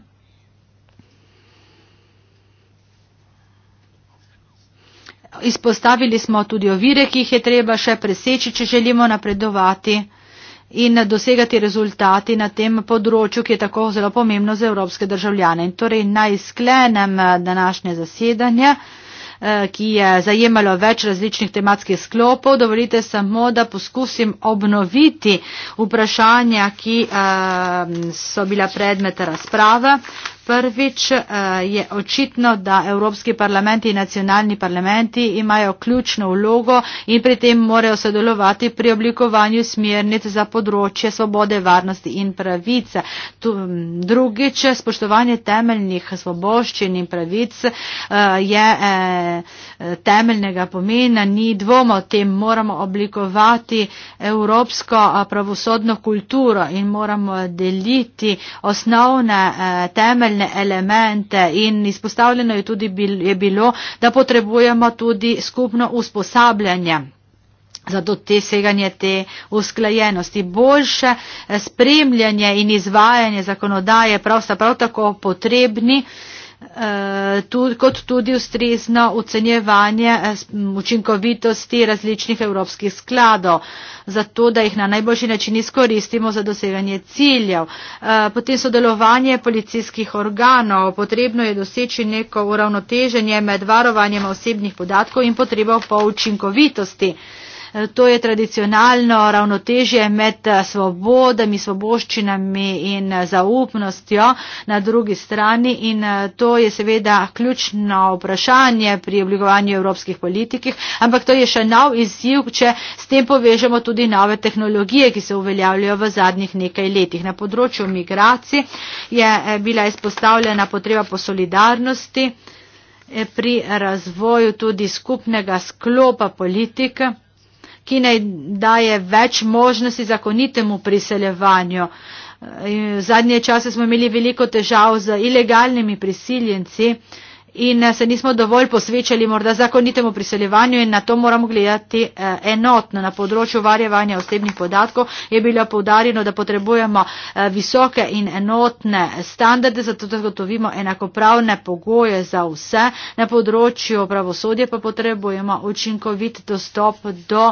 izpostavili smo tudi ovire, ki jih je treba še preseči, če želimo napredovati in dosegati rezultati na tem področju, ki je tako zelo pomembno za evropske državljane. In torej naj sklenem eh, današnje zasedanje, eh, ki je zajemalo več različnih tematskih sklopov. Dovolite samo, da poskusim obnoviti vprašanja, ki eh, so bila predmet razprave. Prvič eh, je očitno, da Evropski parlamenti in nacionalni parlamenti imajo ključno vlogo in pri tem morajo sodelovati pri oblikovanju smernic za področje svobode, varnosti in pravice. Drugič, spoštovanje temeljnih svoboščin in pravic eh, je eh, temeljnega pomena, ni dvoma o tem, moramo oblikovati evropsko pravosodno kulturo in moramo deliti osnovne temelje temeljne elemente in izpostavljeno je tudi bil, je bilo, da potrebujemo tudi skupno usposabljanje za doteseganje te usklajenosti. Boljše eh, spremljanje in izvajanje zakonodaje prav sta prav tako potrebni eh, Eh, tudi, kot tudi ustrezno ocenjevanje eh, učinkovitosti različnih evropskih skladov, zato da jih na najboljši način izkoristimo za doseganje ciljev. Eh, potem sodelovanje policijskih organov, potrebno je doseči neko uravnoteženje med varovanjem osebnih podatkov in potrebo po učinkovitosti. To je tradicionalno ravnotežje med eh, svobodami, svoboščinami in eh, zaupnostjo na drugi strani in eh, to je seveda ključno vprašanje pri oblikovanju evropskih politik, ampak to je še nov izziv, če s tem povežemo tudi nove tehnologije, ki se uveljavljajo v zadnjih nekaj letih. Na področju migracij je bila izpostavljena potreba po solidarnosti pri razvoju tudi skupnega sklopa politike ki naj daje več možnosti zakonitemu priseljevanju. Eh, zadnje čase smo imeli veliko težav z ilegalnimi prisiljenci in eh, se nismo dovolj posvečali morda zakonitemu priseljevanju in na to moramo gledati eh, enotno. Na področju varjevanja osebnih podatkov je bilo povdarjeno, da potrebujemo eh, visoke in enotne standarde, zato da zagotovimo enakopravne pogoje za vse. Na področju pravosodja pa potrebujemo učinkovit dostop do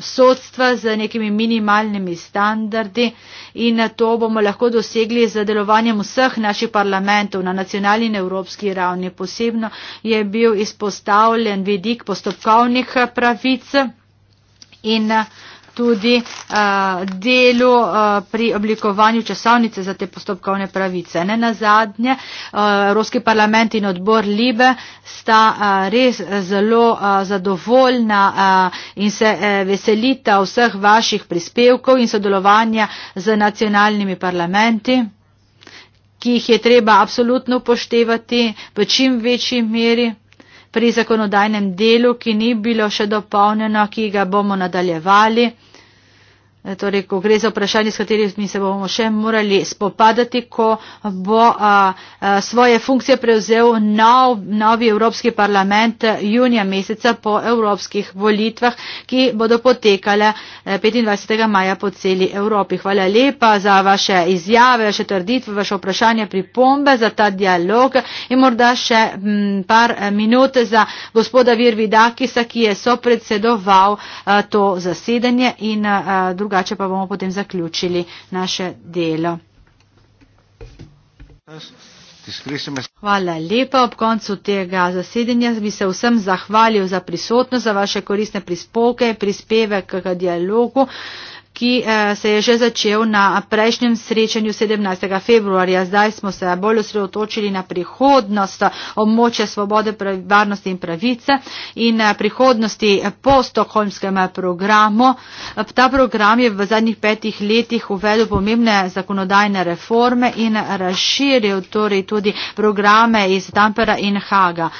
sodstva z nekimi minimalnimi standardi in to bomo lahko dosegli z delovanjem vseh naših parlamentov na nacionalni in evropski ravni ravni. Posebno je bil izpostavljen vidik postopkovnih eh, pravic in eh, tudi uh, delu uh, pri oblikovanju časovnice za te postopkovne pravice. Ne na zadnje, Evropski uh, parlament in odbor Libe sta uh, res zelo uh, zadovoljna uh, in se uh, veselita vseh vaših prispevkov in sodelovanja z nacionalnimi parlamenti ki jih je treba absolutno upoštevati v čim večji meri pri zakonodajnem delu, ki ni bilo še dopolnjeno, ki ga bomo nadaljevali. Eh, torej, ko gre za vprašanje, s katerimi se bomo še morali spopadati, ko bo a, a, svoje funkcije prevzel nov, novi Evropski parlament eh, junija meseca po evropskih volitvah, ki bodo potekale 25. Eh, maja po celi Evropi. Hvala lepa za vaše izjave, vaše trditve, vaše vprašanje, pripombe za ta dialog in morda še m, mm, par minut za gospoda Virvidakisa, ki je sopredsedoval a, to zasedanje in a, druga drugače pa bomo potem zaključili naše delo. Hvala lepa. Ob koncu tega zasedanja bi se vsem zahvalil za prisotnost, za vaše koristne prispevke, prispevek k dialogu ki eh, se je že začel na prejšnjem srečanju 17. februarja. Zdaj smo se bolj osredotočili na prihodnost območja svobode, varnosti in pravice in eh, prihodnosti po stokholmskem eh, programu. Ta program je v zadnjih petih letih uvedel pomembne zakonodajne reforme in razširil torej tudi programe iz Dampera in Haga.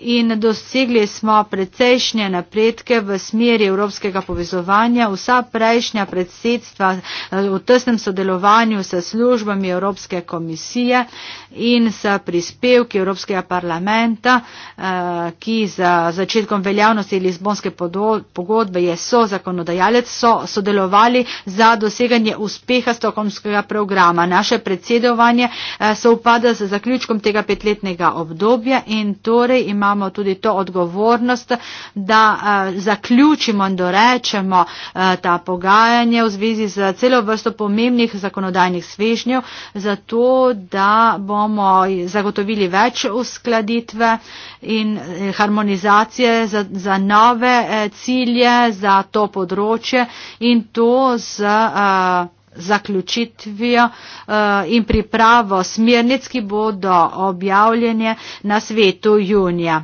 In dosegli smo precejšnje napredke v smeri evropskega povezovanja. Vsa prejšnja predstavitev predsedstva eh, v tesnem sodelovanju s službami Evropske komisije in s prispevki Evropskega parlamenta, eh, ki za začetkom veljavnosti Lizbonske pogodbe je so zakonodajalec, so sodelovali za doseganje uspeha stokomskega programa. Naše predsedovanje eh, se upada z zaključkom tega petletnega obdobja in torej imamo tudi to odgovornost, da eh, zaključimo in dorečemo ta pogajanje v zvezi z celo vrsto pomembnih zakonodajnih svežnjev, zato da bomo bomo zagotovili več uskladitve in eh, harmonizacije za, za nove eh, cilje za to področje in to z eh, zaključitvijo in pripravo smernic, ki bodo objavljene na svetu junija.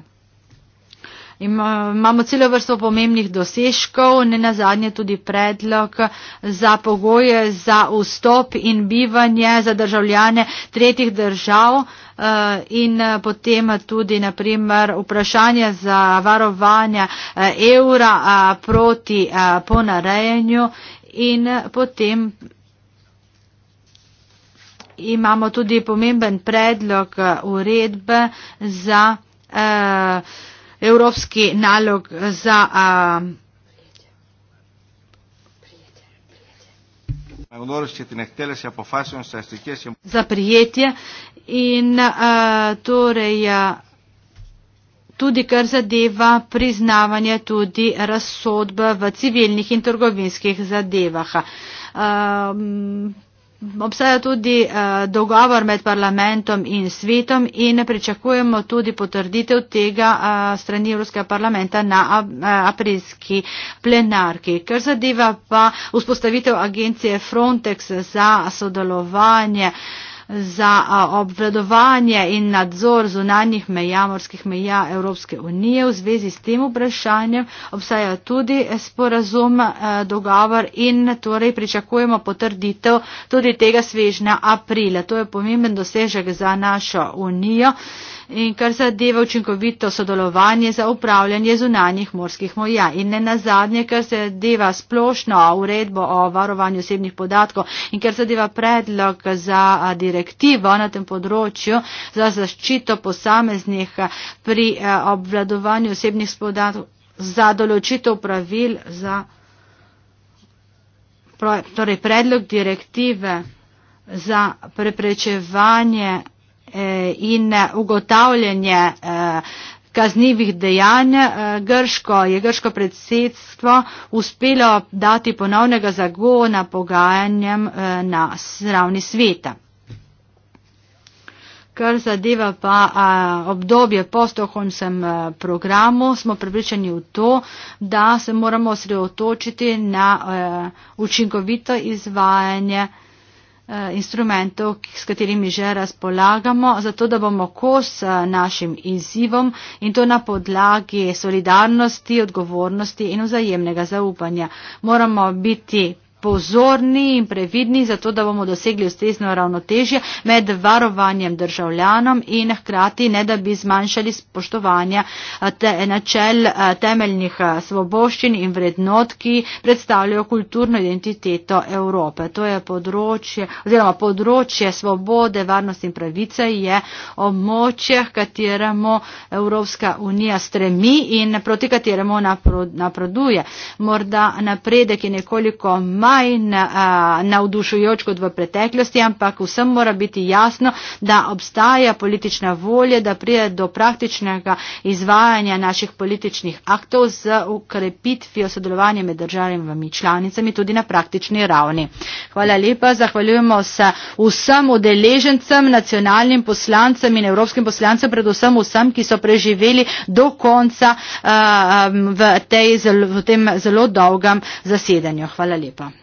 Imamo celo vrsto pomembnih dosežkov, ne na zadnje tudi predlog za pogoje za vstop in bivanje za državljane tretjih držav eh, in eh, potem tudi naprimer vprašanje za varovanje eh, evra proti ponarejanju in potem. Imamo tudi pomemben predlog uredbe za uh, evropski nalog za a, za prijetje in a, torej a, tudi kar zadeva priznavanje tudi razsodb v civilnih in trgovinskih zadevah. A, m, obstaja tudi uh, dogovor med parlamentom in svetom in pričakujemo tudi potrditev tega uh, strani Evropskega parlamenta na uh, aprilski plenarki. Ker zadeva pa vzpostavitev agencije Frontex za sodelovanje uh, za obvladovanje in nadzor zunanjih meja, morskih meja Evropske unije. V zvezi s tem vprašanjem obstaja tudi sporazum, dogovor in torej pričakujemo potrditev tudi tega svežna aprila. To je pomemben dosežek za našo unijo in kar zadeva učinkovito sodelovanje za upravljanje zunanjih morskih moja. In ne nazadnje, kar zadeva splošno uredbo o varovanju osebnih podatkov in kar zadeva predlog za direktivo na tem področju za zaščito posameznih pri obvladovanju osebnih podatkov za določitev pravil za torej predlog direktive za preprečevanje Eh, in eh, ugotavljanje eh, kaznivih dejanj. Grško je grško predsedstvo uspelo dati ponovnega zagona pogajanjem na ravni sveta. Kar zadeva pa a, obdobje po Stokholmskem programu, smo pripričani v to, da se moramo osredotočiti na a, učinkovito izvajanje a, Eh, instrumentov, s katerimi že razpolagamo, zato da bomo kos eh, našim izzivom in to na podlagi solidarnosti, odgovornosti in vzajemnega zaupanja. Moramo biti pozorni in previdni, zato da bomo dosegli ustrezno ravnotežje med varovanjem državljanom in hkrati ne da bi zmanjšali spoštovanja te, načel temeljnih svoboščin in vrednot, ki predstavljajo kulturno identiteto Evrope. To je področje, oziroma področje svobode, varnosti in pravice je območje, kateremu Evropska unija stremi in proti kateremu napreduje. Morda napredek je nekoliko manj, manj na, a, navdušujoč kot v preteklosti, ampak vsem mora biti jasno, da obstaja politična volja, da pride do praktičnega izvajanja naših političnih aktov z ukrepitvijo sodelovanja med državami članicami tudi na praktični ravni. Hvala lepa, zahvaljujemo se vsem udeležencem, nacionalnim poslancem in evropskim poslancem, predvsem vsem, ki so preživeli do konca a, a, v, tej, zelo, v tem zelo dolgem zasedanju. Hvala lepa.